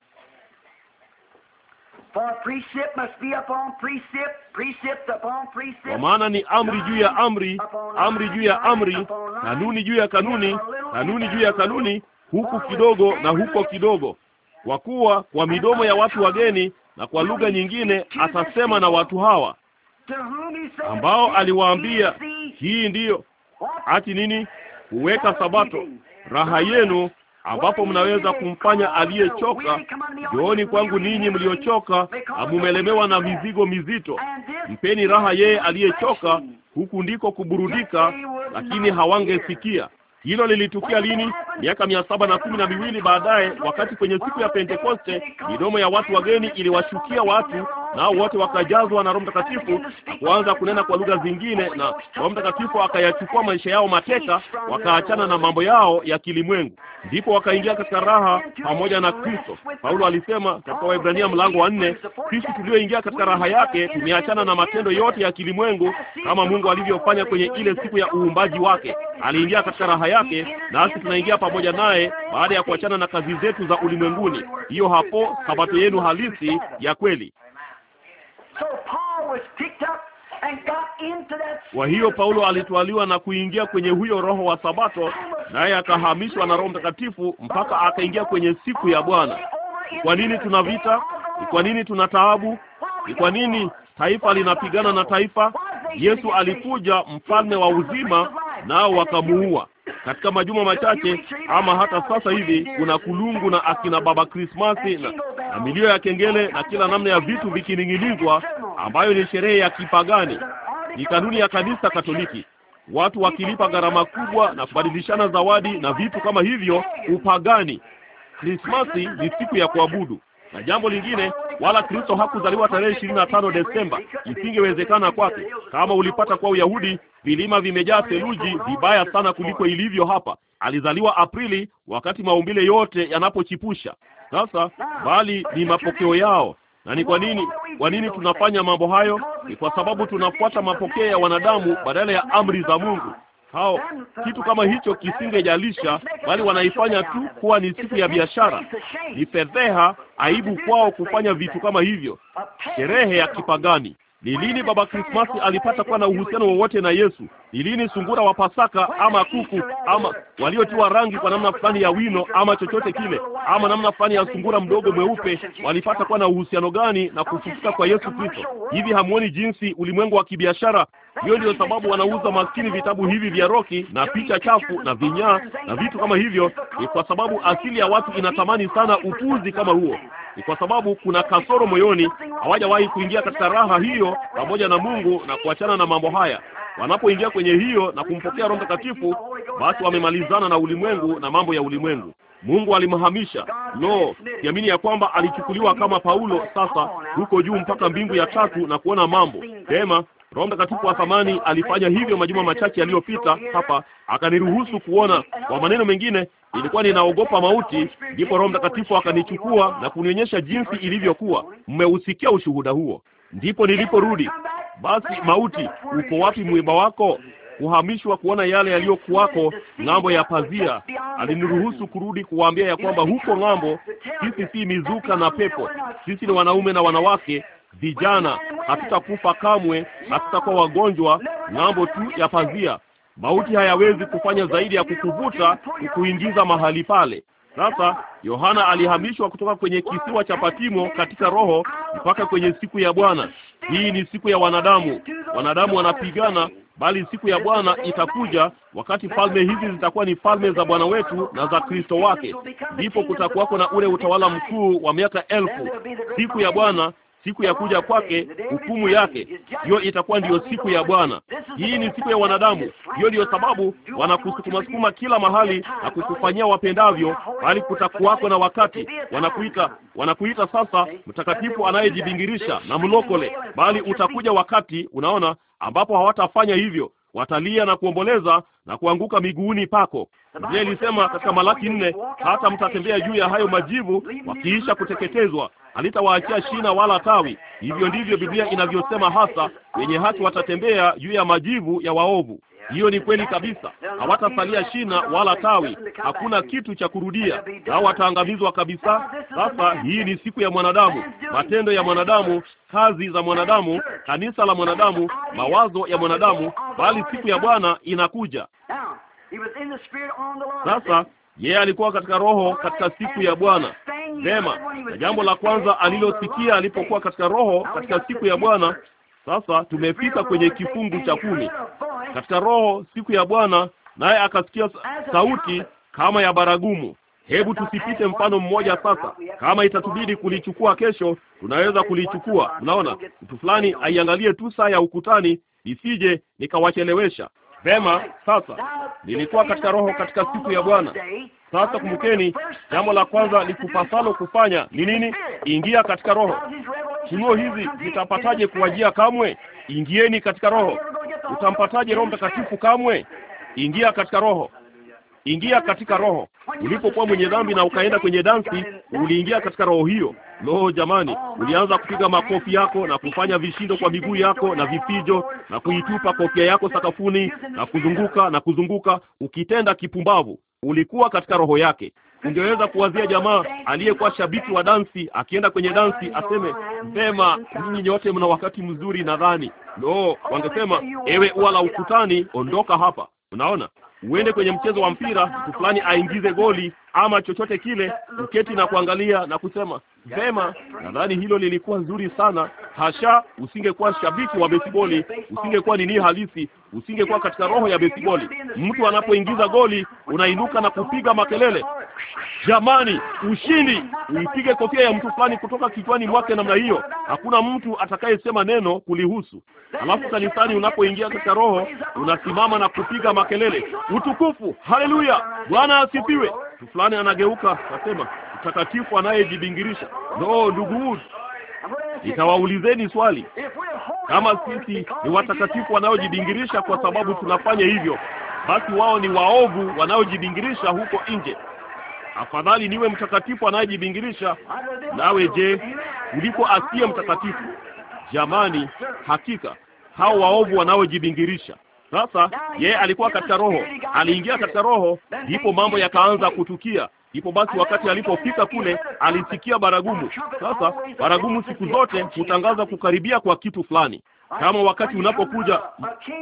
Kwa maana ni amri juu ya amri, amri juu ya amri, kanuni juu ya kanuni, kanuni juu ya kanuni, huku kidogo na huko kidogo. Kwa kuwa kwa midomo ya watu wageni na kwa lugha nyingine atasema na watu hawa, ambao aliwaambia hii ndiyo ati nini? Huweka sabato raha yenu, ambapo mnaweza kumfanya aliyechoka. Njooni kwangu ninyi mliochoka na mumelemewa na mizigo mizito, mpeni raha yeye aliyechoka. Huku ndiko kuburudika, lakini hawangesikia. Hilo lilitukia lini? Miaka mia saba na kumi na miwili baadaye, wakati kwenye siku ya Pentekoste midomo ya watu wageni iliwashukia watu, nao wote wakajazwa na Roho Mtakatifu na kuanza kunena kwa lugha zingine, na Roho Mtakatifu akayachukua maisha yao mateka, wakaachana na mambo yao ya kilimwengu, ndipo wakaingia katika raha pamoja na Kristo. Paulo alisema katika Waebrania mlango wa nne, sisi tulioingia katika raha yake tumeachana na matendo yote ya kilimwengu, kama Mungu alivyofanya kwenye ile siku ya uumbaji wake. Aliingia katika raha furaha yake, nasi tunaingia pamoja naye baada ya kuachana na kazi zetu za ulimwenguni. Hiyo hapo sabato yenu halisi ya kweli. Kwa hiyo Paulo alitwaliwa na kuingia kwenye huyo roho wa Sabato, naye akahamishwa na Roho Mtakatifu mpaka akaingia kwenye siku ya Bwana. Kwa nini tuna vita? Ni kwa nini tuna taabu? Ni kwa nini taifa linapigana na taifa? Yesu alikuja mfalme wa uzima, nao wakamuua. Katika majuma machache ama hata sasa hivi kuna kulungu na akina baba Krismasi na, na milio ya kengele na kila namna ya vitu vikining'inizwa, ambayo ni sherehe ya kipagani, ni kanuni ya kanisa Katoliki, watu wakilipa gharama kubwa na kubadilishana zawadi na vitu kama hivyo. Upagani. Krismasi ni siku ya kuabudu. Na jambo lingine, wala Kristo hakuzaliwa tarehe ishirini na tano Desemba, isingewezekana kwake. Kama ulipata kwa Uyahudi, vilima vimejaa theluji vibaya sana kuliko ilivyo hapa. Alizaliwa Aprili, wakati maumbile yote yanapochipusha. Sasa bali ni mapokeo yao na ni kwa nini, kwa nini tunafanya mambo hayo? Ni kwa sababu tunafuata mapokeo ya wanadamu badala ya amri za Mungu hao uh, kitu kama hicho kisingejalisha, bali wanaifanya tu kuwa ni siku ya biashara. Ni fedheha, aibu kwao kufanya vitu kama hivyo, sherehe ya kipagani. Ni lini Baba Krismasi alipata kuwa na uhusiano wowote na Yesu? Ni lini sungura wa Pasaka ama kuku ama waliotiwa rangi kwa namna fulani ya wino ama chochote kile ama namna fulani ya sungura mdogo mweupe walipata kuwa na uhusiano gani na kufufuka kwa Yesu Kristo? Hivi hamuoni jinsi ulimwengu wa kibiashara? Hiyo ndiyo sababu wanauza maskini vitabu hivi vya roki na picha chafu na vinyaa na vitu kama hivyo. Ni kwa sababu asili ya watu inatamani sana upuzi kama huo. Ni kwa sababu kuna kasoro moyoni, hawajawahi kuingia katika raha hiyo hiyo pamoja na Mungu na kuachana na mambo haya. Wanapoingia kwenye hiyo na kumpokea Roho Mtakatifu, basi wamemalizana na ulimwengu na mambo ya ulimwengu. Mungu alimhamisha. Lo, kiamini ya kwamba alichukuliwa kama Paulo sasa huko juu mpaka mbingu ya tatu na kuona mambo pema. Roho Mtakatifu wa thamani alifanya hivyo majuma machache yaliyopita hapa, akaniruhusu kuona. Kwa maneno mengine, ilikuwa ninaogopa mauti, ndipo Roho Mtakatifu akanichukua na kunionyesha jinsi ilivyokuwa. Mmeusikia ushuhuda huo. Ndipo niliporudi basi, mauti, uko wapi mwiba wako? Kuhamishwa kuona yale yaliyokuwako ng'ambo ya pazia. Aliniruhusu kurudi kuwaambia ya kwamba huko ng'ambo sisi si mizuka na pepo, sisi ni wanaume na wanawake vijana, hatutakufa kamwe, hatutakuwa wagonjwa, ng'ambo tu ya pazia. Mauti hayawezi kufanya zaidi ya kukuvuta, kukuingiza mahali pale. Sasa Yohana alihamishwa kutoka kwenye kisiwa cha Patimo katika roho mpaka kwenye siku ya Bwana. Hii ni siku ya wanadamu. Wanadamu wanapigana, bali siku ya Bwana itakuja wakati falme hizi zitakuwa ni falme za Bwana wetu na za Kristo wake. Ndipo kutakuwako na ule utawala mkuu wa miaka elfu. Siku ya Bwana siku ya kuja kwake, hukumu yake, hiyo itakuwa ndiyo siku ya Bwana. Hii ni siku ya wanadamu. Hiyo ndiyo sababu wanakusukumasukuma kila mahali na kukufanyia wapendavyo, bali kutakuwako na wakati. Wanakuita, wanakuita sasa mtakatifu anayejibingirisha na mlokole, bali utakuja wakati, unaona, ambapo hawatafanya hivyo watalia na kuomboleza na kuanguka miguuni pako. Biblia ilisema katika Malaki nne, hata mtatembea juu ya hayo majivu wakiisha kuteketezwa, alitawaachia shina wala tawi. Hivyo ndivyo Biblia inavyosema hasa, wenye haki watatembea juu ya majivu ya waovu. Hiyo ni kweli kabisa. Hawatasalia shina wala tawi, hakuna kitu cha kurudia, nao wataangamizwa kabisa. Sasa hii ni siku ya mwanadamu, matendo ya mwanadamu, kazi za mwanadamu, kanisa la mwanadamu, mawazo ya mwanadamu, bali siku ya Bwana inakuja. Sasa yeye yeah, alikuwa katika roho katika siku ya Bwana. Vema, na jambo la kwanza alilosikia alipokuwa katika roho katika siku ya Bwana sasa tumefika kwenye kifungu cha kumi. Eh. Katika Roho siku ya Bwana naye akasikia sauti kama ya baragumu. Hebu tusipite mfano mmoja sasa. Kama itatubidi kulichukua kesho, tunaweza kulichukua. Unaona, mtu fulani aiangalie tu saa ya ukutani, isije nikawachelewesha. Vema, sasa nilikuwa katika roho katika siku ya Bwana. Sasa kumbukeni, jambo la kwanza likupasalo kufanya ni nini? Ingia katika roho. Funuo hizi zitapataje kuwajia? Kamwe ingieni katika roho. Utampataje Roho Mtakatifu? Kamwe ingia katika roho ingia katika roho. Ulipokuwa mwenye dhambi na ukaenda kwenye dansi, uliingia katika roho hiyo. Lo, jamani, ulianza kupiga makofi yako na kufanya vishindo kwa miguu yako na vipijo na kuitupa kofia yako sakafuni na kuzunguka na kuzunguka ukitenda kipumbavu. Ulikuwa katika roho yake. Ungeweza kuwazia jamaa aliyekuwa shabiki wa dansi akienda kwenye dansi aseme, vema, ninyi nyote mna wakati mzuri nadhani. Lo, wangesema, ewe ua la ukutani, ondoka hapa. Unaona, uende kwenye mchezo wa mpira, mtu fulani aingize goli ama chochote kile, uketi na kuangalia na kusema vema, nadhani hilo lilikuwa nzuri sana. Hasha, usingekuwa shabiki wa besiboli, usingekuwa nini halisi, usingekuwa katika roho ya besiboli. Mtu anapoingiza goli unainuka na kupiga makelele, jamani, ushindi! Uipige kofia ya mtu fulani kutoka kichwani mwake namna hiyo, hakuna mtu atakayesema neno kulihusu. Alafu kanisani unapoingia katika roho unasimama na kupiga makelele, utukufu, haleluya, Bwana asifiwe mtu fulani anageuka, nasema mtakatifu anayejibingirisha. No, ndugu, nitawaulizeni swali. Kama sisi ni watakatifu wanaojibingirisha kwa sababu tunafanya hivyo, basi wao ni waovu wanaojibingirisha huko nje. Afadhali niwe mtakatifu anayejibingirisha nawe je, kuliko asiye mtakatifu? Jamani, hakika hao waovu wanaojibingirisha sasa yeye alikuwa katika roho, aliingia katika roho, ndipo mambo yakaanza kutukia. Ndipo basi wakati alipofika kule alisikia baragumu. Sasa baragumu siku zote hutangaza kukaribia kwa kitu fulani. Kama wakati unapokuja,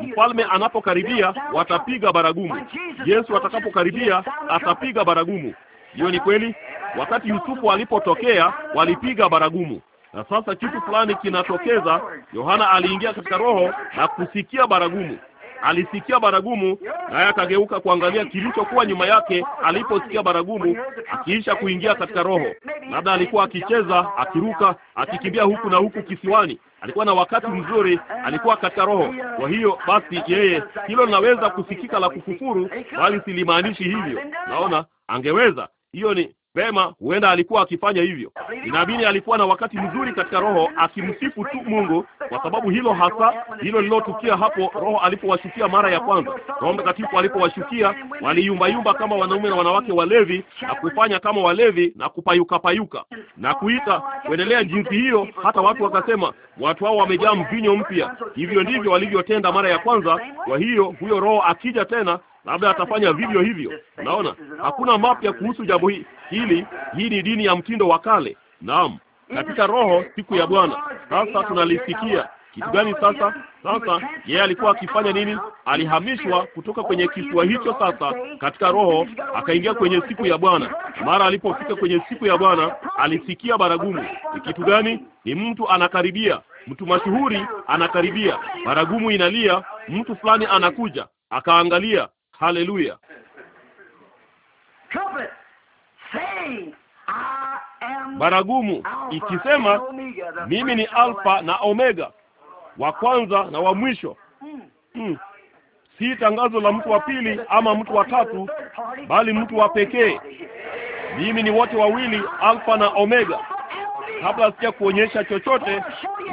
mfalme anapokaribia, watapiga baragumu. Yesu atakapokaribia, atapiga baragumu. Hiyo ni kweli. Wakati Yusufu alipotokea, walipiga baragumu na sasa kitu fulani kinatokeza. Yohana aliingia katika roho na kusikia baragumu alisikia baragumu, naye akageuka kuangalia kilichokuwa nyuma yake. Aliposikia baragumu, akiisha kuingia katika roho, labda alikuwa akicheza, akiruka, akikimbia huku na huku kisiwani. Alikuwa na wakati mzuri, alikuwa katika roho. Kwa hiyo basi, yeye hilo linaweza kusikika la kufufuru, bali silimaanishi hivyo. Naona angeweza hiyo ni Vema, huenda alikuwa akifanya hivyo. Ninaamini alikuwa na wakati mzuri katika roho akimsifu tu Mungu, kwa sababu hilo hasa hilo lilotukia hapo roho alipowashukia mara ya kwanza. Roho Mtakatifu alipowashukia waliyumbayumba kama wanaume na wanawake walevi na kufanya kama walevi na kupayuka payuka na kuita kuendelea jinsi hiyo, hata watu wakasema watu hao wamejaa mvinyo mpya. Hivyo ndivyo walivyotenda mara ya kwanza. Kwa hiyo huyo roho akija tena labda atafanya vivyo hivyo. Naona hakuna mapya kuhusu jambo hili. Hili hii ni dini ya mtindo wa kale. Naam, katika roho siku ya Bwana. Sasa tunalisikia kitu gani sasa? Sasa yeye alikuwa akifanya nini? Alihamishwa kutoka kwenye kisiwa hicho, sasa katika roho akaingia kwenye siku ya Bwana. Mara alipofika kwenye siku ya Bwana alisikia baragumu. Ni kitu gani? Ni mtu anakaribia, mtu mashuhuri anakaribia, baragumu inalia, mtu fulani anakuja. Akaangalia, Haleluya! Baragumu ikisema mimi ni Alfa na Omega, wa kwanza na wa mwisho. Hmm. hmm. Si tangazo la mtu wa pili ama mtu wa tatu, bali mtu wa pekee. Mimi ni wote wawili, Alfa na Omega kabla sija kuonyesha chochote,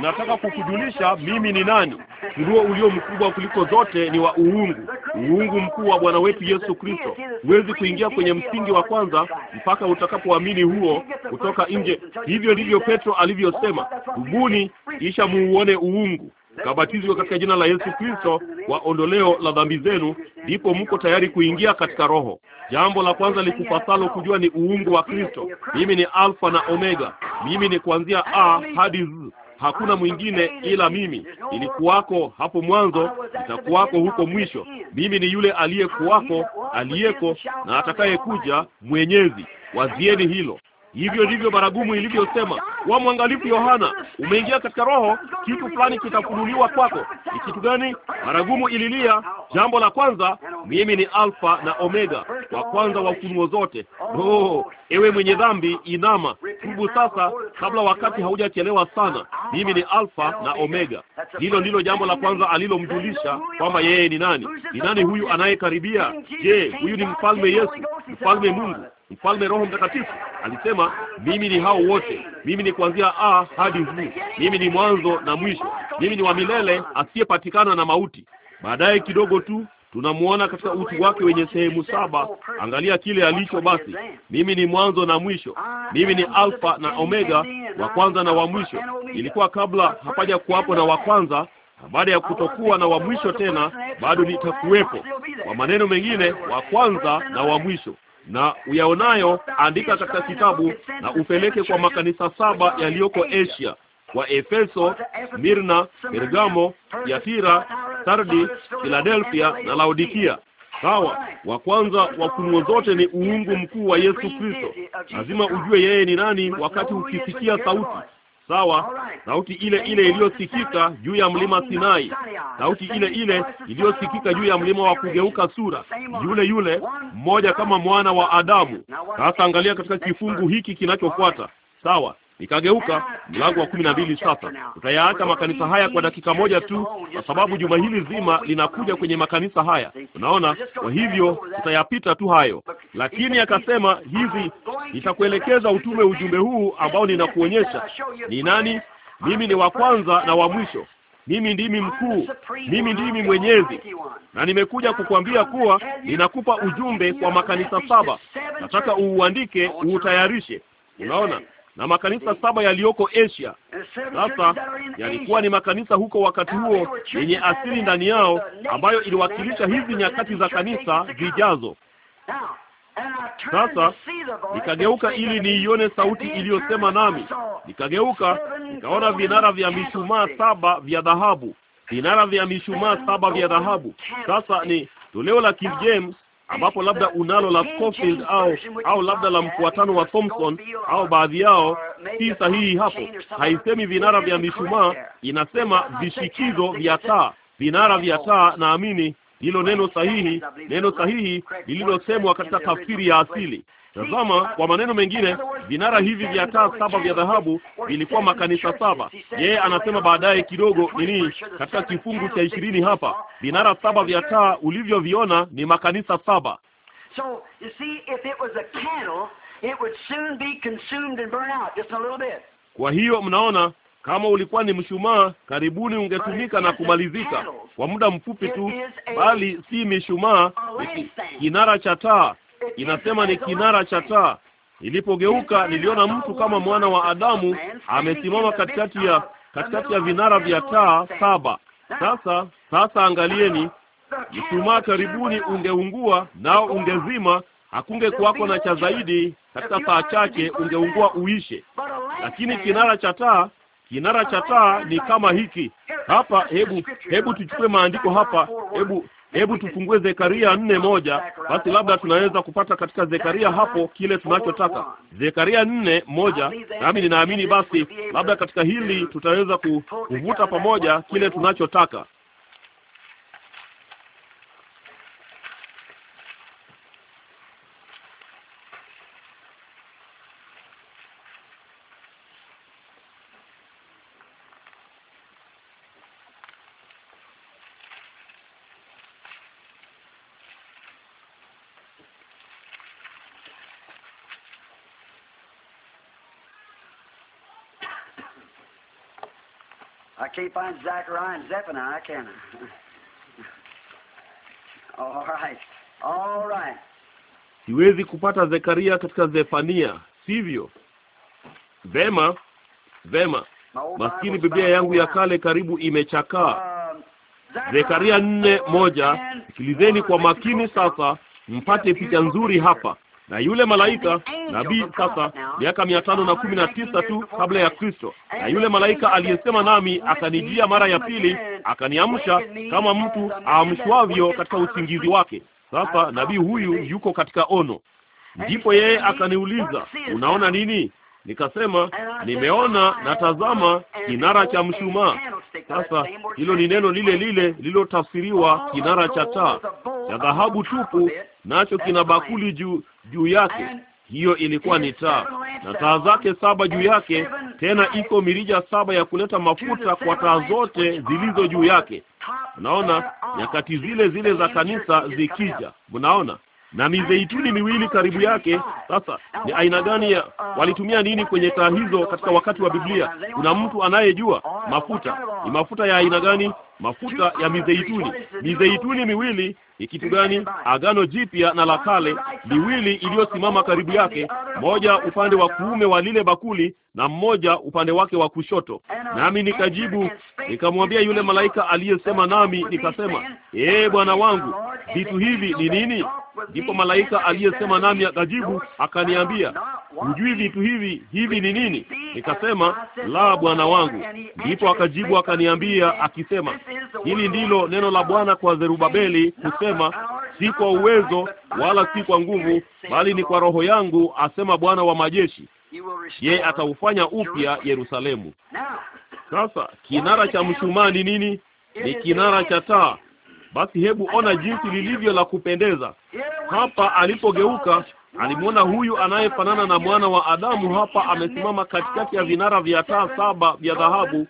nataka kukujulisha mimi ni nani. Nguruo ulio mkubwa kuliko zote ni wa uungu, uungu mkuu wa Bwana wetu Yesu Kristo. Huwezi kuingia kwenye msingi wa kwanza mpaka utakapoamini huo kutoka nje. Hivyo ndivyo Petro alivyosema, tubuni, kisha muuone uungu kabatizwe katika jina la Yesu Kristo wa ondoleo la dhambi zenu, ndipo mko tayari kuingia katika Roho. Jambo la kwanza likupasalo kujua ni uungu wa Kristo. Mimi ni Alfa na Omega, mimi ni kuanzia A hadi Z, hakuna mwingine ila mimi. Nilikuwako hapo mwanzo, nitakuwako huko mwisho. Mimi ni yule aliyekuwako, aliyeko na atakayekuja, Mwenyezi. Wazieni hilo. Hivyo ndivyo baragumu ilivyosema. Wa mwangalifu Yohana, umeingia katika roho, kitu fulani kitafunuliwa kwako. Ni kitu gani? Baragumu ililia, jambo la kwanza, mimi ni Alfa na Omega, wa kwanza wa ufunuo zote. Oh, ewe mwenye dhambi, inama, tubu sasa, kabla wakati haujachelewa sana. Mimi ni Alfa na Omega. Hilo ndilo jambo la kwanza alilomjulisha kwamba yeye ni nani. Ni nani huyu anayekaribia? Je, huyu ni mfalme Yesu, mfalme Mungu? Mfalme Roho Mtakatifu alisema, mimi ni hao wote, mimi ni kuanzia A hadi Z, mimi ni mwanzo na mwisho, mimi ni wa milele asiyepatikana na mauti. Baadaye kidogo tu tunamwona katika utu wake wenye sehemu saba. Angalia kile alicho basi, mimi ni mwanzo na mwisho, mimi ni alfa na omega, wa kwanza na wa mwisho. Ilikuwa kabla hapaja kuwapo na wa kwanza, baada ya kutokuwa na wa mwisho tena, bado nitakuwepo. Kwa maneno mengine, wa kwanza na wa mwisho na uyaonayo andika katika kitabu na upeleke kwa makanisa saba yaliyoko Asia, wa Efeso, Mirna, Pergamo, Yatira, Sardi, Filadelfia na Laodikia. Sawa, wa kwanza wa funuo zote ni uungu mkuu wa Yesu Kristo. Lazima ujue yeye ni nani wakati ukisikia sauti sawa, sauti ile ile iliyosikika juu ya mlima Sinai, sauti ile ile iliyosikika juu ya mlima wa kugeuka sura, yule yule mmoja kama mwana wa Adamu. Sasa angalia katika kifungu hiki kinachofuata, sawa Nikageuka mlango wa kumi na mbili. Sasa tutayaacha makanisa haya kwa dakika moja tu, kwa sababu juma hili zima linakuja kwenye makanisa haya, unaona. Kwa hivyo tutayapita tu hayo, lakini akasema hivi, nitakuelekeza utume ujumbe huu ambao ninakuonyesha ni nani. Mimi ni wa kwanza na wa mwisho mimi ndimi mkuu, mimi ndimi mwenyezi, na nimekuja kukwambia kuwa ninakupa ujumbe kwa makanisa saba. Nataka uuandike, uutayarishe. Unaona, na makanisa saba yaliyoko Asia. Sasa yalikuwa ni makanisa huko wakati huo yenye asili ndani yao, ambayo iliwakilisha hizi nyakati za kanisa zijazo. Sasa nikageuka ili niione sauti iliyosema nami. Nikageuka nikaona vinara vya mishumaa saba vya dhahabu, vinara vya mishumaa saba vya dhahabu. Sasa ni toleo la King James ambapo labda unalo la Scofield au au labda la mfuatano wa Thompson au baadhi yao, si sahihi hapo. Haisemi vinara vya mishumaa, inasema vishikizo vya taa, vinara vya taa. Naamini hilo neno sahihi, neno sahihi lililosemwa katika tafsiri ya asili. Tazama, kwa maneno mengine, vinara hivi vya taa saba vya dhahabu vilikuwa makanisa saba. Yeye anasema baadaye kidogo nini, katika kifungu cha ishirini hapa, vinara saba vya taa ulivyoviona ni makanisa saba. Kwa hiyo mnaona kama ulikuwa ni mshumaa karibuni ungetumika na kumalizika kwa muda mfupi tu, bali si mishumaa, kinara cha taa inasema ni kinara cha taa. ilipogeuka niliona mtu kama mwana wa Adamu amesimama katikati ya katikati ya vinara vya taa saba. Sasa sasa, angalieni, mshumaa karibuni ungeungua nao ungezima, hakunge kuwako na cha zaidi, katika saa chache ungeungua uishe. Lakini kinara cha taa kinara cha taa ni kama hiki hapa. Hebu hebu tuchukue maandiko hapa, hebu Hebu tufungue Zekaria nne moja, basi labda tunaweza kupata katika Zekaria hapo kile tunachotaka. Zekaria nne moja, nami ninaamini basi labda katika hili tutaweza kuvuta pamoja kile tunachotaka. can't find Zachariah and Zephaniah, can I? All right. All right. Siwezi kupata Zekaria katika Zefania, sivyo? Vema, vema. Maskini Biblia yangu ya kale karibu imechakaa. Um, Zekaria nne uh, moja. Uh, Sikilizeni kwa makini sasa, mpate picha nzuri hapa. Na yule malaika nabii sasa miaka mia tano na kumi na tisa tu kabla ya Kristo, na yule malaika aliyesema nami akanijia mara ya pili, akaniamsha kama mtu aamshwavyo katika usingizi wake. Sasa nabii huyu yuko katika ono. Ndipo yeye akaniuliza, unaona nini? Nikasema nimeona, natazama kinara cha mshumaa. Sasa hilo ni neno lile lile lililotafsiriwa kinara cha taa cha dhahabu tupu, nacho kina bakuli juu juu yake hiyo ilikuwa ni taa na taa zake saba juu yake, tena iko mirija saba ya kuleta mafuta kwa taa zote zilizo juu yake. Unaona, nyakati zile zile za kanisa zikija, unaona na mizeituni miwili karibu yake. Sasa ni aina gani ya walitumia nini kwenye taa hizo katika wakati wa Biblia? Kuna mtu anayejua? Mafuta ni mafuta ya aina gani? Mafuta ya mizeituni, mizeituni miwili ni kitu gani? Agano Jipya na la Kale, miwili iliyosimama karibu yake, moja upande wa kuume wa lile bakuli na mmoja upande wake wa kushoto. Nami nikajibu nikamwambia yule malaika aliyesema nami, nikasema, ee Bwana wangu, vitu hivi ni nini? Ndipo malaika aliyesema nami akajibu akaniambia, hujui vitu hivi, hivi ni nini? Nikasema, la Bwana wangu. Ndipo akajibu akaniambia akisema, hili ndilo neno la Bwana kwa Zerubabeli kusema, si kwa uwezo wala si kwa nguvu, bali ni kwa roho yangu, asema Bwana wa majeshi. ye ataufanya upya Yerusalemu. Sasa kinara cha mshumaa ni nini? Ni kinara cha taa. Basi hebu ona jinsi lilivyo la kupendeza. Hapa alipogeuka alimwona huyu anayefanana na mwana wa Adamu, hapa amesimama katikati ya vinara vya taa saba vya dhahabu,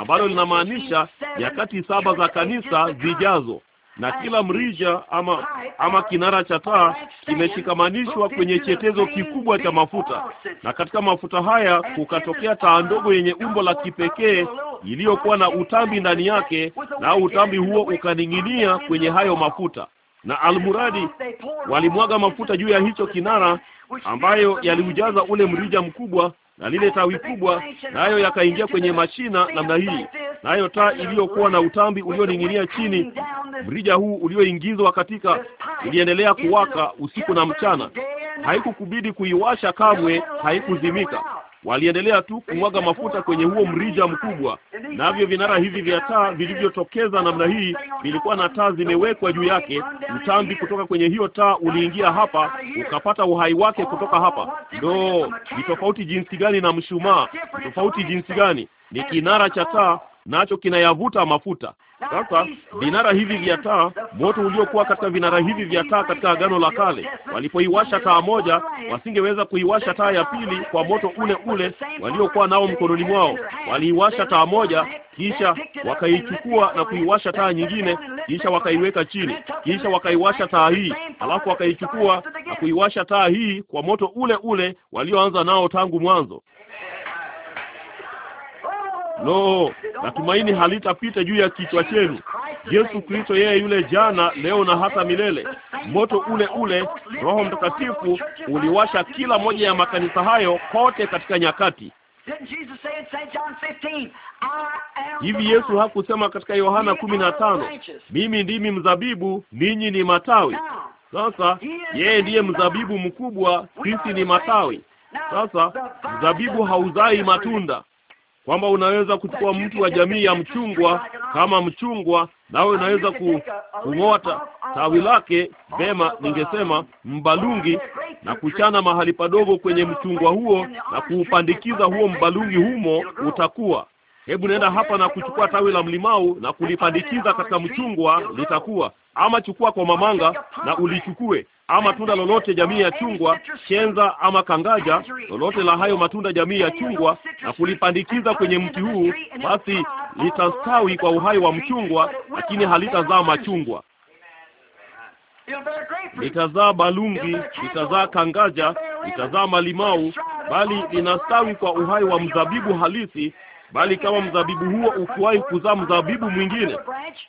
ambalo linamaanisha nyakati saba za kanisa zijazo na kila mrija ama ama kinara cha taa kimeshikamanishwa kwenye chetezo kikubwa cha mafuta, na katika mafuta haya kukatokea taa ndogo yenye umbo la kipekee iliyokuwa na utambi ndani yake, na utambi huo ukaning'inia kwenye hayo mafuta. Na almuradi walimwaga mafuta juu ya hicho kinara, ambayo yaliujaza ule mrija mkubwa na lile tawi kubwa, nayo yakaingia kwenye mashina namna hii, nayo taa iliyokuwa na utambi ulioning'inia chini, mrija huu ulioingizwa katika, iliendelea kuwaka usiku na mchana. Haikukubidi kuiwasha kamwe, haikuzimika. Waliendelea tu kumwaga mafuta kwenye huo mrija mkubwa, navyo vinara hivi vya taa vilivyotokeza namna hii vilikuwa na taa zimewekwa juu yake. Mtambi kutoka kwenye hiyo taa uliingia hapa, ukapata uhai wake kutoka hapa. Ndoo ni tofauti jinsi gani na mshumaa! Ni tofauti jinsi gani! Ni kinara cha taa, nacho kinayavuta mafuta. Sasa vinara hivi vya taa, moto uliokuwa katika vinara hivi vya taa katika Agano la Kale, walipoiwasha taa moja, wasingeweza kuiwasha taa ya pili kwa moto ule ule waliokuwa nao mkononi mwao. Waliiwasha taa moja, kisha wakaichukua na kuiwasha taa nyingine, kisha wakaiweka chini, kisha wakaiwasha taa hii, alafu wakaichukua na kuiwasha taa hii kwa moto ule ule walioanza nao tangu mwanzo. Lo, na tumaini halitapita juu ya kichwa chenu. Yesu Kristo, yeye yule jana, leo na hata milele. Moto ule ule, Roho Mtakatifu uliwasha kila moja ya makanisa hayo kote katika nyakati. Hivi Yesu hakusema katika Yohana kumi na tano, mimi ndimi mzabibu, ninyi ni matawi. Sasa yeye ndiye mzabibu mkubwa, sisi ni matawi. Sasa mzabibu hauzai matunda, kwamba unaweza kuchukua mtu wa jamii ya mchungwa kama mchungwa, nawe unaweza kung'ota tawi lake vema, ningesema mbalungi, na kuchana mahali padogo kwenye mchungwa huo na kuupandikiza huo mbalungi humo, utakuwa hebu nenda hapa na kuchukua tawi la mlimau na kulipandikiza katika mchungwa litakuwa, ama chukua kwa mamanga na ulichukue, ama tunda lolote jamii ya chungwa, chenza ama kangaja, lolote la hayo matunda jamii ya chungwa, na kulipandikiza kwenye mti huu, basi litastawi kwa uhai wa mchungwa, lakini halitazaa machungwa litazaa balungi, litazaa kangaja, litazaa malimau, bali linastawi kwa uhai wa mzabibu halisi bali kama mzabibu huo ukiwahi kuzaa mzabibu mwingine,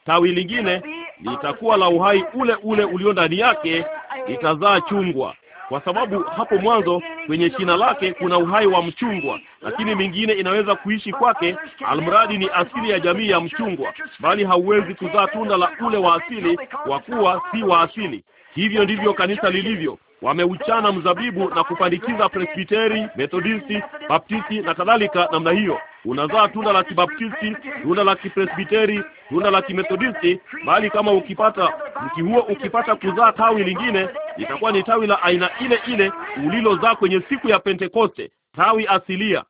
tawi lingine litakuwa la uhai ule ule ulio ndani yake, litazaa chungwa, kwa sababu hapo mwanzo kwenye shina lake kuna uhai wa mchungwa, lakini mingine inaweza kuishi kwake, almradi ni asili ya jamii ya mchungwa, bali hauwezi kuzaa tunda la ule wa asili, kwa kuwa si wa asili. Hivyo ndivyo kanisa lilivyo. Wameuchana mzabibu na kupandikiza Presbiteri, Methodisti, Baptisti na kadhalika namna hiyo unazaa tunda la kibaptisti, tunda la kipresbiteri, tunda la kimethodisti, bali kama ukipata mti huo ukipata kuzaa tawi lingine, itakuwa ni tawi la aina ile ile ulilozaa kwenye siku ya Pentekoste, tawi asilia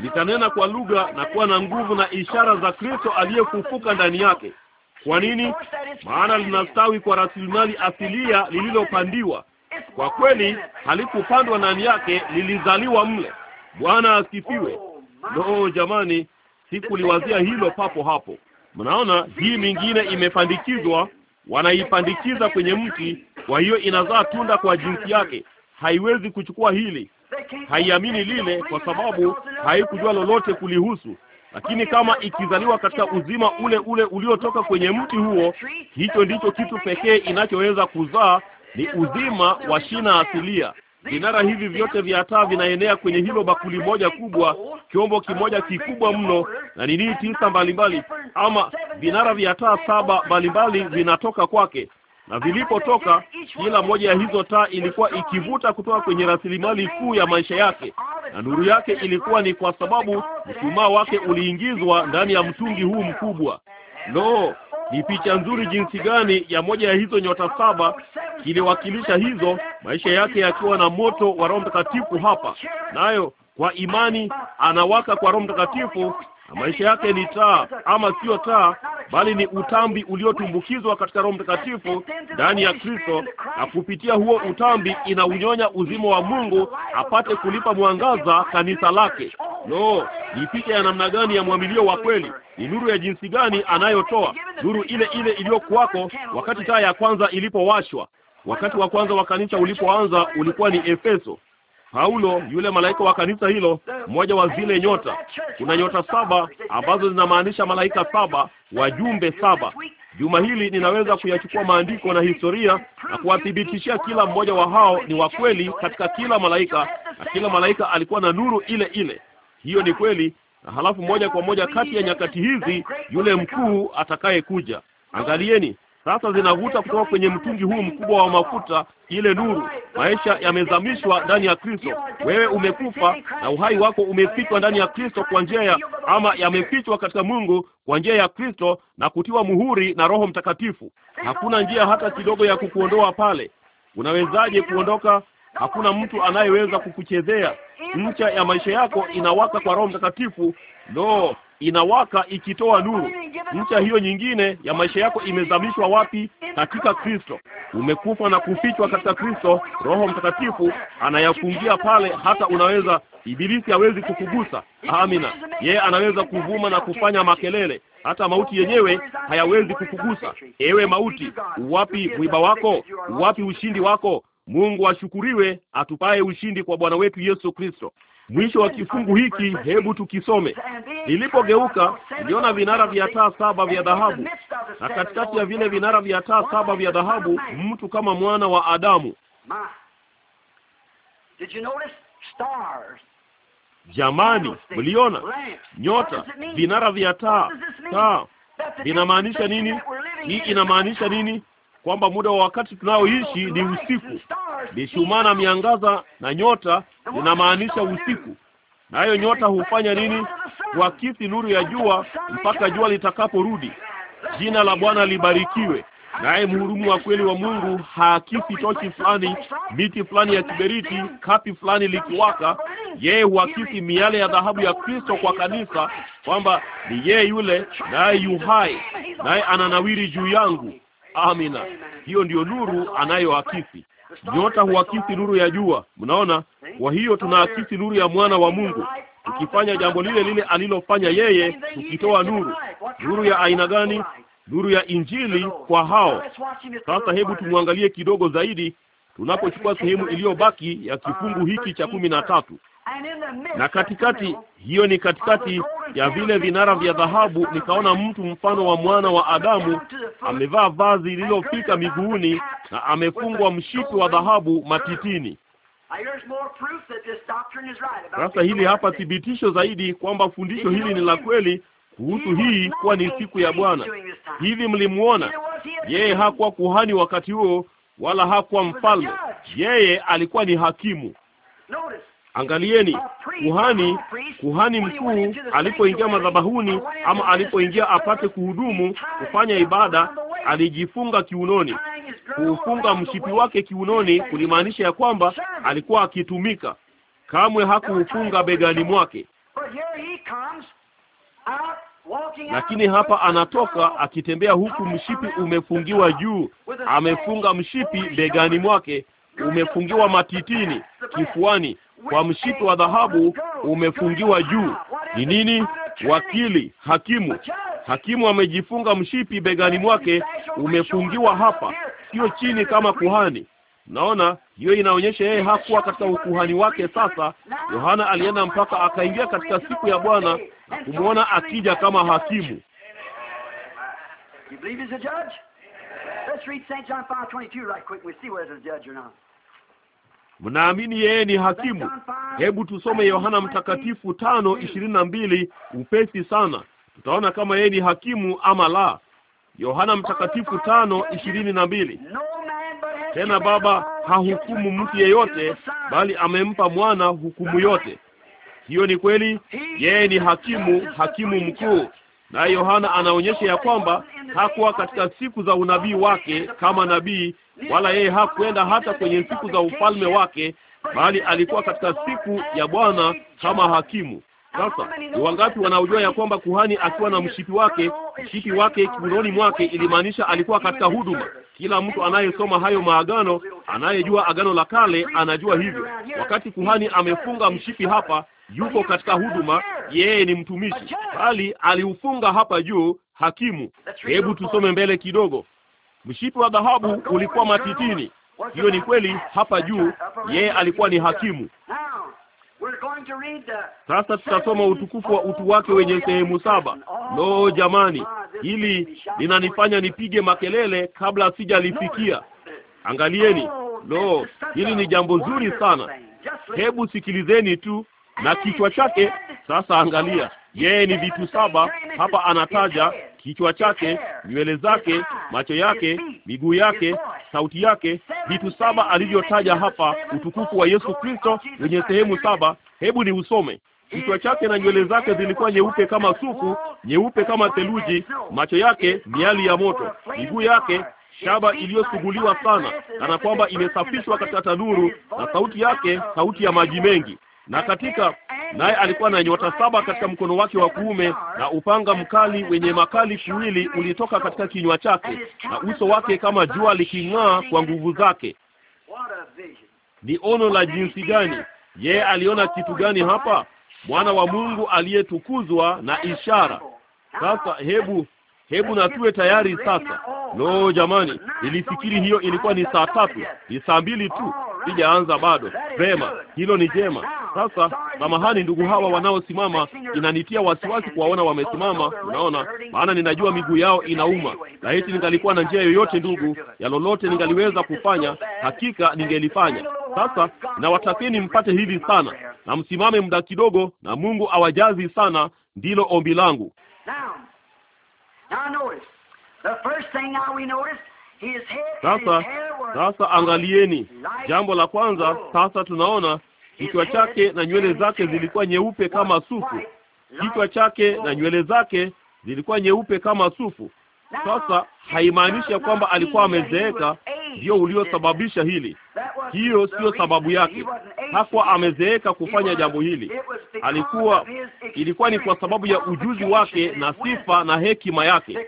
litanena kwa lugha na kuwa na nguvu na ishara za Kristo aliyefufuka ndani yake. Kwa nini? Maana linastawi kwa rasilimali asilia lililopandiwa, kwa kweli halikupandwa ndani yake, lilizaliwa mle. Bwana asifiwe! No jamani, sikuliwazia hilo papo hapo. Mnaona, hii mingine imepandikizwa, wanaipandikiza kwenye mti, kwa hiyo inazaa tunda kwa jinsi yake. Haiwezi kuchukua hili, haiamini lile, kwa sababu haikujua lolote kulihusu. Lakini kama ikizaliwa katika uzima ule ule uliotoka kwenye mti huo, hicho ndicho kitu pekee inachoweza kuzaa ni uzima wa shina asilia. Vinara hivi vyote vya taa vinaenea kwenye hilo bakuli moja kubwa, chombo kimoja kikubwa mno, na nini, tisa mbalimbali, ama vinara vya taa saba mbalimbali vinatoka kwake, na vilipotoka, kila moja ya hizo taa ilikuwa ikivuta kutoka kwenye rasilimali kuu ya maisha yake, na nuru yake ilikuwa ni kwa sababu mshumaa wake uliingizwa ndani ya mtungi huu mkubwa. Lo no, ni picha nzuri jinsi gani ya moja ya hizo nyota saba kiliwakilisha hizo, maisha yake yakiwa na moto wa Roho Mtakatifu hapa, nayo kwa imani anawaka kwa Roho Mtakatifu na maisha yake ni taa, ama sio taa, bali ni utambi uliotumbukizwa katika Roho Mtakatifu ndani ya Kristo, na kupitia huo utambi inaunyonya uzima wa Mungu apate kulipa mwangaza kanisa lake. Lo, ni picha ya namna gani ya mwamilio wa kweli! Ni nuru ya jinsi gani anayotoa, nuru ile ile iliyokuwako wakati taa ya kwanza ilipowashwa. Wakati wa kwanza wa kanisa ulipoanza ulikuwa ni Efeso. Paulo, yule malaika wa kanisa hilo, mmoja wa zile nyota. Kuna nyota saba ambazo zinamaanisha malaika saba, wajumbe saba. Juma hili ninaweza kuyachukua maandiko na historia na kuwathibitishia kila mmoja wa hao ni wa kweli katika kila malaika, na kila malaika alikuwa na nuru ile ile. Hiyo ni kweli. Na halafu moja kwa moja kati ya nyakati hizi yule mkuu atakayekuja, angalieni sasa zinavuta kutoka kwenye mtungi huu mkubwa wa mafuta ile nuru. Maisha yamezamishwa ndani ya Kristo. Wewe umekufa na uhai wako umefichwa ndani ya Kristo kwa njia ya ama, yamefichwa katika Mungu kwa njia ya Kristo na kutiwa muhuri na Roho Mtakatifu. Hakuna njia hata kidogo ya kukuondoa pale. Unawezaje kuondoka? Hakuna mtu anayeweza kukuchezea. Ncha ya maisha yako inawaka kwa Roho Mtakatifu. Lo no inawaka ikitoa nuru. Ncha hiyo nyingine ya maisha yako imezamishwa wapi? Katika Kristo. Umekufa na kufichwa katika Kristo. Roho Mtakatifu anayafungia pale, hata unaweza ibilisi hawezi kukugusa. Amina, yeye anaweza kuvuma na kufanya makelele, hata mauti yenyewe hayawezi kukugusa. Ewe mauti, uwapi mwiba wako? Uwapi ushindi wako? Mungu ashukuriwe, atupaye ushindi kwa Bwana wetu Yesu Kristo. Mwisho wa kifungu hiki, hebu tukisome. Nilipogeuka niliona vinara vya taa saba vya dhahabu, na katikati ya vile vinara vya taa saba vya dhahabu mtu kama mwana wa Adamu. Jamani, mliona nyota, vinara vya taa. Taa inamaanisha nini? Hii inamaanisha nini? kwamba muda wa wakati tunaoishi ni usiku. Mishumaa na miangaza na nyota zinamaanisha usiku, nayo nyota hufanya nini? Huakisi nuru ya jua mpaka jua litakaporudi. Jina la Bwana libarikiwe. Naye mhudumu wa kweli wa Mungu haakisi tochi fulani, miti fulani ya kiberiti, kapi fulani likiwaka. Yeye huakisi miale ya dhahabu ya Kristo kwa kanisa, kwamba ni yeye yule, naye yu hai, naye ananawiri juu yangu. Amina, hiyo ndiyo nuru anayoakisi. Nyota huakisi nuru ya jua, mnaona? Kwa hiyo tunaakisi nuru ya mwana wa Mungu, tukifanya jambo lile lile alilofanya yeye, tukitoa nuru. Nuru ya aina gani? Nuru ya Injili kwa hao. Sasa hebu tumwangalie kidogo zaidi tunapochukua sehemu iliyobaki ya kifungu hiki cha kumi na tatu na katikati, hiyo ni katikati ya vile vinara vya dhahabu, nikaona mtu mfano wa mwana wa Adamu amevaa vazi lililofika miguuni na amefungwa mshipi wa dhahabu matitini. Sasa hili hapa thibitisho zaidi kwamba fundisho hili ni la kweli kuhusu hii kuwa ni siku ya Bwana. Hivi mlimwona yeye? Hakuwa kuhani wakati huo, wala hakuwa mfalme. Yeye alikuwa ni hakimu. Angalieni kuhani, kuhani mkuu alipoingia madhabahuni, ama alipoingia apate kuhudumu, kufanya ibada, alijifunga kiunoni. Kuufunga mshipi wake kiunoni kulimaanisha ya kwamba alikuwa akitumika, kamwe hakuufunga begani mwake. Lakini hapa anatoka akitembea huku mshipi umefungiwa juu, amefunga mshipi begani mwake, umefungiwa matitini, kifuani kwa mshipi wa dhahabu umefungiwa juu. Ni nini? Wakili, hakimu. Hakimu amejifunga mshipi begani mwake, umefungiwa hapa, sio chini kama kuhani. Naona hiyo inaonyesha yeye hakuwa katika ukuhani wake. Sasa Yohana alienda mpaka akaingia katika siku ya Bwana na kumwona akija kama hakimu. Mnaamini yeye ni hakimu? Hebu tusome Yohana Mtakatifu tano ishirini na mbili upesi sana, tutaona kama yeye ni hakimu ama la. Yohana Mtakatifu tano ishirini na mbili tena Baba hahukumu mtu yeyote, bali amempa mwana hukumu yote. Hiyo ni kweli, yeye ni hakimu, hakimu mkuu. Naye Yohana anaonyesha ya kwamba hakuwa katika siku za unabii wake kama nabii wala yeye hakwenda hata kwenye siku za ufalme wake, bali alikuwa katika siku ya Bwana kama hakimu. Sasa ni wangapi wanaojua ya kwamba kuhani akiwa na mshipi wake, mshipi wake kiunoni mwake ilimaanisha alikuwa katika huduma. Kila mtu anayesoma hayo maagano, anayejua agano la kale, anajua hivyo. Wakati kuhani amefunga mshipi hapa, yuko katika huduma, yeye ni mtumishi, bali aliufunga hapa juu, hakimu. Hebu tusome mbele kidogo. Mshipi wa dhahabu ulikuwa matitini. Hiyo ni kweli. Hapa juu, yeye alikuwa ni hakimu. Sasa tutasoma utukufu wa utu wake wenye sehemu saba. Lo, jamani, hili linanifanya nipige makelele kabla sijalifikia. Angalieni, lo, hili ni jambo zuri sana. Hebu sikilizeni tu na kichwa chake. Sasa angalia, yeye ni vitu saba hapa, anataja kichwa chake, nywele zake, macho yake, miguu yake, sauti yake, vitu saba alivyotaja hapa, utukufu wa Yesu Kristo wenye sehemu saba. Hebu ni usome. Kichwa chake na nywele zake zilikuwa nyeupe kama sufu, nyeupe kama theluji, macho yake miali ya moto, miguu yake shaba iliyosuguliwa sana, kana kwamba imesafishwa katika tanuru, na sauti yake sauti ya maji mengi na katika naye alikuwa na nyota saba katika mkono wake wa kuume, na upanga mkali wenye makali kuwili ulitoka katika kinywa chake, na uso wake kama jua liking'aa kwa nguvu zake. Ni ono la jinsi gani! Yeye aliona kitu gani hapa? Mwana wa Mungu aliyetukuzwa na ishara. Sasa hebu hebu na tuwe tayari sasa. Lo, jamani, nilifikiri hiyo ilikuwa ni saa tatu. Ni saa mbili tu, sijaanza bado. Vema, hilo ni jema. Sasa mama hani, ndugu hawa wanaosimama, inanitia wasiwasi kuwaona wamesimama, unaona, maana ninajua miguu yao inauma. Laiti ningalikuwa na njia yoyote, ndugu, ya lolote ningaliweza kufanya, hakika ningelifanya. Sasa nawatakeni mpate hivi sana, na msimame muda kidogo, na Mungu awajazi sana, ndilo ombi langu. Sasa sasa, angalieni jambo la kwanza. Sasa tunaona Kichwa chake na nywele zake zilikuwa nyeupe kama sufu. Kichwa chake na nywele zake zilikuwa nyeupe kama sufu. Sasa haimaanishi ya kwamba alikuwa amezeeka ndio uliosababisha hili. Hiyo siyo sababu yake. Hakuwa amezeeka kufanya jambo hili, alikuwa ilikuwa ni kwa sababu ya ujuzi wake na sifa na hekima yake,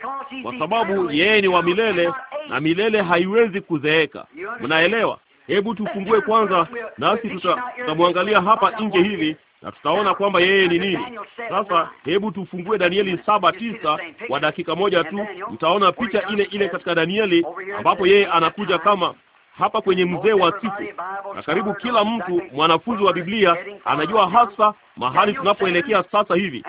kwa sababu yeye ni wa milele na milele haiwezi kuzeeka. Mnaelewa? Hebu tufungue kwanza, nasi tutamwangalia hapa nje hivi na tutaona kwamba yeye ni nini. Sasa hebu tufungue Danieli saba tisa kwa dakika moja tu, mtaona picha ile ile katika Danieli ambapo yeye anakuja kama hapa kwenye mzee wa siku, na karibu kila mtu mwanafunzi wa Biblia anajua hasa mahali tunapoelekea sasa hivi,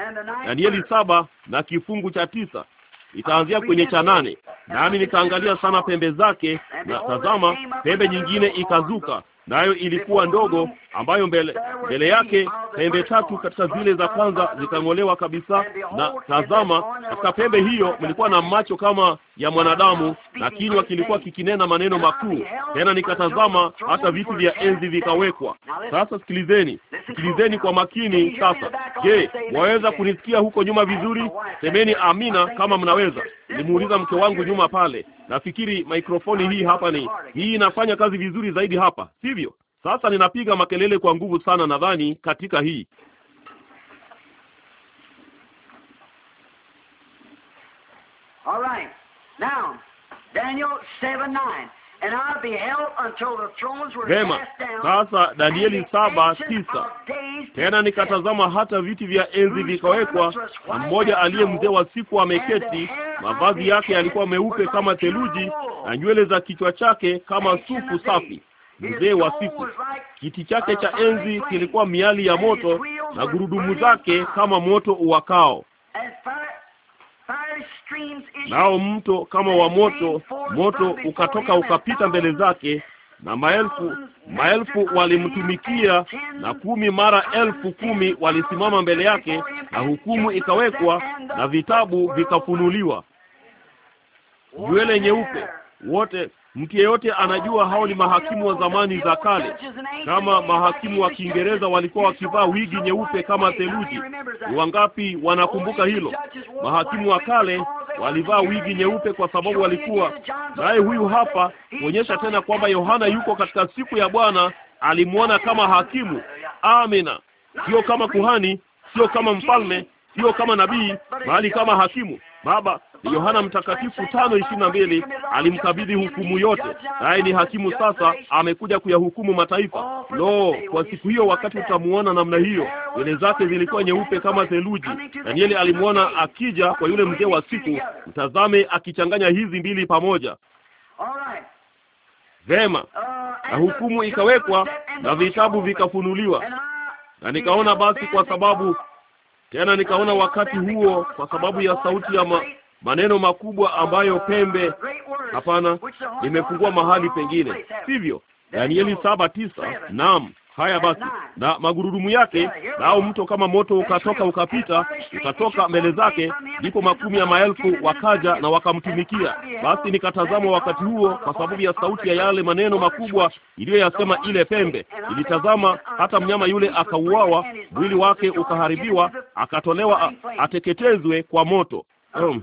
Danieli saba na kifungu cha tisa itaanzia kwenye cha nane, nami nikaangalia sana pembe zake, na tazama, pembe nyingine ikazuka nayo ilikuwa ndogo, ambayo mbele, mbele yake pembe tatu katika zile za kwanza zikang'olewa kabisa, na tazama, katika pembe hiyo mlikuwa na macho kama ya mwanadamu na kinywa kilikuwa kikinena maneno makuu. Tena nikatazama, hata viti vya enzi vikawekwa. Sasa sikilizeni, sikilizeni kwa makini. Sasa je, waweza kunisikia huko nyuma vizuri? Semeni amina kama mnaweza. Nimuuliza mke wangu nyuma pale Nafikiri mikrofoni hii hapa ni hii inafanya kazi vizuri zaidi hapa, sivyo? Sasa ninapiga makelele kwa nguvu sana, nadhani katika hii All right. Now, Daniel Vema, sasa Danieli saba tisa tena nikatazama hata viti vya enzi vikawekwa, na mmoja aliye mzee wa siku ameketi. Mavazi yake yalikuwa meupe kama theluji, na nywele za kichwa chake kama sufu safi. Mzee wa siku, kiti chake cha enzi kilikuwa miali ya moto, na gurudumu zake kama moto uwakao nao mto kama wa moto, moto ukatoka ukapita mbele zake, na maelfu maelfu walimtumikia, na kumi mara elfu kumi walisimama mbele yake, na hukumu ikawekwa na vitabu vikafunuliwa. Nywele nyeupe wote Mtu yeyote anajua hao ni mahakimu wa zamani za kale. Kama mahakimu wa Kiingereza walikuwa wakivaa wigi nyeupe kama theluji. Ni wangapi wanakumbuka hilo? Mahakimu wa kale walivaa wigi nyeupe kwa sababu walikuwa naye. Huyu hapa kuonyesha tena kwamba Yohana yuko katika siku ya Bwana, alimwona kama hakimu. Amina, sio kama kuhani, sio kama mfalme, sio kama nabii, bali kama hakimu. Baba ni Yohana Mtakatifu tano ishirini na mbili alimkabidhi hukumu yote, naye ni hakimu sasa, amekuja kuyahukumu mataifa. Lo, kwa siku hiyo wakati utamuona namna hiyo. Nywele zake zilikuwa nyeupe kama theluji. Danieli alimwona akija kwa yule mzee wa siku, mtazame akichanganya hizi mbili pamoja. Vema, na hukumu ikawekwa na vitabu vikafunuliwa, na nikaona basi, kwa sababu tena nikaona wakati huo, kwa sababu ya sauti ya ma, maneno makubwa ambayo pembe, hapana, nimefungua mahali pengine, sivyo? Danieli saba tisa. Naam, Haya basi, na magurudumu yake, nao mto kama moto ukatoka ukapita, ukatoka mbele zake, ndipo makumi ya maelfu wakaja na wakamtumikia. Basi nikatazama wakati huo, kwa sababu ya sauti ya yale maneno makubwa iliyoyasema ile pembe. Ilitazama hata mnyama yule akauawa, mwili wake ukaharibiwa, akatolewa ateketezwe kwa moto. Um,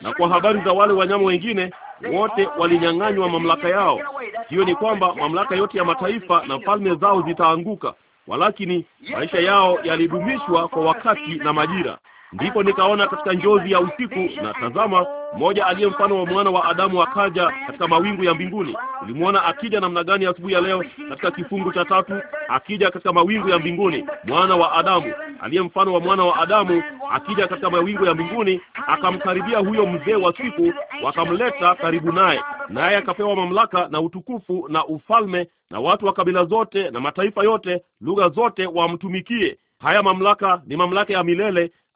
na kwa habari za wale wanyama wengine wote walinyang'anywa mamlaka yao. Hiyo ni kwamba mamlaka yote ya mataifa na falme zao zitaanguka, walakini maisha yao yalidumishwa kwa wakati na majira. Ndipo nikaona katika njozi ya usiku, na tazama, mmoja aliye mfano wa mwana wa Adamu akaja katika mawingu ya mbinguni. Ulimwona akija namna gani asubuhi ya, ya leo katika kifungu cha tatu, akija katika mawingu ya mbinguni, mwana wa Adamu aliye mfano wa mwana wa Adamu akija katika mawingu ya mbinguni, akamkaribia huyo mzee wa siku, wakamleta karibu naye, naye akapewa mamlaka na utukufu na ufalme, na watu wa kabila zote na mataifa yote, lugha zote wamtumikie. Haya mamlaka ni mamlaka ya milele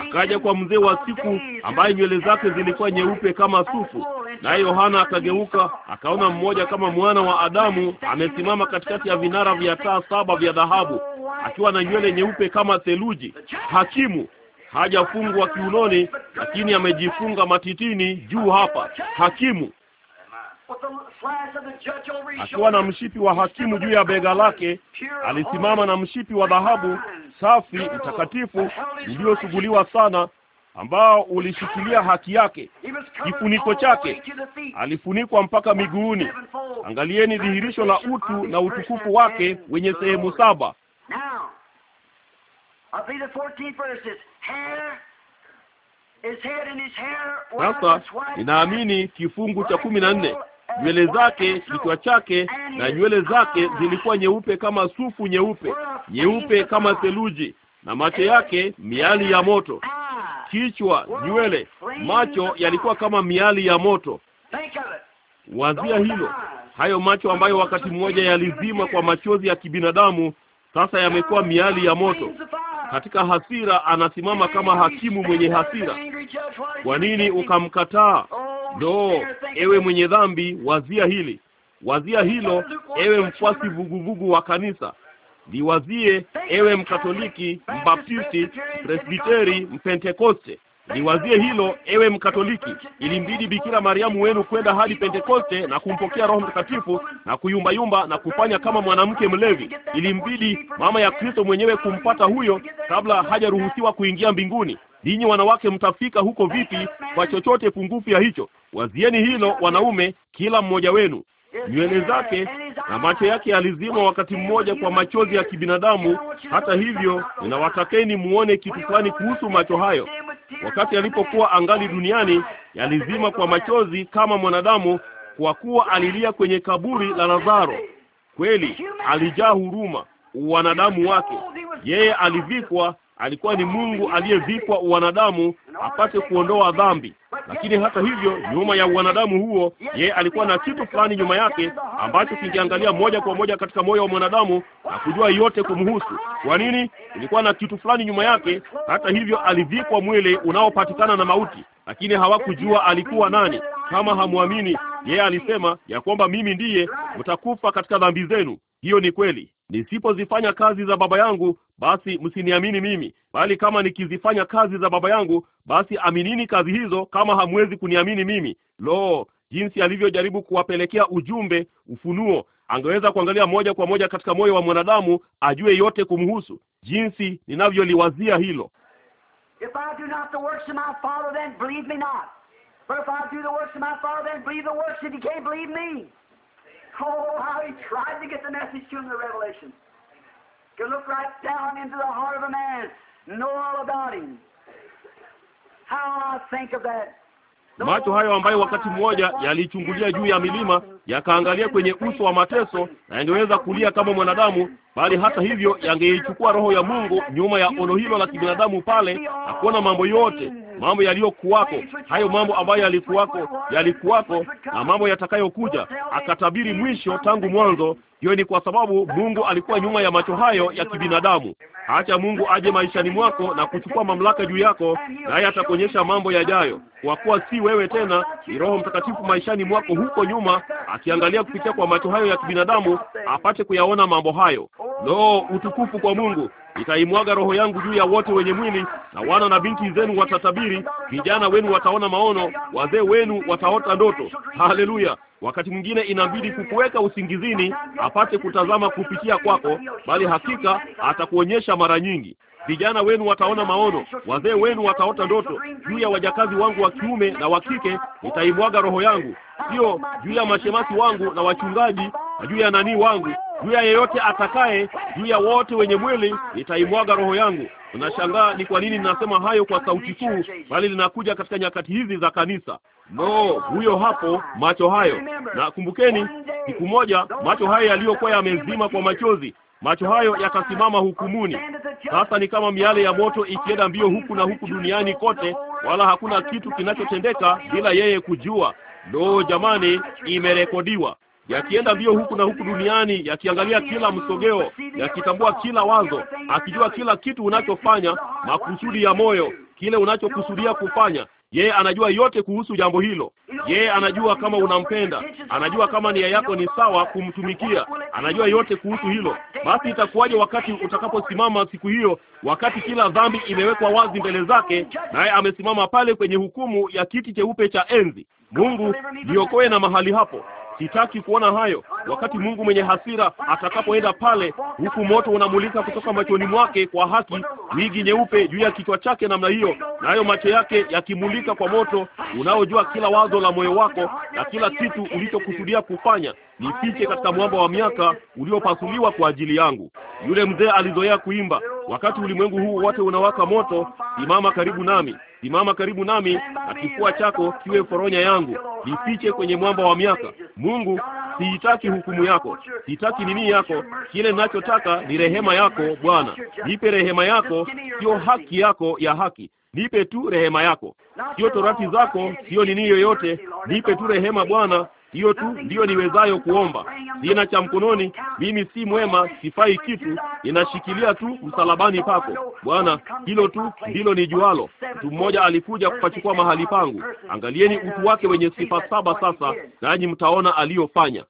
Akaja kwa mzee wa siku ambaye nywele zake zilikuwa nyeupe kama sufu, naye Yohana akageuka akaona mmoja kama mwana wa Adamu amesimama katikati ya vinara vya taa saba vya dhahabu akiwa na nywele nyeupe kama theluji. Hakimu hajafungwa kiunoni, lakini amejifunga matitini juu hapa. Hakimu akiwa na mshipi wa hakimu juu ya bega lake. Alisimama na mshipi wa dhahabu safi mtakatifu uliosuguliwa sana, ambao ulishikilia haki yake. Kifuniko chake alifunikwa mpaka miguuni. Angalieni dhihirisho la utu na utukufu wake wenye sehemu saba. Sasa ninaamini kifungu cha kumi na nne nywele zake, kichwa chake na nywele zake zilikuwa nyeupe kama sufu nyeupe, nyeupe kama theluji, na macho yake miali ya moto. Ah. Kichwa, nywele, macho yalikuwa kama miali ya moto. Wazia hilo. Hayo macho ambayo wakati mmoja yalizima kwa machozi ya kibinadamu sasa yamekuwa miali ya moto. Katika hasira anasimama kama hakimu mwenye hasira. Kwa nini ukamkataa? Oh, Doo, ewe mwenye dhambi, wazia hili, wazia hilo, ewe mfuasi vuguvugu wa kanisa liwazie ewe Mkatoliki, Mbaptisti, Presbiteri, Mpentekoste. Liwazie hilo ewe Mkatoliki. Ilimbidi Bikira Mariamu wenu kwenda hadi Pentekoste na kumpokea Roho Mtakatifu na kuyumbayumba na kufanya kama mwanamke mlevi. Ilimbidi mama ya Kristo mwenyewe kumpata huyo kabla hajaruhusiwa kuingia mbinguni. Ninyi wanawake mtafika huko vipi kwa chochote pungufu ya hicho? Wazieni hilo wanaume, kila mmoja wenu. Nywele zake na macho yake yalizimwa wakati mmoja kwa machozi ya kibinadamu. Hata hivyo, ninawatakeni muone kitu fulani kuhusu macho hayo. Wakati alipokuwa angali duniani, yalizima kwa machozi kama mwanadamu, kwa kuwa alilia kwenye kaburi la Lazaro. Kweli alijaa huruma uwanadamu wake. Yeye alivikwa alikuwa ni Mungu aliyevikwa wanadamu apate kuondoa dhambi, lakini hata hivyo, nyuma ya wanadamu huo, yeye alikuwa na kitu fulani nyuma yake ambacho kingeangalia moja kwa moja katika moyo wa mwanadamu na kujua yote kumhusu. Kwa nini? Ilikuwa na kitu fulani nyuma yake. Hata hivyo, alivikwa mwili unaopatikana na mauti, lakini hawakujua alikuwa nani. Kama hamwamini, yeye alisema ya kwamba mimi ndiye, mtakufa katika dhambi zenu. Hiyo ni kweli. Nisipozifanya kazi za Baba yangu, basi msiniamini mimi, bali kama nikizifanya kazi za Baba yangu, basi aminini kazi hizo, kama hamwezi kuniamini mimi. Lo, jinsi alivyojaribu kuwapelekea ujumbe ufunuo! Angeweza kuangalia moja kwa moja katika moyo wa mwanadamu ajue yote kumhusu. Jinsi ninavyoliwazia hilo! If Oh, how he tried to get the message to him, the revelation. Could look right down into the heart of a man, know all about him. How I think of that. Macho hayo ambayo wakati mmoja yalichungulia juu ya milima yakaangalia kwenye uso wa mateso, na yangeweza kulia kama mwanadamu, bali hata hivyo yangeichukua roho ya Mungu nyuma ya ono hilo la kibinadamu pale na kuona mambo yote mambo yaliyokuwako, hayo mambo ambayo yalikuwako, yalikuwako na mambo yatakayokuja. Akatabiri mwisho tangu mwanzo. Hiyo ni kwa sababu Mungu alikuwa nyuma ya macho hayo ya kibinadamu. Acha Mungu aje maishani mwako na kuchukua mamlaka juu yako, naye atakuonyesha mambo yajayo, kwa kuwa si wewe tena, ni Roho Mtakatifu maishani mwako huko nyuma, akiangalia kupitia kwa macho hayo ya kibinadamu apate kuyaona mambo hayo. Lo, utukufu kwa Mungu! nitaimwaga roho yangu juu ya wote wenye mwili, na wana na binti zenu watatabiri, vijana wenu wataona maono, wazee wenu wataota ndoto. Haleluya! Wakati mwingine inabidi kukuweka usingizini apate kutazama kupitia kwako, bali hakika atakuonyesha mara nyingi. Vijana wenu wataona maono, wazee wenu wataota ndoto. Juu ya wajakazi wangu wa kiume na wa kike nitaimwaga roho yangu, sio juu ya mashemasi wangu na wachungaji na juu ya nani wangu juu ya yeyote atakaye, juu ya wote wenye mwili nitaimwaga roho yangu. Unashangaa ni kwa nini ninasema hayo kwa sauti kuu, bali linakuja katika nyakati hizi za kanisa. No, huyo hapo, macho hayo. Na kumbukeni, siku moja macho hayo yaliyokuwa yamezima kwa machozi macho hayo yakasimama hukumuni. Sasa ni kama miale ya moto ikienda mbio huku na huku duniani kote, wala hakuna kitu kinachotendeka bila yeye kujua. Ndoo jamani, imerekodiwa yakienda mbio huku na huku duniani, yakiangalia kila msogeo, yakitambua kila wazo, akijua kila kitu unachofanya, makusudi ya moyo, kile unachokusudia kufanya. Yeye anajua yote kuhusu jambo hilo. Yeye anajua kama unampenda, anajua kama nia yako ni sawa kumtumikia, anajua yote kuhusu hilo. Basi itakuwaje wakati utakaposimama siku hiyo, wakati kila dhambi imewekwa wazi mbele zake, naye amesimama pale kwenye hukumu ya kiti cheupe cha enzi? Mungu niokoe na mahali hapo. Sitaki kuona hayo, wakati Mungu mwenye hasira atakapoenda pale, huku moto unamulika kutoka machoni mwake kwa haki, wigi nyeupe juu ya kichwa chake namna hiyo, nayo macho yake yakimulika kwa moto unaojua kila wazo la moyo wako na kila kitu ulichokusudia kufanya, nifiche katika mwamba wa miaka uliopasuliwa kwa ajili yangu. Yule mzee alizoea kuimba, wakati ulimwengu huu wote unawaka moto, imama karibu nami simama karibu nami na kifua chako kiwe foronya yangu, nifiche kwenye mwamba wa miaka. Mungu, siitaki hukumu yako, sitaki nini yako, kile ninachotaka ni rehema yako. Bwana, nipe rehema yako, sio haki yako ya haki nipe tu rehema yako, sio torati zako, sio nini yoyote. Nipe tu rehema Bwana, hiyo tu ndiyo niwezayo kuomba. Sina cha mkononi, mimi si mwema, sifai kitu, ninashikilia tu msalabani pako Bwana. Hilo tu ndilo nijualo. Mtu mmoja alikuja kupachukua mahali pangu. Angalieni uh, utu wake wenye sifa saba, sasa nanyi mtaona aliyofanya.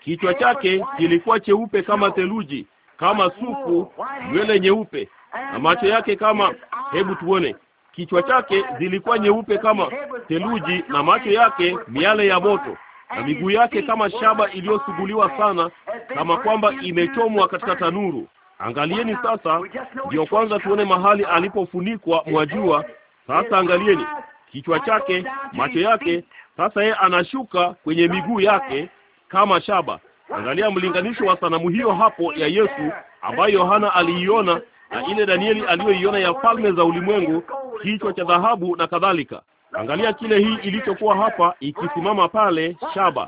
Kichwa chake kilikuwa cheupe kama theluji, kama sufu, nywele nyeupe, na macho yake uh, kama, hebu tuone kichwa chake zilikuwa nyeupe kama theluji na macho yake miale ya moto na miguu yake kama shaba iliyosuguliwa sana, kama kwamba imechomwa katika tanuru. Angalieni sasa, ndiyo kwanza tuone mahali alipofunikwa, mwajua. Sasa angalieni kichwa chake, macho yake. Sasa yeye anashuka kwenye miguu yake kama shaba. Angalia mlinganisho wa sanamu hiyo hapo ya Yesu ambayo Yohana aliiona na ile Danieli aliyoiona ya falme za ulimwengu, kichwa cha dhahabu na kadhalika. Angalia kile hii ilichokuwa hapa ikisimama pale. Shaba,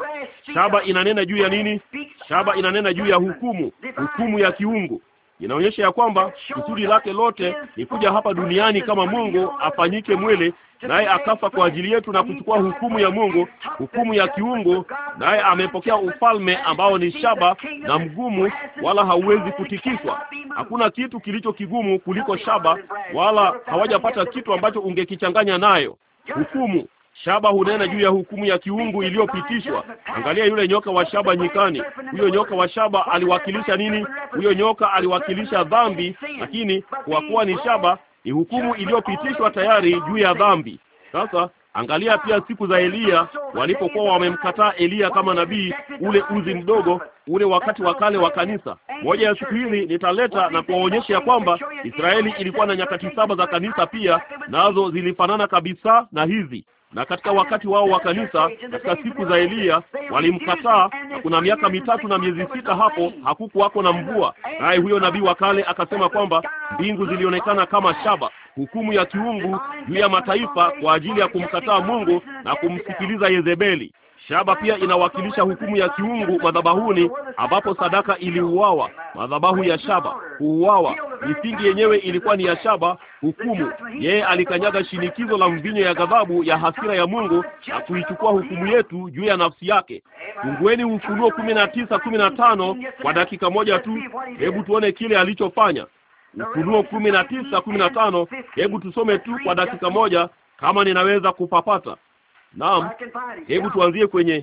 shaba inanena juu ya nini? Shaba inanena juu ya hukumu, hukumu ya kiungu. Inaonyesha ya kwamba kusudi lake lote ni kuja hapa duniani kama Mungu afanyike mwili, naye akafa kwa ajili yetu na kuchukua hukumu ya Mungu, hukumu ya kiungu, naye amepokea ufalme ambao ni shaba na mgumu, wala hauwezi kutikiswa. Hakuna kitu kilicho kigumu kuliko shaba, wala hawajapata kitu ambacho ungekichanganya nayo hukumu. Shaba hunena juu ya hukumu ya kiungu iliyopitishwa. Angalia yule nyoka wa shaba nyikani. Huyo nyoka wa shaba aliwakilisha nini? Huyo nyoka aliwakilisha dhambi, lakini kwa kuwa ni shaba, ni hukumu iliyopitishwa tayari juu ya dhambi. Sasa Angalia pia siku za Eliya walipokuwa wamemkataa Eliya kama nabii, ule uzi mdogo ule, wakati wa kale wa kanisa. Moja ya siku hizi nitaleta na kuwaonyesha ya kwamba Israeli ilikuwa na nyakati saba za kanisa pia, nazo zilifanana kabisa na hizi na katika wakati wao wa kanisa katika siku za Eliya walimkataa, na kuna miaka mitatu na miezi sita hapo hakukuwako na mvua, naye huyo nabii wa kale akasema kwamba mbingu zilionekana kama shaba, hukumu ya kiungu juu ya mataifa kwa ajili ya kumkataa Mungu na kumsikiliza Yezebeli. Shaba pia inawakilisha hukumu ya kiungu madhabahuni, ambapo sadaka iliuawa. Madhabahu ya shaba huuawa. Misingi yenyewe ilikuwa ni ya shaba, hukumu. Yeye alikanyaga shinikizo la mvinyo ya ghadhabu ya hasira ya Mungu na kuichukua hukumu yetu juu ya nafsi yake. Fungueni Ufunuo kumi na tisa kumi na tano kwa dakika moja tu, hebu tuone kile alichofanya. Ufunuo kumi na tisa kumi na tano. Hebu tusome tu kwa dakika moja, kama ninaweza kupapata. Naam, hebu tuanzie kwenye,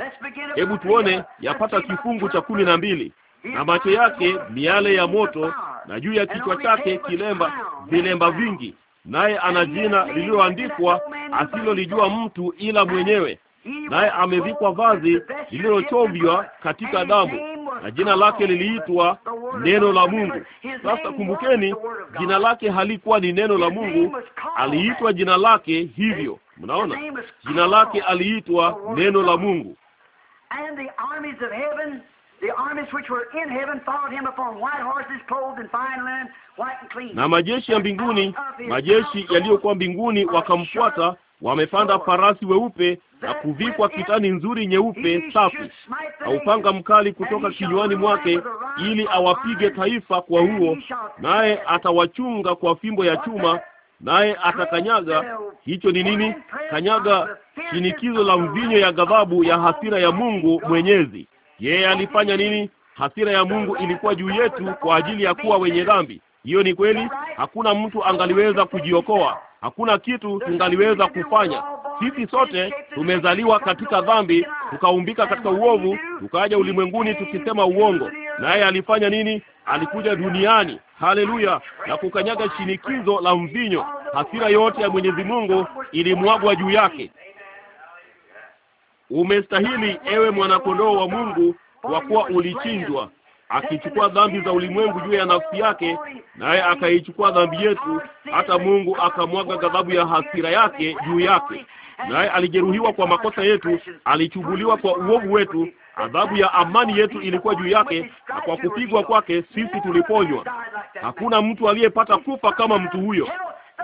hebu tuone, yapata kifungu cha kumi na mbili. Na macho yake miale ya moto, na juu ya kichwa chake kilemba, vilemba vingi, naye ana jina lililoandikwa asilolijua mtu ila mwenyewe, naye amevikwa vazi lililochovywa katika damu na jina lake liliitwa neno la Mungu. Sasa kumbukeni, jina lake halikuwa ni neno la Mungu, aliitwa jina lake hivyo. Mnaona, jina lake aliitwa neno la Mungu, na majeshi ya mbinguni, majeshi yaliyokuwa mbinguni wakamfuata, wamepanda farasi weupe na kuvikwa kitani nzuri nyeupe safi, na upanga mkali kutoka kinywani mwake, ili awapige taifa kwa huo, naye atawachunga kwa fimbo ya chuma naye atakanyaga. Hicho ni nini? Kanyaga shinikizo la mvinyo ya ghadhabu ya hasira ya Mungu Mwenyezi. Yeye alifanya nini? Hasira ya Mungu ilikuwa juu yetu kwa ajili ya kuwa wenye dhambi. Hiyo ni kweli, hakuna mtu angaliweza kujiokoa. Hakuna kitu tungaliweza kufanya. Sisi sote tumezaliwa katika dhambi, tukaumbika katika uovu, tukaja ulimwenguni tukisema uongo. Naye alifanya nini? Alikuja duniani, haleluya, na kukanyaga shinikizo la mvinyo. Hasira yote ya Mwenyezi Mungu ilimwagwa juu yake. Umestahili, ewe mwanakondoo wa Mungu, kwa kuwa ulichinjwa akichukua dhambi za ulimwengu juu ya nafsi yake, naye akaichukua dhambi yetu, hata Mungu akamwaga ghadhabu ya hasira yake juu yake. Naye alijeruhiwa kwa makosa yetu, alichubuliwa kwa uovu wetu, adhabu ya amani yetu ilikuwa juu yake, na kwa kupigwa kwake sisi tuliponywa. Hakuna mtu aliyepata kufa kama mtu huyo.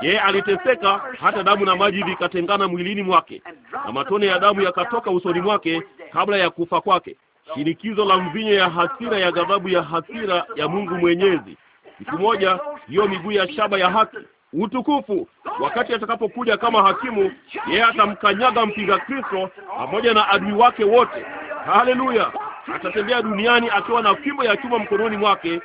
Yeye aliteseka hata damu na maji vikatengana mwilini mwake, na matone ya damu yakatoka usoni mwake kabla ya kufa kwake shinikizo la mvinyo ya hasira ya ghadhabu ya hasira ya Mungu Mwenyezi. Siku moja hiyo miguu ya shaba ya haki utukufu, wakati atakapokuja kama hakimu, yeye atamkanyaga mpinga Kristo pamoja na adui wake wote. Haleluya! Atatembea duniani akiwa na fimbo ya chuma mkononi mwake.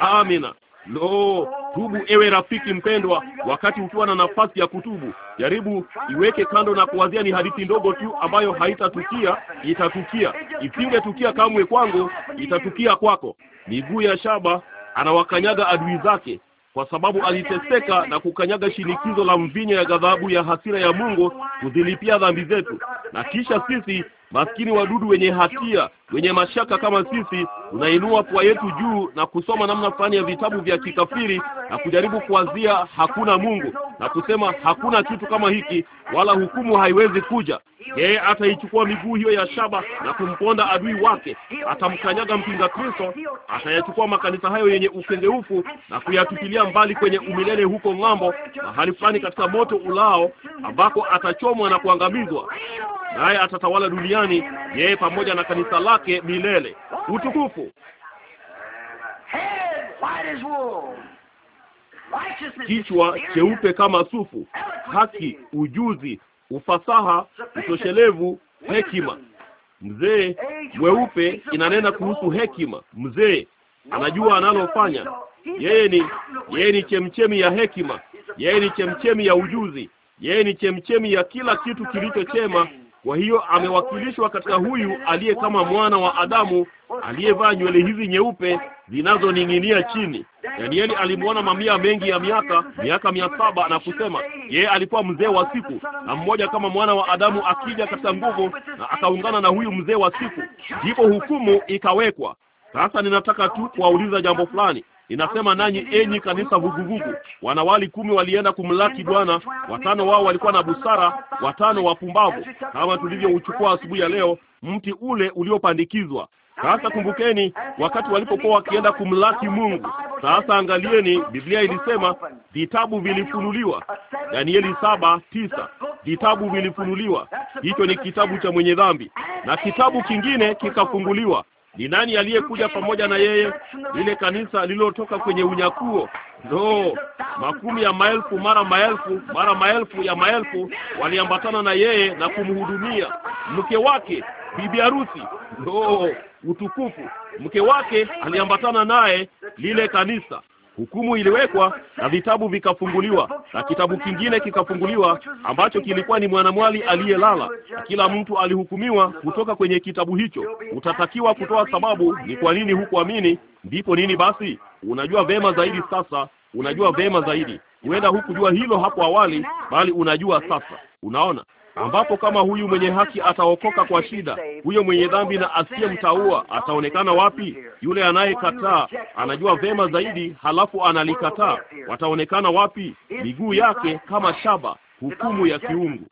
Amina. Lo, tubu ewe rafiki mpendwa, wakati ukiwa na nafasi ya kutubu, jaribu iweke kando na kuwazia ni hadithi ndogo tu ambayo haitatukia. Itatukia, isingetukia kamwe kwangu, itatukia kwako. Miguu ya shaba anawakanyaga adui zake kwa sababu aliteseka na kukanyaga shinikizo la mvinyo ya ghadhabu ya hasira ya Mungu kuzilipia dhambi zetu, na kisha sisi maskini wadudu wenye hatia wenye mashaka kama sisi unainua pua yetu juu na kusoma namna fulani ya vitabu vya kikafiri na kujaribu kuwazia hakuna Mungu na kusema hakuna kitu kama hiki, wala hukumu haiwezi kuja. Yeye ataichukua miguu hiyo ya shaba na kumponda adui wake, atamkanyaga mpinga Kristo, atayachukua makanisa hayo yenye ukengeufu na kuyatupilia mbali kwenye umilele huko ng'ambo, mahali fulani katika moto ulao, ambako atachomwa na kuangamizwa, naye atatawala duniani, yeye pamoja na kanisa lake milele. Utukufu kichwa cheupe kama sufu, haki, ujuzi, ufasaha, utoshelevu, hekima. Mzee mweupe inanena kuhusu hekima. Mzee anajua analofanya. Yeye ni yeye ni chemchemi ya hekima, yeye ni chemchemi ya ujuzi, yeye ni chemchemi ya kila kitu kilicho chema kwa hiyo amewakilishwa katika huyu aliye kama mwana wa Adamu aliyevaa nywele hizi nyeupe zinazoning'inia chini. Danieli alimwona mamia mengi ya miaka miaka mia saba na kusema yeye alikuwa mzee wa siku, na mmoja kama mwana wa Adamu akija katika nguvu na akaungana na huyu mzee wa siku, ndipo hukumu ikawekwa. Sasa ninataka tu kuwauliza jambo fulani inasema nanyi enyi kanisa vuguvugu. Wanawali kumi walienda kumlaki Bwana, watano wao walikuwa na busara, watano wapumbavu, kama tulivyouchukua asubuhi ya leo, mti ule uliopandikizwa. Sasa kumbukeni, wakati walipokuwa wakienda kumlaki Mungu. Sasa angalieni, Biblia ilisema vitabu vilifunuliwa, Danieli saba tisa. Vitabu vilifunuliwa, hicho ni kitabu cha mwenye dhambi, na kitabu kingine kikafunguliwa ni nani aliyekuja pamoja na yeye? Lile kanisa lililotoka kwenye unyakuo, ndoo makumi ya maelfu mara maelfu mara maelfu ya maelfu waliambatana na yeye na kumhudumia. Mke wake bibi harusi, ndoo utukufu. Mke wake aliambatana naye, lile kanisa Hukumu iliwekwa na vitabu vikafunguliwa, na kitabu kingine kikafunguliwa ambacho kilikuwa ni mwanamwali aliyelala, na kila mtu alihukumiwa kutoka kwenye kitabu hicho. Utatakiwa kutoa sababu ni kwa nini hukuamini. Ndipo nini basi? Unajua vema zaidi sasa, unajua vema zaidi. Huenda hukujua hilo hapo awali, bali unajua sasa. Unaona? ambapo kama huyu mwenye haki ataokoka kwa shida, huyo mwenye dhambi na asiyemtaua ataonekana wapi? Yule anayekataa anajua vema zaidi, halafu analikataa, wataonekana wapi? Miguu yake kama shaba, hukumu ya kiungu.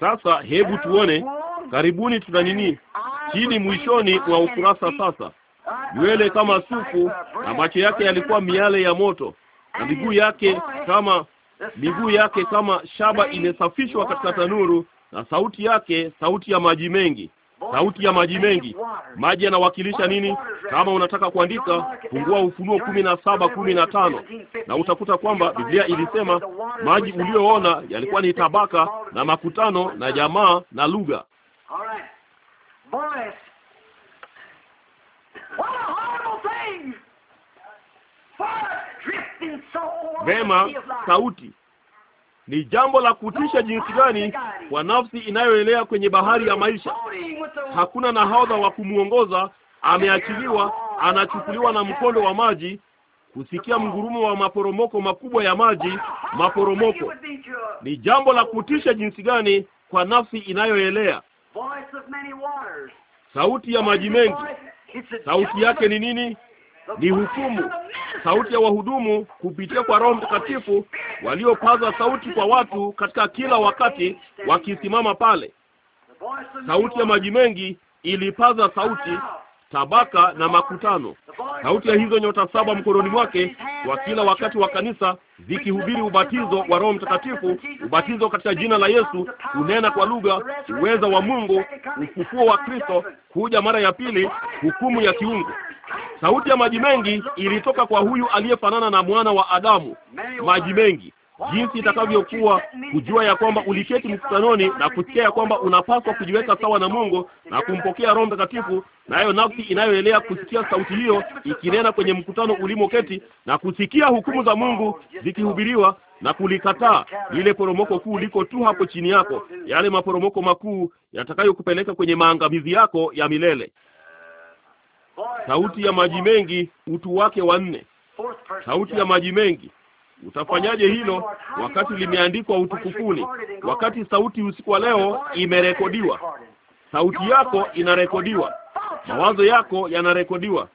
Sasa hebu tuone, karibuni, tuna nini chini mwishoni mwa ukurasa sasa. Nywele kama sufu na macho yake yalikuwa miale ya moto na miguu yake kama miguu yake kama shaba imesafishwa katika tanuru, na sauti yake sauti ya maji mengi, sauti ya maji mengi. Maji yanawakilisha nini? Kama unataka kuandika, fungua Ufunuo kumi na saba kumi na tano na utakuta kwamba Biblia ilisema maji ulioona yalikuwa ni tabaka na makutano na jamaa na lugha. What a horrible thing Vema, sauti ni jambo la kutisha jinsi gani kwa nafsi inayoelea kwenye bahari ya maisha. Hakuna nahodha wa kumwongoza, ameachiliwa, anachukuliwa na mkondo wa maji, kusikia mgurumo wa maporomoko makubwa ya maji. Maporomoko ni jambo la kutisha jinsi gani kwa nafsi inayoelea. Sauti ya maji mengi, sauti yake ni nini? ni hukumu. Sauti ya wahudumu kupitia kwa Roho Mtakatifu waliopaza sauti kwa watu katika kila wakati wakisimama pale. Sauti ya maji mengi ilipaza sauti, tabaka na makutano. Sauti ya hizo nyota saba mkononi mwake kwa kila wakati wa kanisa zikihubiri ubatizo wa Roho Mtakatifu, ubatizo katika jina la Yesu, kunena kwa lugha, uweza wa Mungu, ufufuo wa Kristo, kuja mara ya pili, hukumu ya kiungu. Sauti ya maji mengi ilitoka kwa huyu aliyefanana na mwana wa Adamu, maji mengi jinsi itakavyokuwa kujua ya kwamba uliketi mkutanoni na kusikia ya kwamba unapaswa kujiweka sawa na Mungu na kumpokea Roho Mtakatifu, nayo nafsi inayoelea kusikia sauti hiyo ikinena kwenye mkutano ulimoketi na kusikia hukumu za Mungu zikihubiriwa na kulikataa lile poromoko kuu liko tu hapo chini yako, yale maporomoko makuu yatakayokupeleka kwenye maangamizi yako ya milele sauti ya maji mengi, utu wake wa nne, sauti ya maji mengi. Utafanyaje hilo wakati limeandikwa utukufuni, wakati sauti usiku wa leo imerekodiwa? Sauti yako inarekodiwa, mawazo yako yanarekodiwa.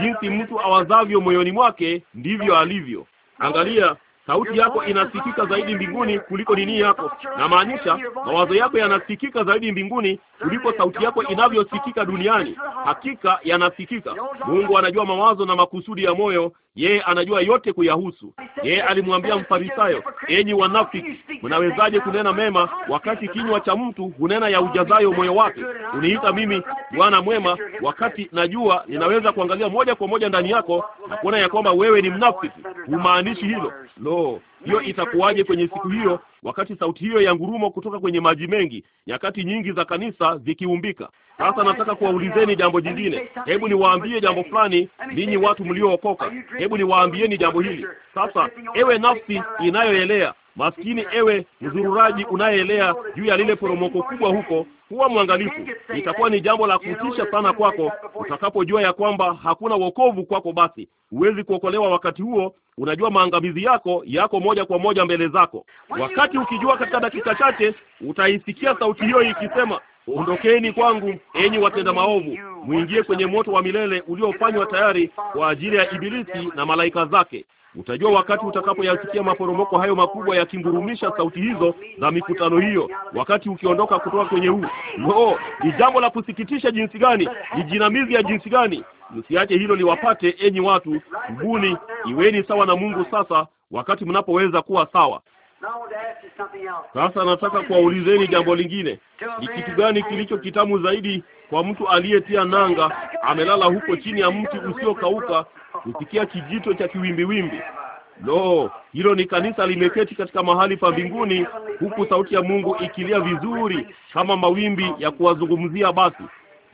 Jinsi mtu awazavyo moyoni mwake ndivyo alivyo. Angalia, sauti yako inasikika zaidi mbinguni kuliko dini yako. Na maanisha mawazo yako yanasikika zaidi mbinguni kuliko sauti yako inavyosikika duniani. Hakika yanasikika. Mungu anajua mawazo na makusudi ya moyo, yeye anajua yote kuyahusu. Yeye alimwambia Mfarisayo, enyi wanafiki, mnawezaje kunena mema wakati kinywa cha mtu hunena ya ujazayo moyo wake? Uniita mimi bwana mwema, wakati najua ninaweza kuangalia moja kwa moja ndani yako na kuona ya kwamba wewe ni mnafiki. Humaanishi hilo oh, hiyo itakuwaje kwenye siku hiyo, wakati sauti hiyo ya ngurumo kutoka kwenye maji mengi, nyakati nyingi za kanisa zikiumbika. Sasa nataka kuwaulizeni jambo jingine. Hebu niwaambie jambo fulani, ninyi watu mliookoka, hebu niwaambieni jambo hili sasa. Ewe nafsi inayoelea Maskini ewe mzururaji unayeelea juu ya lile poromoko kubwa huko, huwa mwangalifu. Itakuwa ni jambo la kutisha sana kwako utakapojua ya kwamba hakuna wokovu kwako, basi huwezi kuokolewa. Wakati huo unajua maangamizi yako yako moja kwa moja mbele zako, wakati ukijua katika dakika chache utaisikia sauti hiyo ikisema, ondokeni kwangu enyi watenda maovu, muingie kwenye moto wa milele uliofanywa tayari kwa ajili ya Ibilisi na malaika zake. Utajua wakati utakapoyasikia maporomoko hayo makubwa yakingurumisha sauti hizo za mikutano hiyo, wakati ukiondoka kutoka kwenye huu. No, ni jambo la kusikitisha jinsi gani, ni jinamizi ya jinsi gani! Msiache hilo liwapate, enyi watu. mbuni, iweni sawa na Mungu sasa, wakati mnapoweza kuwa sawa. Sasa nataka kuwaulizeni jambo lingine. Ni kitu gani kilicho kitamu zaidi kwa mtu aliyetia nanga amelala huko chini ya mti usiokauka kusikia kijito cha kiwimbiwimbi. Lo, hilo ni kanisa limeketi katika mahali pa mbinguni, huku sauti ya Mungu ikilia vizuri kama mawimbi ya kuwazungumzia. Basi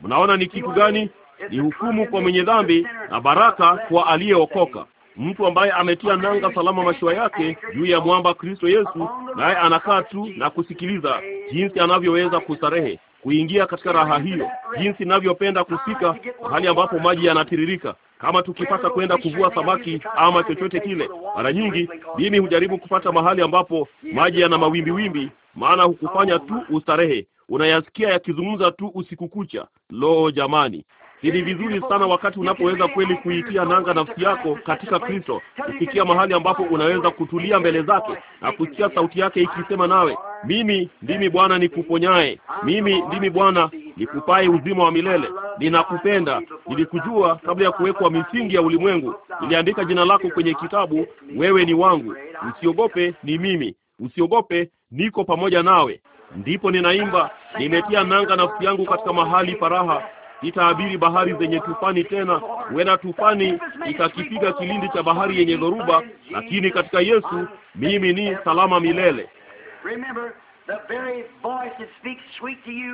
mnaona ni kitu gani? Ni hukumu kwa mwenye dhambi na baraka kwa aliyeokoka, mtu ambaye ametia nanga salama mashua yake juu ya mwamba Kristo Yesu, naye anakaa tu na kusikiliza jinsi anavyoweza kustarehe kuingia katika raha hiyo, jinsi ninavyopenda kufika mahali ambapo maji yanatiririka kama tukipata kwenda kuvua samaki ama chochote kile. Mara nyingi mimi hujaribu kupata mahali ambapo maji yana mawimbiwimbi, maana hukufanya tu ustarehe, unayasikia yakizungumza tu usiku kucha. Lo, jamani, ni vizuri sana wakati unapoweza kweli kuitia nanga nafsi yako katika Kristo, kufikia mahali ambapo unaweza kutulia mbele zake na kusikia sauti yake ikisema nawe, mimi ndimi Bwana nikuponyaye, mimi ndimi Bwana nikupaye uzima wa milele, ninakupenda, nilikujua kabla ya kuwekwa misingi ya ulimwengu, niliandika jina lako kwenye kitabu, wewe ni wangu, usiogope, ni mimi, usiogope, niko pamoja nawe. Ndipo ninaimba, nimetia nanga nafsi yangu katika mahali paraha itaabiri bahari zenye tufani tena, huenda tufani ikakipiga kilindi cha bahari yenye dhoruba, lakini katika Yesu mimi ni salama milele.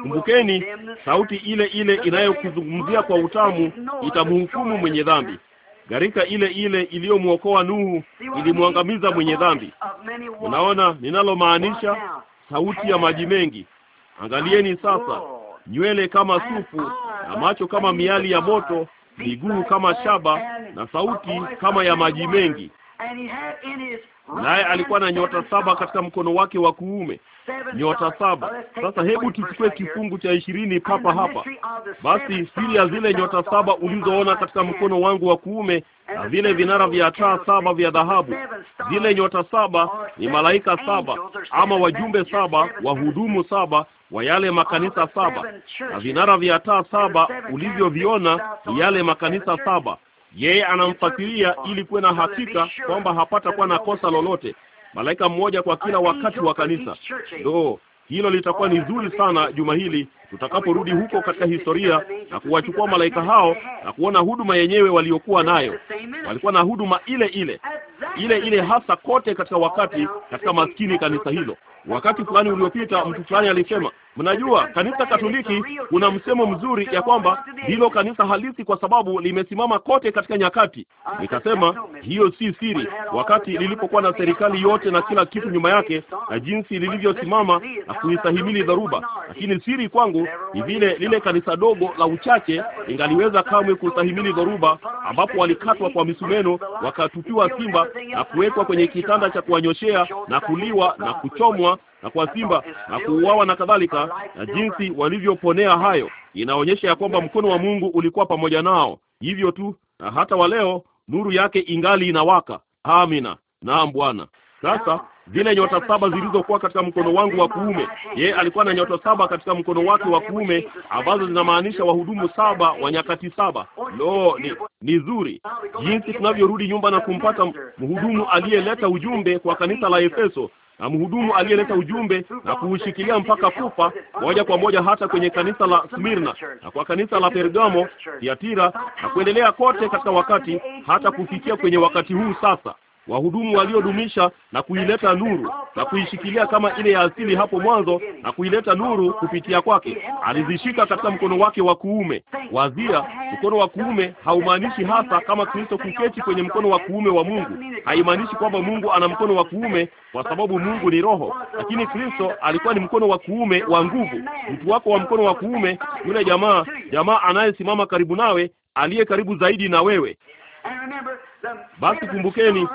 Kumbukeni, sauti ile ile inayokuzungumzia kwa utamu itamhukumu mwenye dhambi. Gharika ile ile iliyomwokoa Nuhu ilimwangamiza mwenye dhambi. Unaona ninalomaanisha? Sauti ya maji mengi. Angalieni sasa, nywele kama sufu na macho kama miali ya moto, miguu kama shaba, na sauti kama ya maji mengi. Naye alikuwa na nyota saba katika mkono wake wa kuume, nyota saba. Sasa hebu tuchukue kifungu cha ishirini papa hapa. Basi siri ya zile nyota saba ulizoona katika mkono wangu wa kuume na vile vinara vya taa saba vya dhahabu, zile nyota saba ni malaika saba ama wajumbe saba, wahudumu saba wa yale makanisa saba, na vinara vya taa saba ulivyoviona ni yale makanisa saba. Yeye anamfasiria ili kuwe na hakika kwamba hapatakuwa na kosa lolote malaika mmoja kwa kila wakati wa kanisa. Ndio hilo litakuwa ni zuri sana juma hili tutakaporudi huko katika historia na kuwachukua malaika hao na kuona huduma yenyewe waliokuwa nayo. Walikuwa na huduma ile ile ile ile hasa kote katika wakati, katika maskini kanisa hilo. Wakati fulani uliopita, mtu fulani alisema, mnajua kanisa Katoliki kuna msemo mzuri ya kwamba ndilo kanisa halisi kwa sababu limesimama kote katika nyakati. Nikasema hiyo si siri. Wakati lilipokuwa na serikali yote na kila kitu nyuma yake na jinsi lilivyosimama na kuistahimili dharuba, lakini siri kwangu Mungu ni vile lile kanisa dogo la uchache ingaliweza kamwe kustahimili dhoruba, ambapo walikatwa kwa misumeno, wakatupiwa simba na kuwekwa kwenye kitanda cha kuwanyoshea na kuliwa na kuchomwa na kwa simba na kuuawa na kadhalika, na jinsi walivyoponea hayo inaonyesha ya kwamba mkono wa Mungu ulikuwa pamoja nao. Hivyo tu, na hata wa leo nuru yake ingali inawaka. Amina. Naam, Bwana. Sasa zile nyota saba zilizokuwa katika mkono wangu wa kuume. Yeye alikuwa na nyota saba katika mkono wake wa kuume, ambazo zinamaanisha wahudumu saba wa nyakati saba. Lo, ni ni zuri jinsi tunavyorudi nyumba na kumpata mhudumu aliyeleta ujumbe kwa kanisa la Efeso na mhudumu aliyeleta ujumbe na kuushikilia mpaka kufa, moja kwa moja hata kwenye kanisa la Smirna na kwa kanisa la Pergamo, Tiatira na kuendelea kote katika wakati, hata kufikia kwenye wakati huu sasa wahudumu waliodumisha na kuileta nuru na kuishikilia kama ile ya asili hapo mwanzo na kuileta nuru kupitia kwake. Alizishika katika mkono wake wa kuume. Wazia, mkono wa kuume haumaanishi hasa kama Kristo kuketi kwenye mkono wa kuume wa Mungu. Haimaanishi kwamba Mungu ana mkono wa kuume, kwa sababu Mungu ni roho, lakini Kristo alikuwa ni mkono wa kuume wa nguvu. Mtu wako wa mkono wa kuume, yule jamaa jamaa anayesimama karibu nawe, aliye karibu zaidi na wewe basi kumbukeni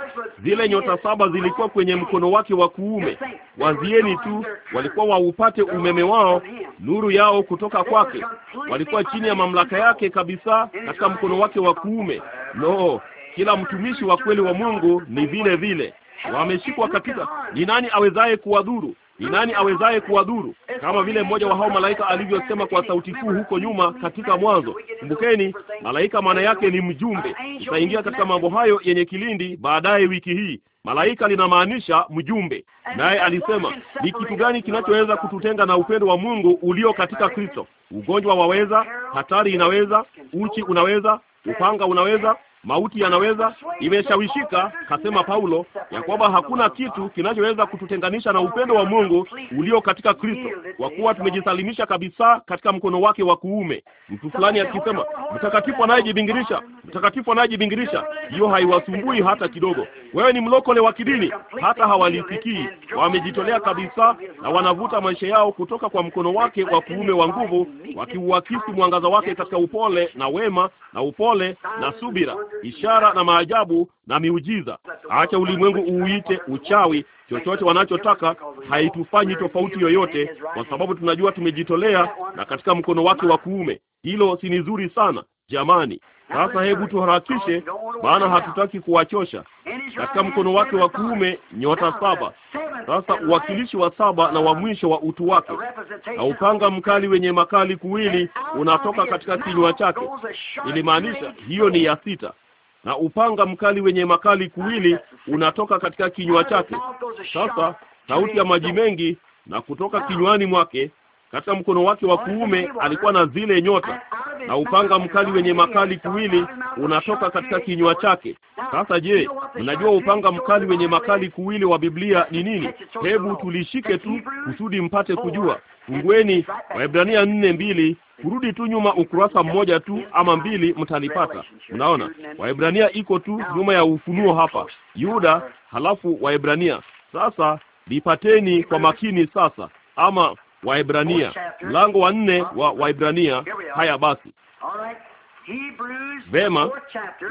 zile nyota saba zilikuwa kwenye mkono wake wa kuume. Wazieni tu, walikuwa waupate umeme wao, nuru yao kutoka kwake. Walikuwa chini ya mamlaka yake kabisa, katika mkono wake wa kuume. No, kila mtumishi wa kweli wa Mungu ni vile vile wameshikwa katika. Ni nani awezaye kuwadhuru? Ni nani awezaye kuwadhuru? Kama vile mmoja wa hao malaika alivyosema kwa sauti kuu huko nyuma katika Mwanzo. Kumbukeni, malaika maana yake ni mjumbe. Tutaingia katika mambo hayo yenye kilindi baadaye wiki hii. Malaika linamaanisha mjumbe, naye alisema, ni kitu gani kinachoweza kututenga na upendo wa Mungu ulio katika Kristo? Ugonjwa waweza, hatari inaweza, uchi unaweza, upanga unaweza, Mauti yanaweza imeshawishika, kasema Paulo, ya kwamba hakuna kitu kinachoweza kututenganisha na upendo wa Mungu ulio katika Kristo, kwa kuwa tumejisalimisha kabisa katika mkono wake wa kuume. Mtu fulani akisema mtakatifu anayejibingirisha, mtakatifu anayejibingirisha, hiyo haiwasumbui hata kidogo. Wewe ni mlokole wa kidini, hata hawalisikii. Wamejitolea kabisa na wanavuta maisha yao kutoka kwa mkono wake wa kuume wa nguvu, wakiuakisi mwangaza wake katika upole na wema na upole na subira ishara na maajabu na miujiza. Acha ulimwengu uuite uchawi, chochote wanachotaka, haitufanyi tofauti yoyote, kwa sababu tunajua tumejitolea na katika mkono wake wa kuume. Hilo si nzuri sana jamani? Sasa hebu tuharakishe, maana hatutaki kuwachosha. Katika mkono wake wa kuume nyota saba. Sasa uwakilishi wa saba na wa mwisho wa utu wake, na upanga mkali wenye makali kuwili unatoka katika kinywa chake, ilimaanisha hiyo ni ya sita na upanga mkali wenye makali kuwili unatoka katika kinywa chake. Sasa sauti ya maji mengi, na kutoka kinywani mwake katika mkono wake wa kuume alikuwa na zile nyota, na upanga mkali wenye makali kuwili unatoka katika kinywa chake. Sasa je, mnajua upanga mkali wenye makali kuwili wa Biblia ni nini? Hebu tulishike tu kusudi mpate kujua. Fungueni Waebrania nne mbili, kurudi tu nyuma ukurasa mmoja tu ama mbili, mtanipata Mnaona, Waebrania iko tu nyuma ya Ufunuo hapa, Yuda halafu Waebrania. Sasa lipateni kwa makini sasa, ama Waebrania mlango wa nne wa Waebrania. Haya basi, vema,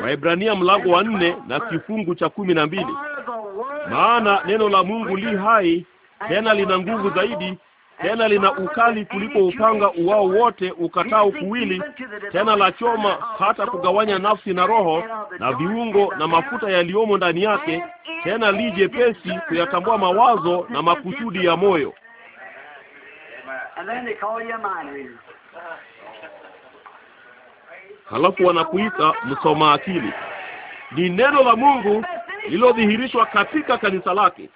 Waebrania mlango wa nne na kifungu cha kumi na mbili maana neno la Mungu li hai tena lina nguvu zaidi tena lina ukali kuliko upanga uwao wote ukatao kuwili, tena la choma hata kugawanya nafsi na roho na viungo na mafuta yaliyomo ndani yake, tena lije pesi kuyatambua mawazo na makusudi ya moyo. Halafu wanakuita msoma akili. Ni neno la Mungu lililodhihirishwa katika kanisa lake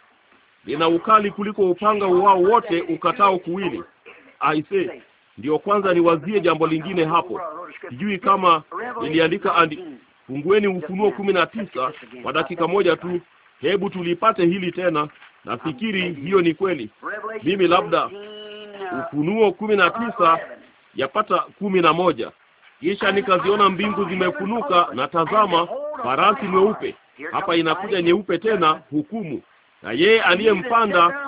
lina ukali kuliko upanga wao wote ukatao kuwili. Aise, ndiyo kwanza niwazie jambo lingine hapo. Sijui kama niliandika andi... fungueni Ufunuo kumi na tisa kwa dakika moja tu, hebu tulipate hili tena. Nafikiri hiyo ni kweli. Mimi labda Ufunuo kumi na tisa yapata kumi na moja. Kisha nikaziona mbingu zimefunuka, na tazama, farasi mweupe. Hapa inakuja nyeupe tena, hukumu na yeye aliyempanda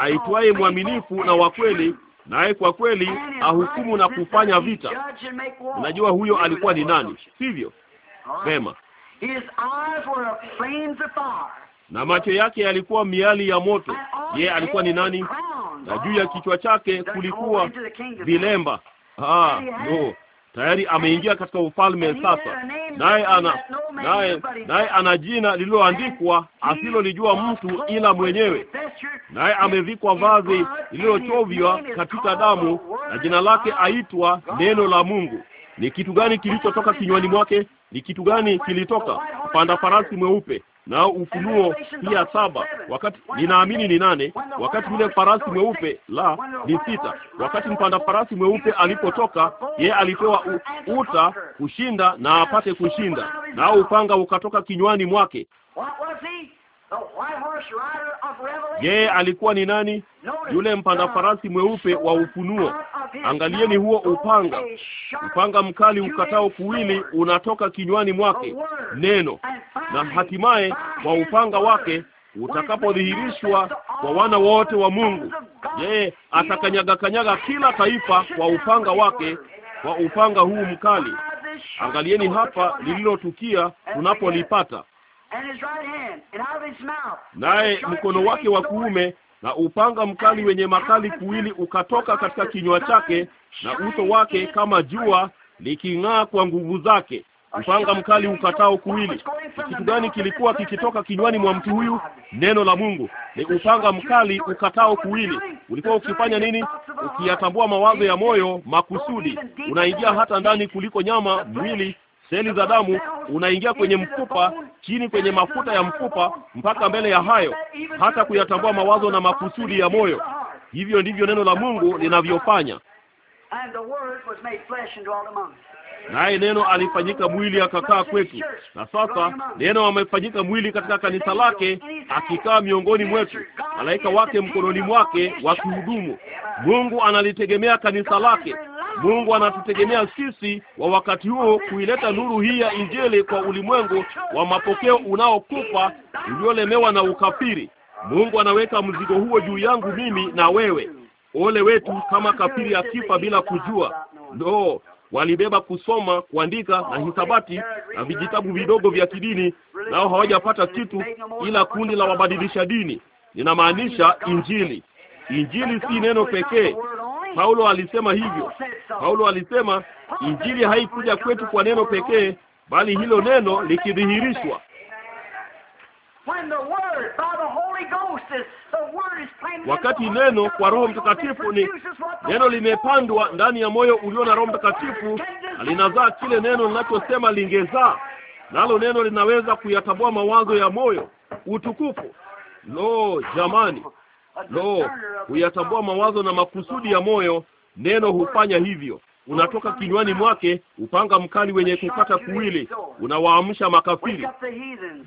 aitwaye mwaminifu na wa kweli, naye kwa kweli ahukumu na kufanya vita. Unajua huyo alikuwa ni nani, sivyo? Vema. Na macho yake yalikuwa miali ya moto. Yeye alikuwa ni nani? Na juu ya kichwa chake kulikuwa vilemba. Ah, no tayari ameingia katika ufalme sasa, naye ana naye naye ana jina lililoandikwa asilolijua mtu ila mwenyewe, naye amevikwa vazi lililochovywa katika damu, na jina lake aitwa Neno la Mungu. Ni kitu gani kilichotoka kinywani mwake? Ni kitu gani kilitoka? Upanda farasi mweupe na Ufunuo pia saba, wakati ninaamini ni nane, wakati yule farasi mweupe la ni sita, wakati mpanda farasi mweupe alipotoka, ye alipewa uta kushinda na apate kushinda, nao upanga ukatoka kinywani mwake. Je, alikuwa ni nani? Yule mpanda farasi mweupe wa Ufunuo. Angalieni huo upanga, upanga mkali ukatao kuwili, unatoka kinywani mwake neno, na hatimaye kwa upanga wake utakapodhihirishwa kwa wana wote wa Mungu, yeye atakanyaga kanyaga kila taifa kwa upanga wake, kwa upanga huu mkali. Angalieni hapa lililotukia tunapolipata naye mkono wake wa kuume na upanga mkali wenye makali kuwili ukatoka katika kinywa chake, na uso wake kama jua liking'aa kwa nguvu zake, upanga mkali ukatao kuwili. Kitu gani kilikuwa kikitoka kinywani mwa mtu huyu? Neno la Mungu ni upanga mkali ukatao kuwili. Ulikuwa ukifanya nini? Ukiyatambua mawazo ya moyo, makusudi. Unaingia hata ndani kuliko nyama, mwili seli za damu, unaingia kwenye mfupa, chini kwenye mafuta ya mfupa, mpaka mbele ya hayo, hata kuyatambua mawazo na makusudi ya moyo. Hivyo ndivyo neno la Mungu linavyofanya. Naye neno alifanyika mwili akakaa kwetu, na sasa neno amefanyika mwili katika kanisa lake, akikaa miongoni mwetu, malaika wake mkononi mwake wakihudumu. Mungu analitegemea kanisa lake, Mungu anatutegemea sisi wa wakati huo kuileta nuru hii ya Injili kwa ulimwengu wa mapokeo unaokufa uliolemewa na ukafiri. Mungu anaweka mzigo huo juu yangu mimi na wewe. Ole wetu kama kafiri akifa bila kujua. Ndoo walibeba kusoma, kuandika na hisabati na vijitabu vidogo vya kidini, nao hawajapata kitu, ila kundi la wabadilisha dini. Ninamaanisha Injili. Injili si neno pekee, Paulo alisema hivyo. Paulo alisema injili haikuja kwetu kwa neno pekee, bali hilo neno likidhihirishwa wakati neno kwa Roho Mtakatifu ni neno limepandwa ndani ya moyo ulio na Roho Mtakatifu, linazaa kile neno linachosema lingezaa, nalo neno linaweza kuyatambua mawazo ya moyo. Utukufu! Lo, jamani, Lo, huyatambua mawazo na makusudi ya moyo, neno hufanya hivyo. Unatoka kinywani mwake upanga mkali wenye kukata kuwili, unawaamsha makafiri.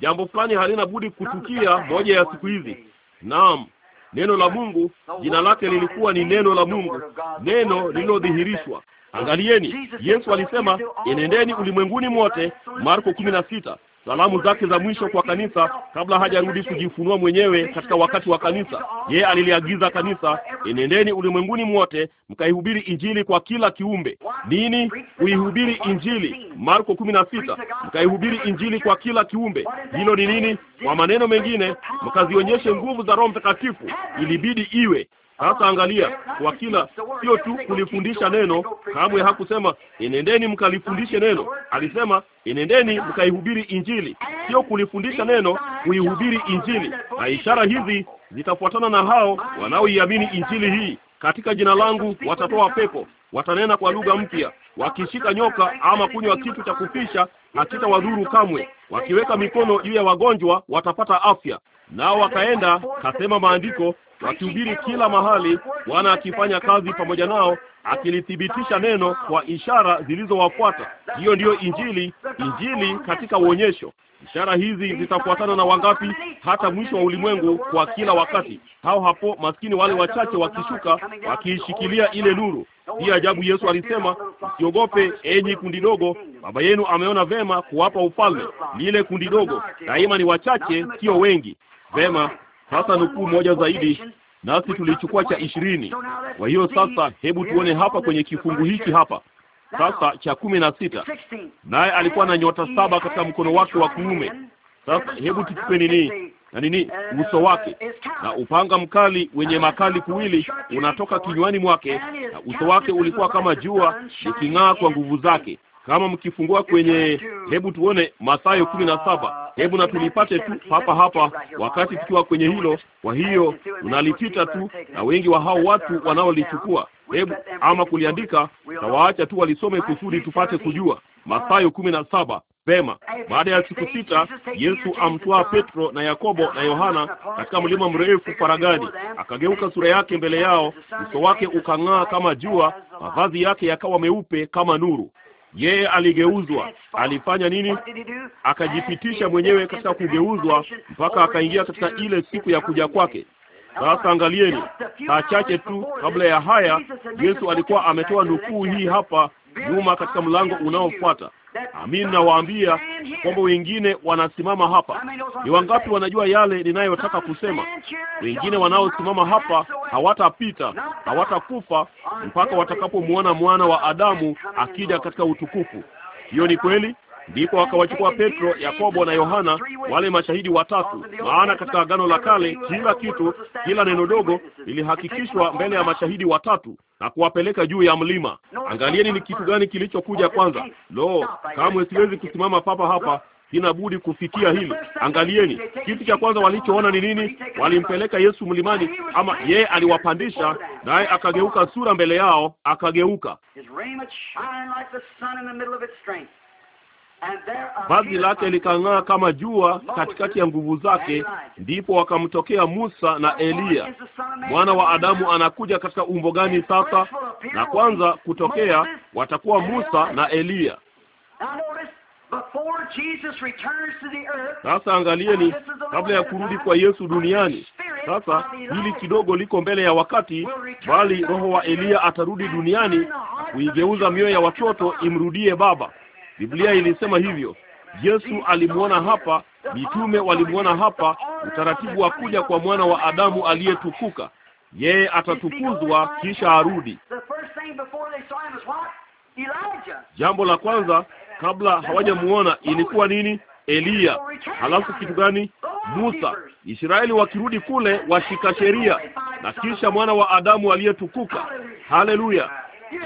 Jambo fulani halina budi kutukia moja ya siku hizi. Naam, neno la Mungu, jina lake lilikuwa ni neno la Mungu, neno lililodhihirishwa. Angalieni, Yesu alisema, enendeni ulimwenguni mwote, Marko kumi na sita salamu zake za mwisho kwa kanisa kabla hajarudi kujifunua mwenyewe katika wakati wa kanisa. Yeye aliliagiza kanisa, enendeni ulimwenguni mwote mkaihubiri injili kwa kila kiumbe. Nini kuihubiri injili? Marko kumi na sita, mkaihubiri injili kwa kila kiumbe. Hilo ni nini? Kwa maneno mengine, mkazionyeshe nguvu za Roho Mtakatifu. Ilibidi iwe sasa angalia, kwa kila sio tu kulifundisha neno. Kamwe hakusema inendeni mkalifundishe neno, alisema inendeni mkaihubiri Injili. Sio kulifundisha neno, kuihubiri Injili. Na ishara hizi zitafuatana na hao wanaoiamini Injili hii. Katika jina langu watatoa pepo, watanena kwa lugha mpya, wakishika nyoka ama kunywa kitu cha kufisha hakitawadhuru kamwe, wakiweka mikono juu ya wagonjwa watapata afya, Nao wakaenda kasema maandiko, wakihubiri kila mahali, Bwana akifanya kazi pamoja nao, akilithibitisha neno kwa ishara zilizowafuata. Hiyo ndiyo Injili, Injili katika uonyesho. Ishara hizi zitafuatana na wangapi hata mwisho wa ulimwengu, kwa kila wakati. Hao hapo maskini wale wachache wakishuka, wakiishikilia ile nuru. Pia ajabu, Yesu alisema, usiogope enyi kundi dogo, baba yenu ameona vema kuwapa ufalme. Lile kundi dogo daima ni wachache, sio wengi. Vema, sasa nukuu moja zaidi, nasi tulichukua cha ishirini. Kwa hiyo sasa, hebu tuone hapa kwenye kifungu hiki hapa sasa cha kumi na sita. Naye alikuwa na nyota saba katika mkono wake wa kuume. Sasa hebu tuchukue nini na nini, uso wake, na upanga mkali wenye makali kuwili unatoka kinywani mwake, na uso wake ulikuwa kama jua liking'aa kwa nguvu zake, kama mkifungua kwenye, hebu tuone Mathayo kumi na saba. Hebu na tulipate tu hapa hapa wakati tukiwa kwenye hilo. Kwa hiyo unalipita tu, na wengi wa hao watu wanaolichukua hebu ama kuliandika, na waacha tu walisome kusudi tupate kujua Mathayo kumi na saba. Vema, baada ya siku sita Yesu amtwaa Petro na Yakobo na Yohana katika mlima mrefu faragani, akageuka sura yake mbele yao, uso wake ukang'aa kama jua, mavazi yake yakawa meupe kama nuru. Yeye aligeuzwa. Alifanya nini? Akajipitisha mwenyewe katika kugeuzwa mpaka akaingia katika ile siku ya kuja kwake. Sasa angalieni, saa chache tu kabla ya haya, Yesu alikuwa ametoa nukuu hii hapa nyuma katika mlango unaofuata. Amin, nawaambia kwamba wengine wanasimama hapa. Ni wangapi wanajua yale ninayotaka kusema? Wengine wanaosimama hapa hawatapita, hawatakufa mpaka watakapomwona mwana wa Adamu akija katika utukufu. Hiyo ni kweli. Ndipo wakawachukua Petro, Yakobo na Yohana, wale mashahidi watatu. Maana katika Agano la Kale kila kitu, kila neno dogo lilihakikishwa mbele ya mashahidi watatu na kuwapeleka juu ya mlima. Angalieni ni kitu gani kilichokuja kwanza. Lo, kamwe siwezi kusimama papa hapa Sina budi kufikia hili. Angalieni, kitu cha kwanza walichoona ni nini? Walimpeleka Yesu mlimani, ama yeye aliwapandisha, naye akageuka sura mbele yao, akageuka vazi lake likang'aa kama jua katikati ya nguvu zake. Ndipo wakamtokea Musa na Eliya. Mwana wa Adamu anakuja katika umbo gani? Sasa na kwanza kutokea watakuwa Musa na Eliya. Sasa angalieni, kabla ya kurudi kwa Yesu duniani. Sasa hili kidogo liko mbele ya wakati, bali roho wa Eliya atarudi duniani kuigeuza mioyo ya watoto imrudie Baba. Biblia ilisema hivyo. Yesu alimwona hapa, mitume walimwona hapa, utaratibu wa kuja kwa mwana wa Adamu aliyetukuka. Yeye atatukuzwa kisha arudi. Jambo la kwanza kabla hawajamuona ilikuwa nini? Eliya. Halafu kitu gani? Musa. Israeli wakirudi kule washika sheria, na kisha mwana wa Adamu aliyetukuka. Haleluya!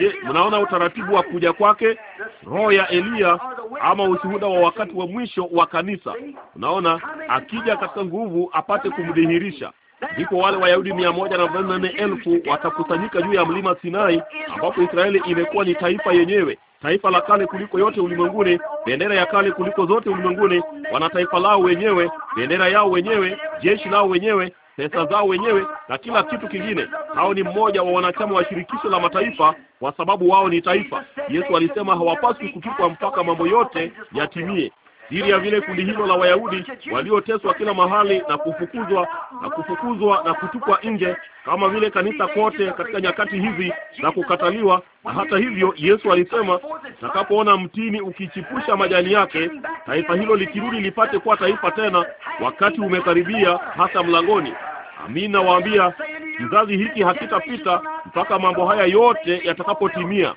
Je, mnaona utaratibu wa kuja kwake, roho ya Eliya ama ushuhuda wa wakati wa mwisho wa kanisa? Unaona, akija katika nguvu apate kumdhihirisha ndipo wale Wayahudi mia moja na arobaini na nne elfu watakusanyika juu ya mlima Sinai, ambapo Israeli imekuwa ni taifa yenyewe, taifa la kale kuliko yote ulimwenguni, bendera ya kale kuliko zote ulimwenguni, wana taifa lao wenyewe, bendera yao wenyewe, jeshi lao wenyewe, pesa zao wenyewe na kila kitu kingine. Hao ni mmoja wa wanachama wa shirikisho la mataifa, kwa sababu wao ni taifa. Yesu alisema hawapaswi kutupwa mpaka mambo yote yatimie dhiri ya vile kundi hilo la Wayahudi walioteswa kila mahali na kufukuzwa na kufukuzwa na kutupwa nje kama vile kanisa kote katika nyakati hizi za kukataliwa. Na hata hivyo, Yesu alisema, utakapoona mtini ukichipusha majani yake, taifa hilo likirudi lipate kuwa taifa tena, wakati umekaribia, hasa mlangoni. Amina waambia, kizazi hiki hakitapita mpaka mambo haya yote yatakapotimia.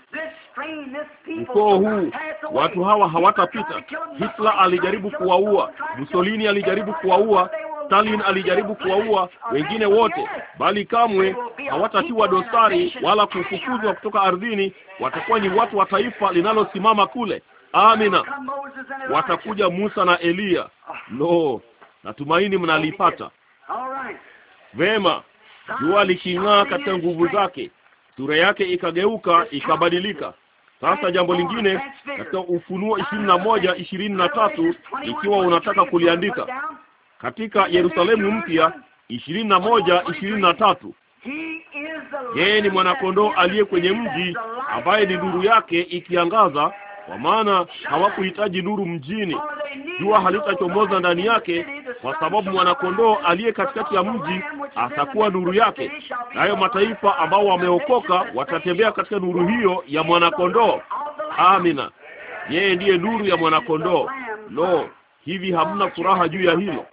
Ukoo huu watu hawa hawatapita. Hitler alijaribu kuwaua, Mussolini alijaribu kuwaua, Stalin alijaribu kuwaua, wengine wote, bali kamwe hawatatiwa dosari wala kufukuzwa kutoka ardhini. Watakuwa ni watu wa taifa linalosimama kule. Amina, watakuja Musa na Eliya. No, natumaini mnalipata vema. Jua liking'aa katika nguvu zake, sura yake ikageuka, ikabadilika. Sasa jambo lingine katika Ufunuo ah, ishirini na moja ishirini na tatu ikiwa unataka kuliandika katika Yerusalemu mpya ishirini na moja ishirini na tatu yeye ni mwanakondoo aliye kwenye mji ambaye ni nuru yake ikiangaza kwa maana hawakuhitaji nuru mjini, jua halitachomoza ndani yake, kwa sababu mwanakondoo aliye katikati ya mji atakuwa nuru yake, nayo mataifa ambao wameokoka watatembea katika nuru hiyo ya mwanakondoo. Amina, yeye ndiye nuru ya mwanakondoo. Lo, hivi hamna furaha juu ya hilo!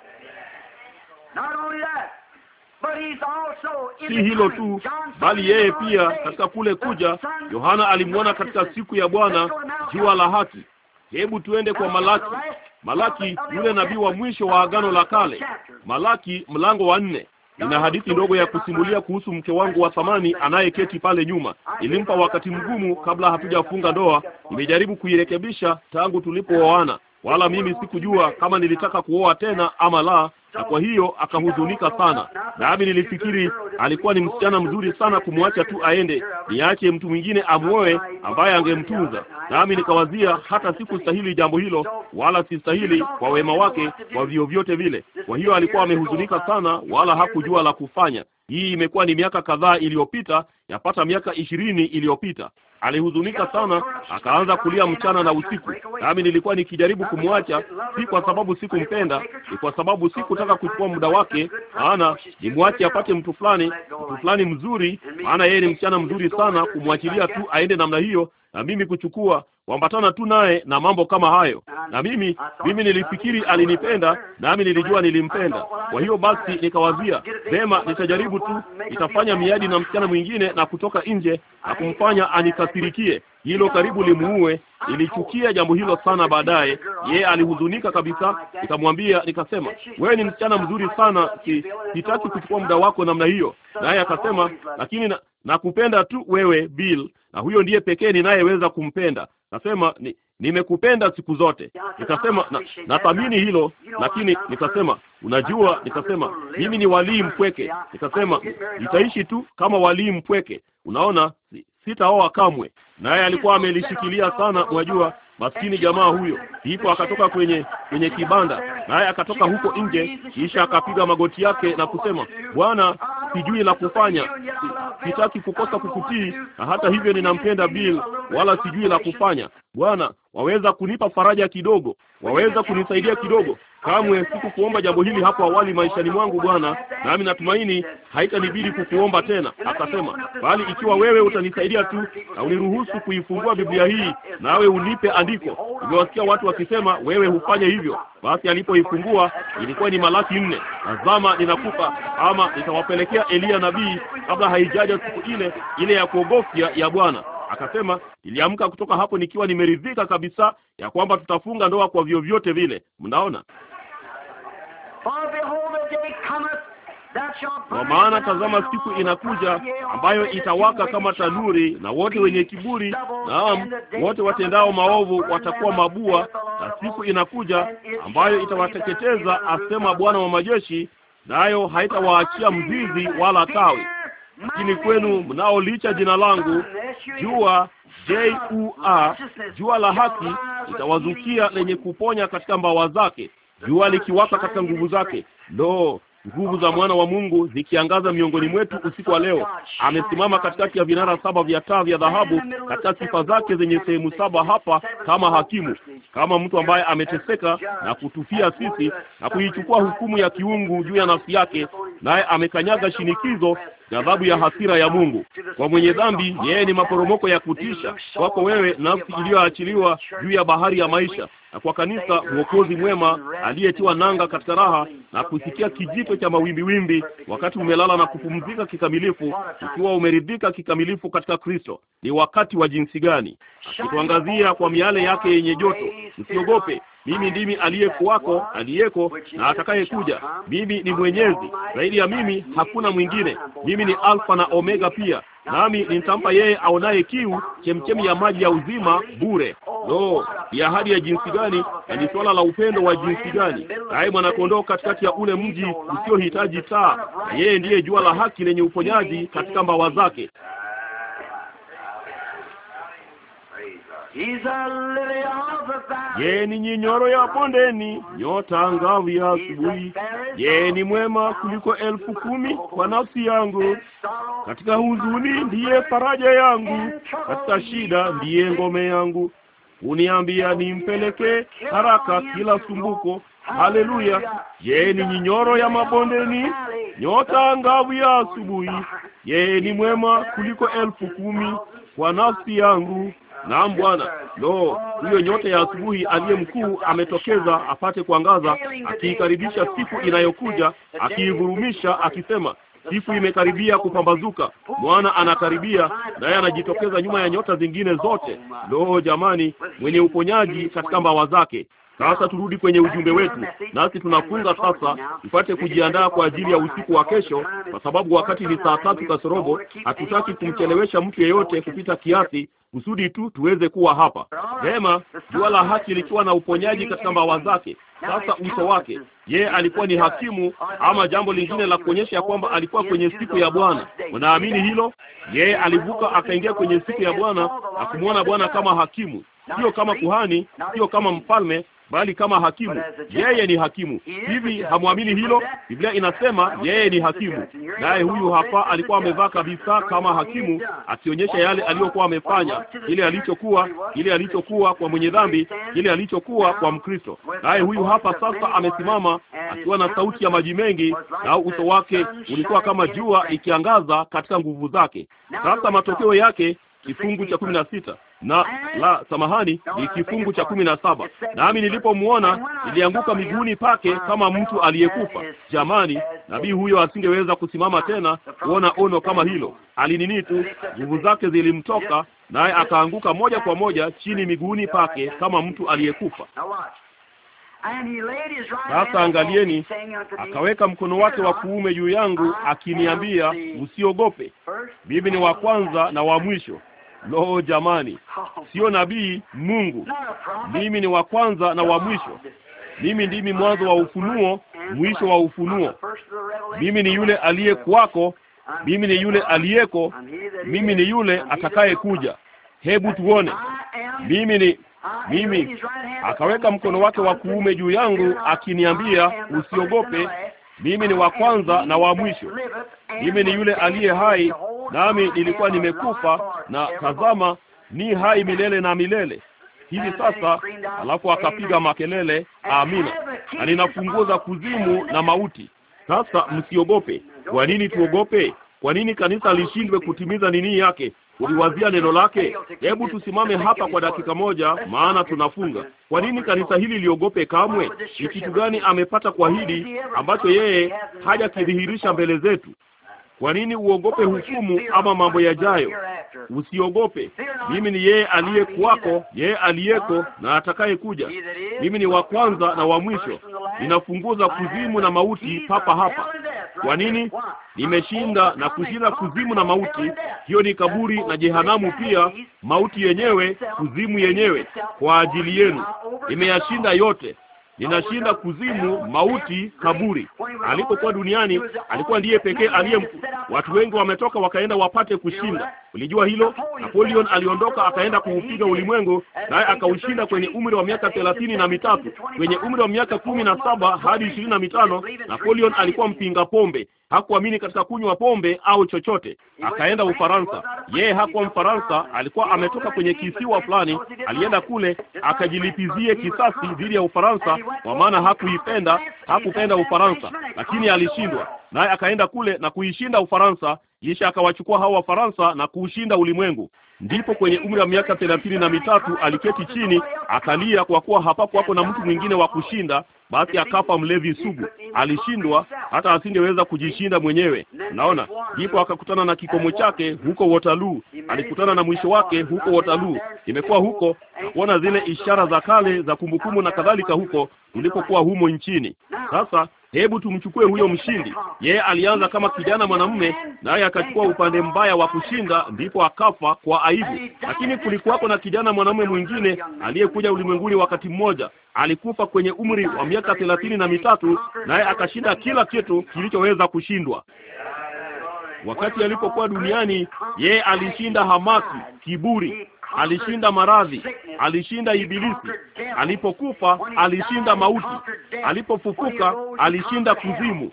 Si hilo tu, bali yeye pia katika kule kuja, Yohana alimwona katika siku ya Bwana jua la haki. Hebu tuende kwa Malaki. Malaki yule nabii wa mwisho wa Agano la Kale. Malaki mlango wa nne. Nina hadithi ndogo ya kusimulia kuhusu mke wangu wa thamani anayeketi pale nyuma. Ilimpa wakati mgumu kabla hatujafunga ndoa. Nimejaribu kuirekebisha tangu tulipooana, wala mimi sikujua kama nilitaka kuoa tena ama la, na kwa hiyo akahuzunika sana. Nami nilifikiri alikuwa ni msichana mzuri sana kumwacha tu aende, niache mtu mwingine amwoe ambaye angemtunza. Nami nikawazia hata sikustahili jambo hilo, wala sistahili kwa wema wake kwa vyovyote vile. Kwa hiyo alikuwa amehuzunika sana, wala hakujua la kufanya. Hii imekuwa ni miaka kadhaa iliyopita, yapata miaka ishirini iliyopita. Alihuzunika sana, akaanza kulia mchana na usiku, nami nilikuwa nikijaribu kumwacha, si kwa sababu sikumpenda, ni kwa sababu sikutaka kuchukua muda wake, maana nimwache apate mtu fulani, mtu fulani mzuri, maana yeye ni msichana mzuri sana, kumwachilia tu aende namna hiyo na mimi kuchukua kuambatana tu naye na mambo kama hayo. Na mimi mimi nilifikiri alinipenda, nami nilijua nilimpenda. Kwa hiyo basi nikawazia vema, nitajaribu tu, nitafanya miadi na msichana mwingine na kutoka nje na kumfanya anikasirikie. Hilo karibu limuue. Nilichukia jambo hilo sana. Baadaye yeye alihuzunika kabisa. Nikamwambia, nikasema, wewe ni msichana mzuri sana, sitaki kuchukua muda wako namna hiyo. Naye akasema, lakini nakupenda na tu wewe Bill, na huyo ndiye pekee ninayeweza kumpenda. Nasema ni, nimekupenda siku zote. Nitasema ah, na, nathamini hilo, lakini nitasema unajua, nitasema mimi ni walii mpweke. Nitasema nitaishi tu kama walii mpweke, unaona, sitaoa kamwe. Naye alikuwa amelishikilia sana, unajua maskini jamaa huyo. Ndipo akatoka kwenye kwenye kibanda, naye akatoka huko nje, kisha akapiga magoti yake na kusema, Bwana, sijui la kufanya, sitaki kukosa kukutii, na hata hivyo ninampenda Bill, wala sijui la kufanya. Bwana, waweza kunipa faraja kidogo, waweza kunisaidia kidogo. Kamwe sikukuomba jambo hili hapo awali maishani mwangu Bwana, nami natumaini haitanibidi kukuomba tena. Akasema, bali ikiwa wewe utanisaidia tu na uniruhusu kuifungua Biblia hii, nawe unipe andiko. Nimewasikia watu wakisema wewe hufanye hivyo. Basi alipoifungua ilikuwa ni Malaki nne. Tazama, ninakupa ama nitawapelekea Eliya nabii kabla haijaja siku ile ile ya kuogofya ya Bwana. Akasema, niliamka kutoka hapo nikiwa nimeridhika kabisa ya kwamba tutafunga ndoa kwa vyovyote vile. Mnaona, kwa maana tazama, siku inakuja ambayo itawaka kama tanuri, na wote wenye kiburi, naam, wote watendao maovu watakuwa mabua, na siku inakuja ambayo itawateketeza, asema Bwana wa majeshi, nayo haitawaachia mzizi wala tawi lakini kwenu mnaolicha jina langu, jua jua jua la haki litawazukia lenye kuponya katika mbawa zake, jua likiwaka katika nguvu zake. Lo, nguvu za mwana wa Mungu zikiangaza miongoni mwetu usiku wa leo. Amesimama katikati ya vinara saba vya taa vya dhahabu katika sifa zake zenye sehemu saba hapa, kama hakimu, kama mtu ambaye ameteseka na kutufia sisi na kuichukua hukumu ya kiungu juu ya nafsi yake, naye amekanyaga shinikizo ghadhabu ya hasira ya Mungu. Kwa mwenye dhambi, yeye ni maporomoko ya kutisha. Kwako wewe, nafsi iliyoachiliwa juu ya bahari ya maisha, na kwa kanisa, mwokozi mwema aliyetiwa nanga katika raha na kusikia kijito cha mawimbiwimbi, wakati umelala na kupumzika kikamilifu, ukiwa umeridhika kikamilifu katika Kristo. Ni wakati wa jinsi gani! Akituangazia kwa miale yake yenye joto, msiogope mimi ndimi aliyekuwako, aliyeko na atakayekuja. Mimi ni mwenyezi, zaidi ya mimi hakuna mwingine. Mimi ni Alfa na Omega pia, nami nitampa yeye aonaye kiu chemchemi ya maji ya uzima bure. No, ni ahadi ya jinsi gani, na ni swala la upendo wa jinsi gani! Naye mwanakondoo katikati ya ule mji usiohitaji taa, na yeye ndiye jua la haki lenye uponyaji katika mbawa zake. Yeye ni nyinyoro ya bondeni, nyota angavu ya asubuhi. Yeye ni mwema kuliko elfu kumi kwa nafsi yangu. Katika huzuni ndiye faraja yangu, katika shida ndiye ngome yangu. Uniambia nimpelekee haraka kila sumbuko. Haleluya! Yeye ni nyinyoro ya mabondeni, nyota angavu ya asubuhi. Yeye ni mwema kuliko elfu kumi kwa nafsi yangu. Naam Bwana, lo, huyo nyota ya asubuhi aliye mkuu ametokeza apate kuangaza, akiikaribisha siku inayokuja, akiivurumisha akisema, siku imekaribia kupambazuka, mwana anakaribia, naye anajitokeza nyuma ya nyota zingine zote. loo jamani, mwenye uponyaji katika mbawa zake, sasa turudi kwenye ujumbe wetu, nasi tunafunga sasa, tupate kujiandaa kwa ajili ya usiku wa kesho, kwa sababu wakati ni saa tatu kasorobo. Hatutaki kumchelewesha mtu yeyote kupita kiasi, kusudi tu tuweze kuwa hapa. Vema, jua la haki likiwa na uponyaji katika mbawa zake, sasa uso wake. Yeye alikuwa ni hakimu, ama jambo lingine la kuonyesha ya kwamba alikuwa kwenye siku ya Bwana. Unaamini hilo? Yeye alivuka akaingia kwenye siku ya Bwana na kumwona Bwana kama hakimu, sio kama kuhani, sio kama mfalme bali kama hakimu. Yeye ni hakimu. Hivi hamwamini hilo? Biblia inasema yeye ni hakimu, naye huyu hapa alikuwa amevaa kabisa kama hakimu, akionyesha yale aliyokuwa amefanya, kile alichokuwa, kile alichokuwa kwa mwenye dhambi, kile alichokuwa kwa Mkristo. Naye huyu hapa sasa amesimama akiwa na sauti ya maji mengi, na uso wake ulikuwa kama jua ikiangaza katika nguvu zake. Sasa matokeo yake kifungu cha kumi na sita na ah, la, samahani, ni kifungu cha kumi na saba Nami nilipomwona nilianguka miguuni pake kama uh, mtu aliyekufa. Uh, Jamani, nabii huyo asingeweza kusimama uh, tena kuona ono kama hilo. Alinini tu, nguvu zake zilimtoka, naye akaanguka moja kwa moja chini miguuni pake kama mtu aliyekufa. Sasa angalieni, akaweka mkono wake wa kuume juu yangu akiniambia, usiogope, mimi ni wa kwanza na wa mwisho Lo, jamani, oh, sio nabii Mungu. Mimi ni wa kwanza na wa mwisho. Mimi ndimi mwanzo wa ufunuo, mwisho wa ufunuo. Mimi ni yule aliyekuwako, mimi ni yule aliyeko, mimi ni yule atakaye kuja. Hebu tuone. Mimi ni mimi. Akaweka mkono wake wa kuume juu yangu, akiniambia usiogope, mimi ni wa kwanza na wa mwisho. Mimi ni yule aliye hai nami nilikuwa nimekufa, na tazama ni hai milele na milele hivi sasa. Alafu akapiga makelele amina, na za kuzimu na mauti. Sasa msiogope. Kwa nini tuogope? Kwa nini kanisa lishindwe kutimiza nini yake? Uliwazia neno lake? Hebu tusimame hapa kwa dakika moja, maana tunafunga. Kwa nini kanisa hili liogope kamwe? Ni kitu gani amepata kwa hili ambacho yeye hajakidhihirisha mbele zetu? Kwa nini uogope hukumu ama mambo yajayo? Usiogope, mimi ni yeye aliye kwako yeye aliyeko na atakayekuja. Mimi ni wa kwanza na wa mwisho, ninafunguza kuzimu na mauti papa hapa. Kwa nini? Nimeshinda na kushinda kuzimu na mauti. Hiyo ni kaburi na jehanamu pia, mauti yenyewe, kuzimu yenyewe, kwa ajili yenu. Nimeyashinda yote, ninashinda kuzimu, mauti, kaburi. Alipokuwa duniani alikuwa ndiye pekee aliye. Watu wengi wametoka wakaenda wapate kushinda. Ulijua hilo? Napoleon aliondoka akaenda kuupiga ulimwengu, naye akaushinda kwenye umri wa miaka thelathini na mitatu. Kwenye umri wa miaka kumi na saba hadi ishirini na mitano Napoleon alikuwa mpinga pombe, hakuamini katika kunywa pombe au chochote. Akaenda Ufaransa. Yeye hakuwa Mfaransa, alikuwa ametoka kwenye kisiwa fulani. Alienda kule akajilipizie kisasi dhidi ya Ufaransa, kwa maana hakuipenda, hakupenda Ufaransa, lakini alishindwa naye akaenda kule na kuishinda Ufaransa kisha akawachukua hao Wafaransa na kuushinda ulimwengu. Ndipo kwenye umri wa miaka thelathini na mitatu aliketi chini akalia, kwa kuwa hapakuwapo na mtu mwingine wa kushinda. Basi akafa mlevi sugu, alishindwa hata asingeweza kujishinda mwenyewe. Naona ndipo akakutana na kikomo chake huko Waterloo, alikutana na mwisho wake huko Waterloo. Imekuwa huko na kuona zile ishara za kale za kumbukumbu na kadhalika, huko tulipokuwa humo nchini. Sasa Hebu tumchukue huyo mshindi. Yeye alianza kama kijana mwanamume, naye akachukua upande mbaya wa kushinda, ndipo akafa kwa aibu. Lakini kulikuwako na kijana mwanamume mwingine aliyekuja ulimwenguni wakati mmoja, alikufa kwenye umri wa miaka thelathini na mitatu, naye akashinda kila kitu kilichoweza kushindwa. Wakati alipokuwa duniani, yeye alishinda hamaki, kiburi, alishinda maradhi, alishinda Ibilisi. Alipokufa alishinda mauti, alipofufuka alishinda kuzimu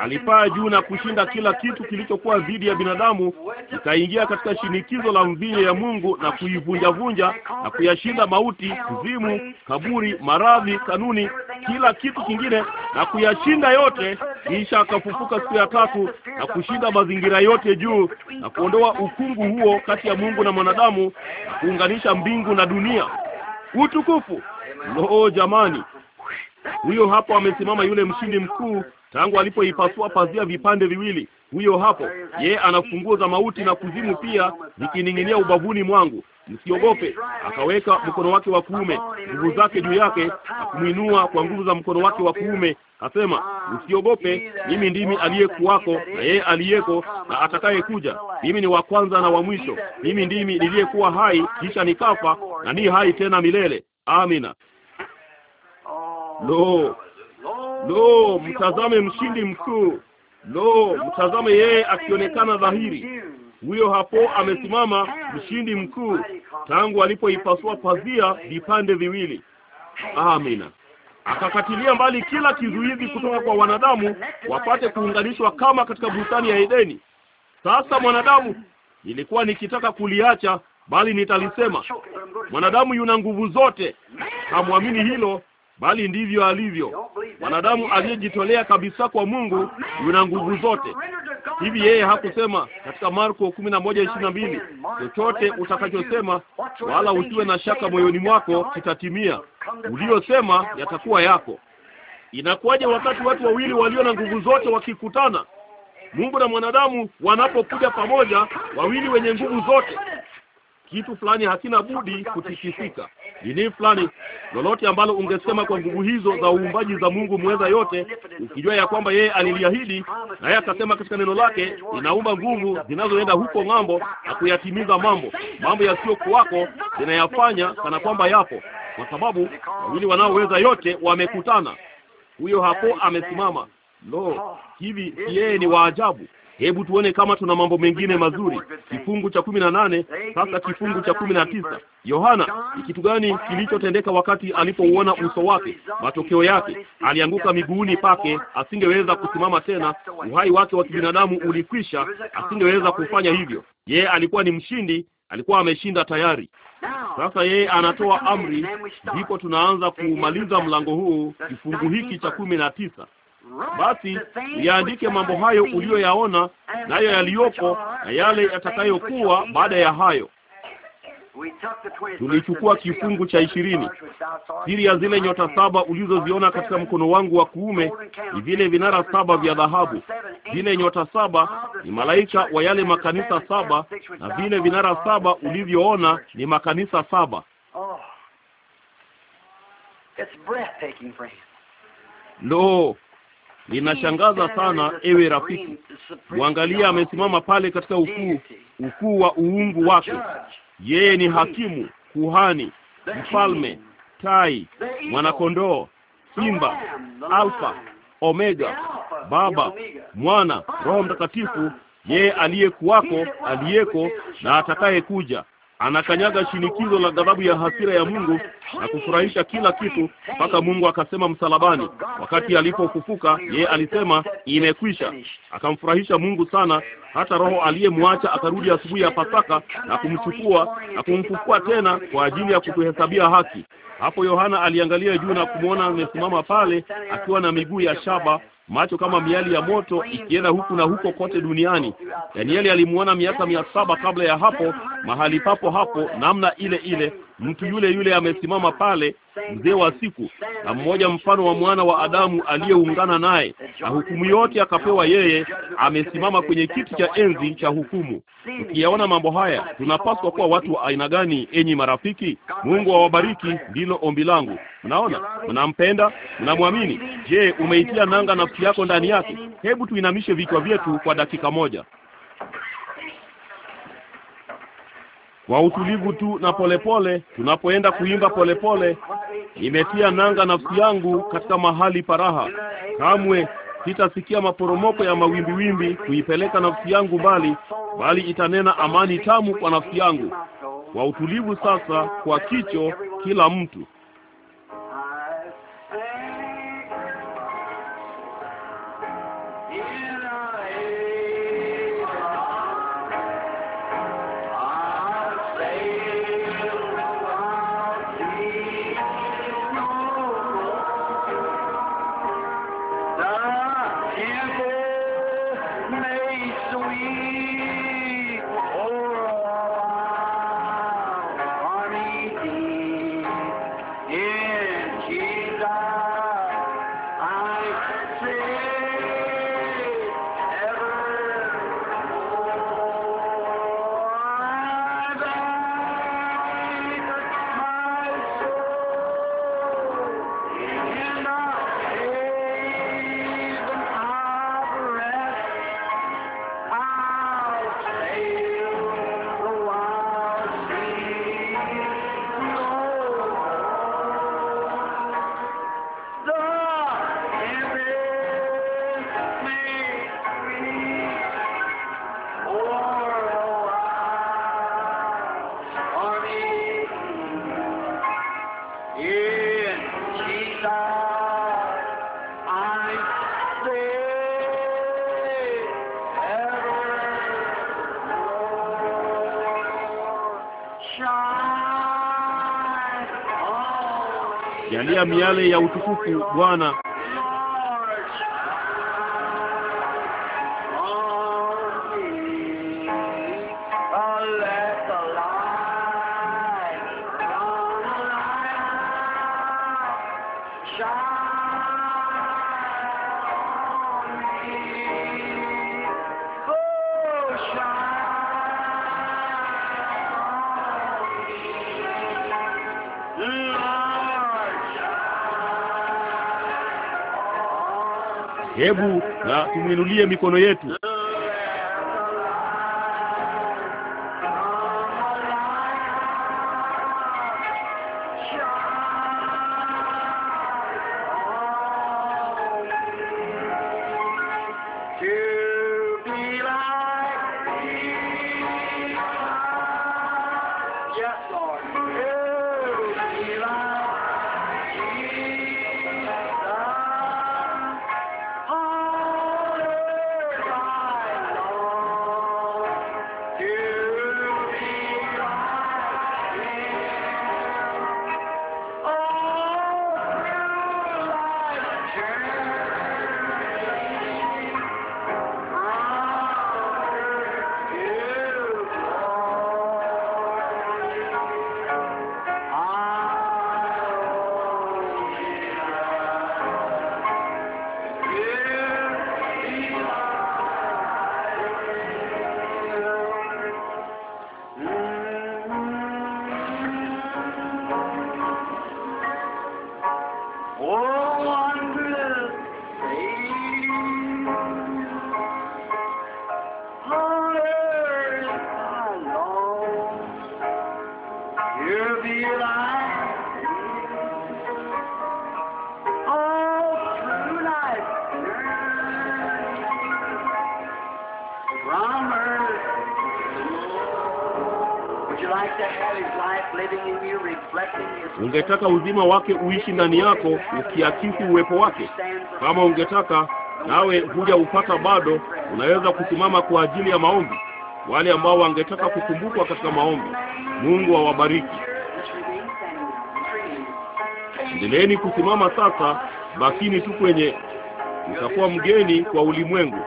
alipaa juu na kushinda kila kitu kilichokuwa dhidi ya binadamu, ikaingia katika shinikizo la mvinyo ya Mungu na kuivunjavunja na kuyashinda mauti, kuzimu, kaburi, maradhi, kanuni, kila kitu kingine na kuyashinda yote. Kisha akafufuka siku ya tatu na kushinda mazingira yote juu na kuondoa ukungu huo kati ya Mungu na mwanadamu na kuunganisha mbingu na dunia. Utukufu! lo jamani! Huyo hapo amesimama yule mshindi mkuu tangu alipoipasua pazia vipande viwili. Huyo hapo yeye ana funguo za mauti na kuzimu pia zikining'inia ubavuni mwangu, msiogope. Akaweka mkono wake wa kuume, nguvu zake juu yake, akumwinua kwa nguvu za mkono wake wa kuume, akasema, usiogope, mimi ndimi aliyekuwako na yeye aliyeko na atakayekuja. Mimi ni wa kwanza na wa mwisho, mimi ndimi niliyekuwa hai kisha nikafa, na ni hai tena milele. Amina. Lo no. Lo, mtazame mshindi mkuu! Lo, mtazame yeye akionekana dhahiri. Huyo hapo amesimama mshindi mkuu, tangu alipoipasua pazia vipande viwili. Amina. Akakatilia mbali kila kizuizi kutoka kwa wanadamu, wapate kuunganishwa kama katika bustani ya Edeni. Sasa mwanadamu, nilikuwa nikitaka kuliacha, bali nitalisema. Mwanadamu yuna nguvu zote. Hamwamini hilo? bali ndivyo alivyo. Mwanadamu aliyejitolea kabisa kwa Mungu yuna nguvu zote. Hivi yeye hakusema katika Marko kumi na moja ishirini na mbili chochote utakachosema wala usiwe na shaka moyoni mwako kitatimia, uliyosema yatakuwa yako. Inakuwaje wakati watu wawili walio na nguvu zote wakikutana, Mungu na mwanadamu wanapokuja pamoja, wawili wenye nguvu zote, kitu fulani hakina budi kutikisika nini fulani, lolote ambalo ungesema kwa nguvu hizo za uumbaji za Mungu mweza yote, ukijua ya kwamba yeye aliliahidi, na yeye akasema katika neno lake, inaumba nguvu zinazoenda huko ng'ambo na kuyatimiza mambo mambo yasiyokuwako, zinayafanya kana kwamba yapo, kwa sababu wawili wanaoweza yote wamekutana. Huyo hapo amesimama. Lo, hivi yeye ni waajabu! Hebu tuone kama tuna mambo mengine mazuri. Kifungu cha kumi na nane sasa kifungu cha kumi na tisa Yohana, ni kitu gani kilichotendeka wakati alipouona uso wake? Matokeo yake alianguka miguuni pake, asingeweza kusimama tena. Uhai wake wa kibinadamu ulikwisha, asingeweza kufanya hivyo. Yeye alikuwa ni mshindi, alikuwa ameshinda tayari. Sasa yeye anatoa amri, ndipo tunaanza kuumaliza mlango huu, kifungu hiki cha kumi na tisa. Basi yaandike mambo hayo uliyoyaona, nayo yaliyoko na yale yatakayokuwa baada ya hayo. Tulichukua kifungu cha ishirini. Siri ya zile nyota saba ulizoziona katika mkono wangu wa kuume ni vile vinara saba vya dhahabu. Zile nyota saba ni malaika wa yale makanisa saba, na vile vinara saba ulivyoona ni makanisa saba. Lo, linashangaza sana, ewe rafiki. Mwangalia amesimama pale katika ukuu, ukuu wa uungu wake. Yeye ni hakimu, kuhani, mfalme, tai, mwanakondoo, simba, alfa, omega, Baba, Mwana, Roho Mtakatifu, yeye aliyekuwako, aliyeko na atakayekuja anakanyaga shinikizo la ghadhabu ya hasira ya Mungu na kufurahisha kila kitu, mpaka Mungu akasema msalabani. Wakati alipofufuka yeye alisema imekwisha, akamfurahisha Mungu sana, hata roho aliyemwacha akarudi asubuhi ya Pasaka na kumchukua na kumfufua tena kwa ajili ya kutuhesabia haki. Hapo Yohana aliangalia juu na kumwona amesimama pale akiwa na miguu ya shaba macho kama miali ya moto ikienda huku na huko kote duniani. Danieli alimwona miaka mia saba kabla ya hapo mahali papo hapo namna ile ile, mtu yule yule amesimama pale, mzee wa siku, na mmoja mfano wa mwana wa Adamu aliyeungana naye, na hukumu yote akapewa yeye. Amesimama kwenye kiti cha enzi cha hukumu. Tukiyaona mambo haya, tunapaswa kuwa watu wa aina gani, enyi marafiki? Mungu awabariki, ndilo ombi langu. Mnaona, mnampenda, mnamwamini. Je, umeitia nanga nafsi yako ndani yake? Hebu tuinamishe vichwa vyetu kwa dakika moja. kwa utulivu tu na polepole, tunapoenda kuimba polepole. Nimetia nanga nafsi yangu katika mahali paraha, kamwe sitasikia maporomoko ya mawimbiwimbi kuipeleka nafsi yangu mbali, bali itanena amani tamu kwa nafsi yangu, kwa utulivu sasa, kwa kicho kila mtu miale ya utukufu Bwana tumwinulie mikono yetu ungetaka uzima wake uishi ndani yako ukiakisi uwepo wake. Kama ungetaka nawe huja upata, bado unaweza kusimama kwa ajili ya maombi. Wale ambao wangetaka kukumbukwa katika maombi, Mungu awabariki. Endeleeni kusimama sasa, bakini tu kwenye, utakuwa mgeni kwa ulimwengu.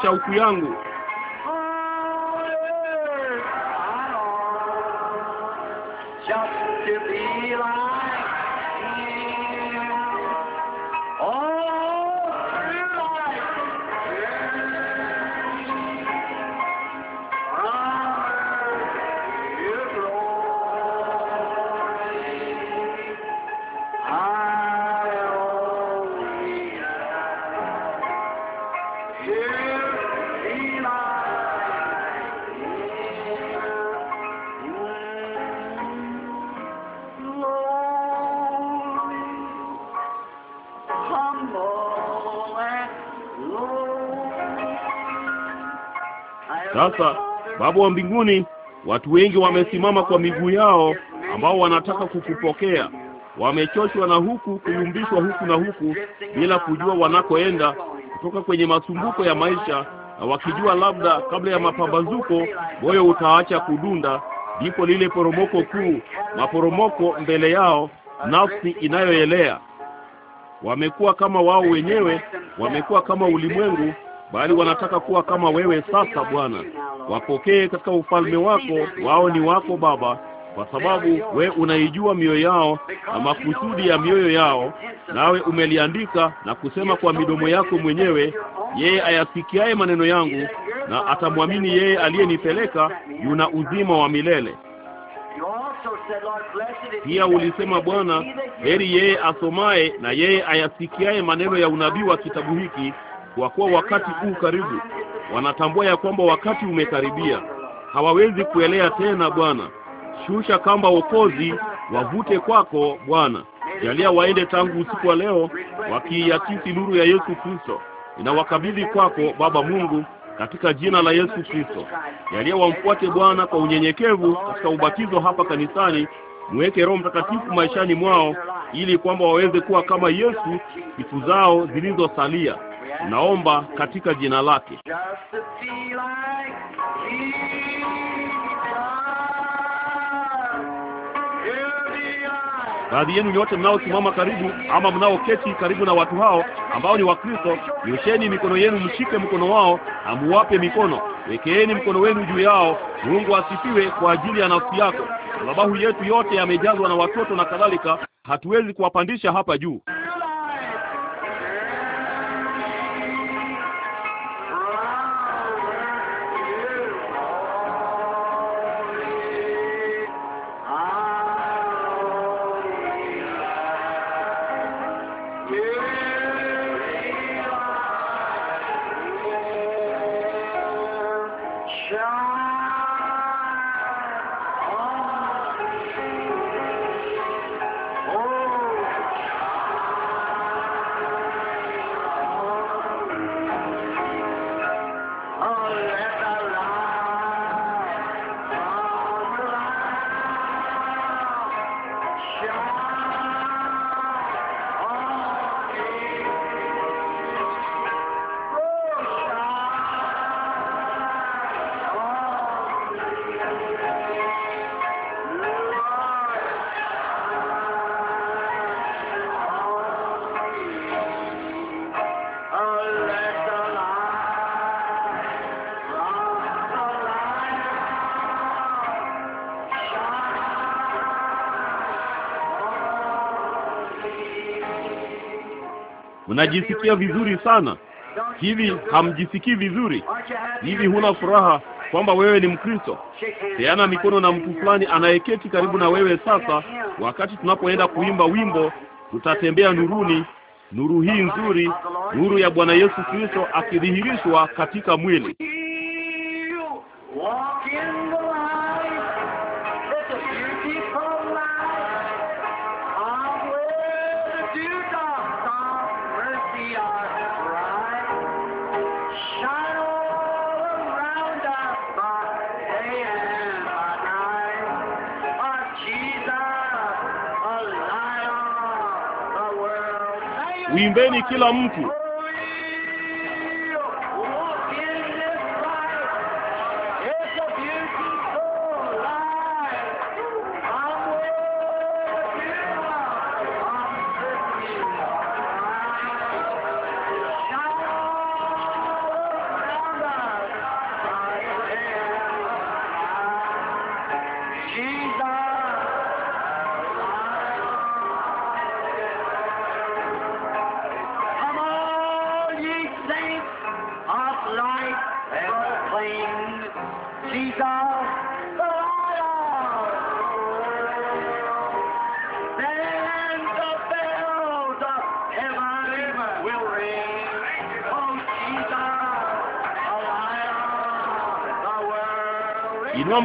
kuiacha huku yangu sasa, Baba wa mbinguni, watu wengi wamesimama kwa miguu yao ambao wanataka kukupokea. Wamechoshwa na huku kuyumbishwa huku na huku bila kujua wanakoenda, kutoka kwenye masumbuko ya maisha, na wakijua labda kabla ya mapambazuko moyo utaacha kudunda, ndipo lile poromoko kuu, maporomoko mbele yao, nafsi inayoelea. Wamekuwa kama wao wenyewe, wamekuwa kama ulimwengu, bali wanataka kuwa kama wewe sasa Bwana wapokee katika ufalme wako. Wao ni wako Baba, kwa sababu we unaijua mioyo yao na makusudi ya mioyo yao, nawe umeliandika na kusema kwa midomo yako mwenyewe, yeye ayasikiaye maneno yangu na atamwamini yeye aliyenipeleka yuna uzima wa milele. Pia ulisema Bwana, heri yeye asomaye na yeye ayasikiaye maneno ya unabii wa kitabu hiki, kwa kuwa wakati huu karibu. Wanatambua ya kwamba wakati umekaribia, hawawezi kuelea tena. Bwana, shusha kamba wokozi, wavute kwako Bwana. Jalia waende tangu usiku wa leo, wakiiakisi nuru ya Yesu Kristo. Ninawakabidhi kwako Baba Mungu katika jina la Yesu Kristo. Jalia wamfuate Bwana kwa unyenyekevu katika ubatizo hapa kanisani. muweke Roho Mtakatifu maishani mwao ili kwamba waweze kuwa kama Yesu siku zao zilizosalia naomba katika jina lake. Baadhi yenu nyote mnaosimama karibu ama mnaoketi karibu na watu hao ambao ni Wakristo, nyosheni mikono yenu, mshike mkono wao amuwape mikono, wekeeni mkono wenu juu yao. Mungu asifiwe kwa ajili ya nafsi yako. Madhabahu yetu yote yamejazwa na watoto na kadhalika, hatuwezi kuwapandisha hapa juu. najisikia vizuri sana. Hivi hamjisikii vizuri? Hivi huna furaha kwamba wewe ni Mkristo? Peana mikono na mtu fulani anayeketi karibu na wewe. Sasa wakati tunapoenda kuimba wimbo, tutatembea nuruni, nuru hii nzuri, nuru ya Bwana Yesu Kristo akidhihirishwa katika mwili. kila mtu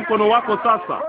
mkono wako sasa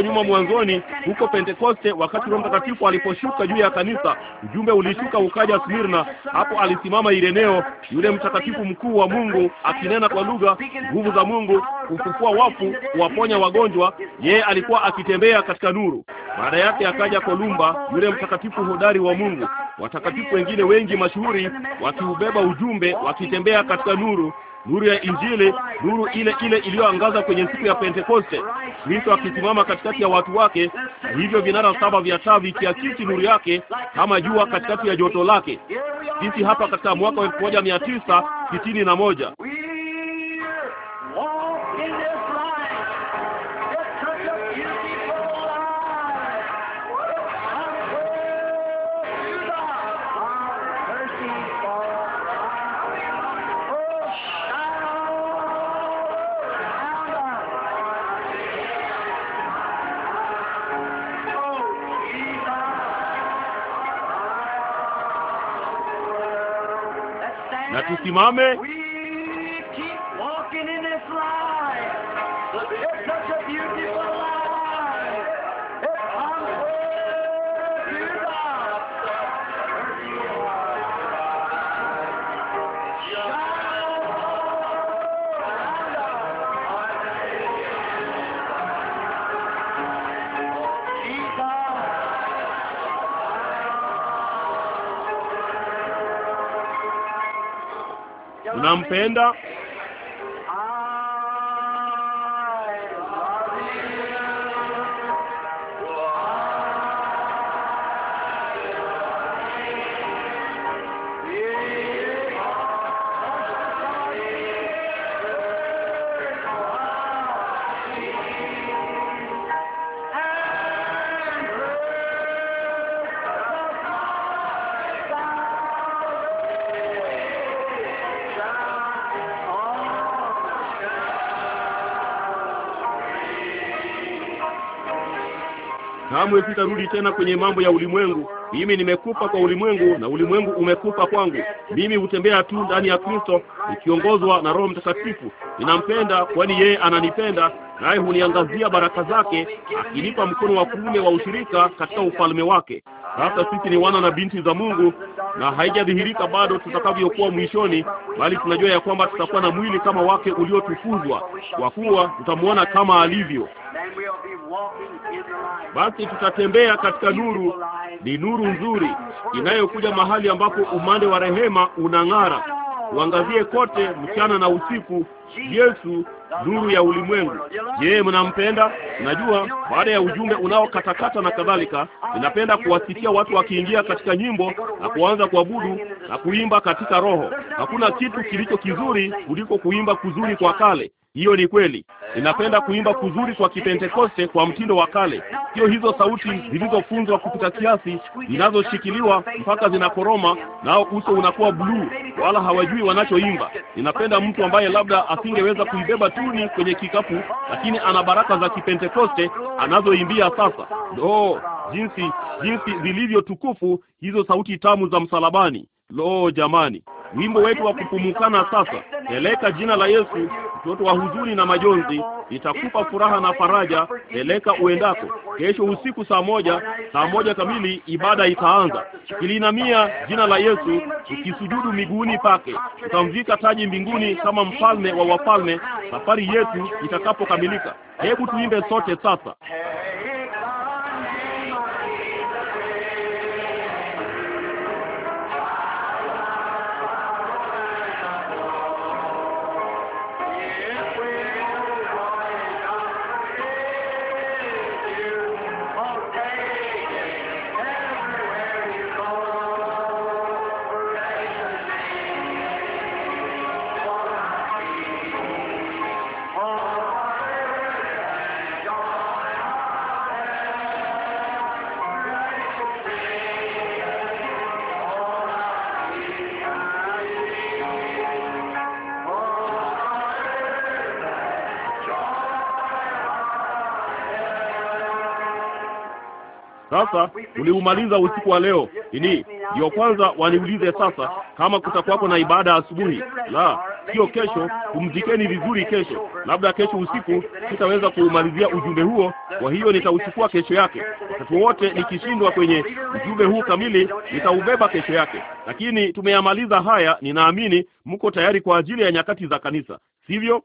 huko nyuma mwanzoni, huko Pentekoste, wakati Roho Mtakatifu aliposhuka juu ya kanisa, ujumbe ulishuka ukaja Smirna. Hapo alisimama Ireneo, yule mtakatifu mkuu wa Mungu, akinena kwa lugha, nguvu za Mungu, kufufua wafu, kuwaponya wagonjwa. Yeye alikuwa akitembea katika nuru. Baada yake akaja Kolumba, yule mtakatifu hodari wa Mungu. Watakatifu wengine wengi mashuhuri wakiubeba ujumbe, wakitembea katika nuru, nuru ya Injili nuru ile ile iliyoangaza kwenye siku ya Pentekoste, Kristo akisimama katikati ya watu wake, na hivyo vinara saba vya taa vikiakisi nuru yake kama jua katikati ya joto lake. Sisi hapa katika mwaka wa elfu moja mia tisa sitini na moja tusimame nampenda kamwe sitarudi tena kwenye mambo ya ulimwengu. Mimi nimekufa kwa ulimwengu na ulimwengu umekufa kwangu. Mimi hutembea tu ndani ya Kristo nikiongozwa na Roho Mtakatifu. Ninampenda kwani yeye ananipenda, naye huniangazia baraka zake, akinipa mkono wa kuume wa ushirika katika ufalme wake. Sasa sisi ni wana na binti za Mungu, na haijadhihirika bado tutakavyokuwa mwishoni, bali tunajua ya kwamba tutakuwa na mwili kama wake uliotukuzwa, kwa kuwa tutamwona kama alivyo basi tutatembea katika nuru. Ni nuru nzuri inayokuja mahali ambapo umande wa rehema unang'ara, uangazie kote mchana na usiku. Yesu nuru ya ulimwengu. Je, mnampenda? Najua baada ya ujumbe unaokatakata na kadhalika, ninapenda kuwasikia watu wakiingia katika nyimbo na kuanza kuabudu na kuimba katika roho. Hakuna kitu kilicho kizuri kuliko kuimba kuzuri kwa kale. Hiyo ni kweli, ninapenda kuimba kuzuri kwa Kipentekoste kwa mtindo wa kale, sio hizo sauti zilizofunzwa kupita kiasi zinazoshikiliwa mpaka zinakoroma, nao uso unakuwa bluu, wala hawajui wanachoimba. Ninapenda mtu ambaye labda asingeweza kuibeba tuni kwenye kikapu, lakini ana baraka za Kipentekoste anazoimbia sasa. Lo, jinsi jinsi zilivyo tukufu hizo sauti tamu za msalabani! Lo, jamani, wimbo wetu wa kupumukana sasa, peleka jina la Yesu mtoto wa huzuni na majonzi, itakupa furaha na faraja, peleka uendako. Kesho usiku saa moja, saa moja kamili ibada itaanza. Tukilinamia jina la Yesu, ukisujudu miguuni pake, utamvika taji mbinguni kama mfalme wa wafalme, safari yetu itakapokamilika. Hebu tuimbe sote sasa. sasa tuliumaliza usiku wa leo. Ini ndio kwanza waniulize sasa kama kutakuwapo na ibada asubuhi. La, sio kesho. Kumzikeni vizuri kesho, labda kesho usiku sitaweza kuumalizia ujumbe huo, kwa hiyo nitauchukua kesho yake. Wakati wote nikishindwa kwenye ujumbe huu kamili, nitaubeba kesho yake. Lakini tumeyamaliza haya, ninaamini mko tayari kwa ajili ya nyakati za kanisa, sivyo?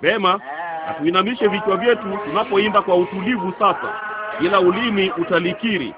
Vema, ah. na tuinamishe vichwa vyetu tunapoimba kwa utulivu sasa, ila ulimi utalikiri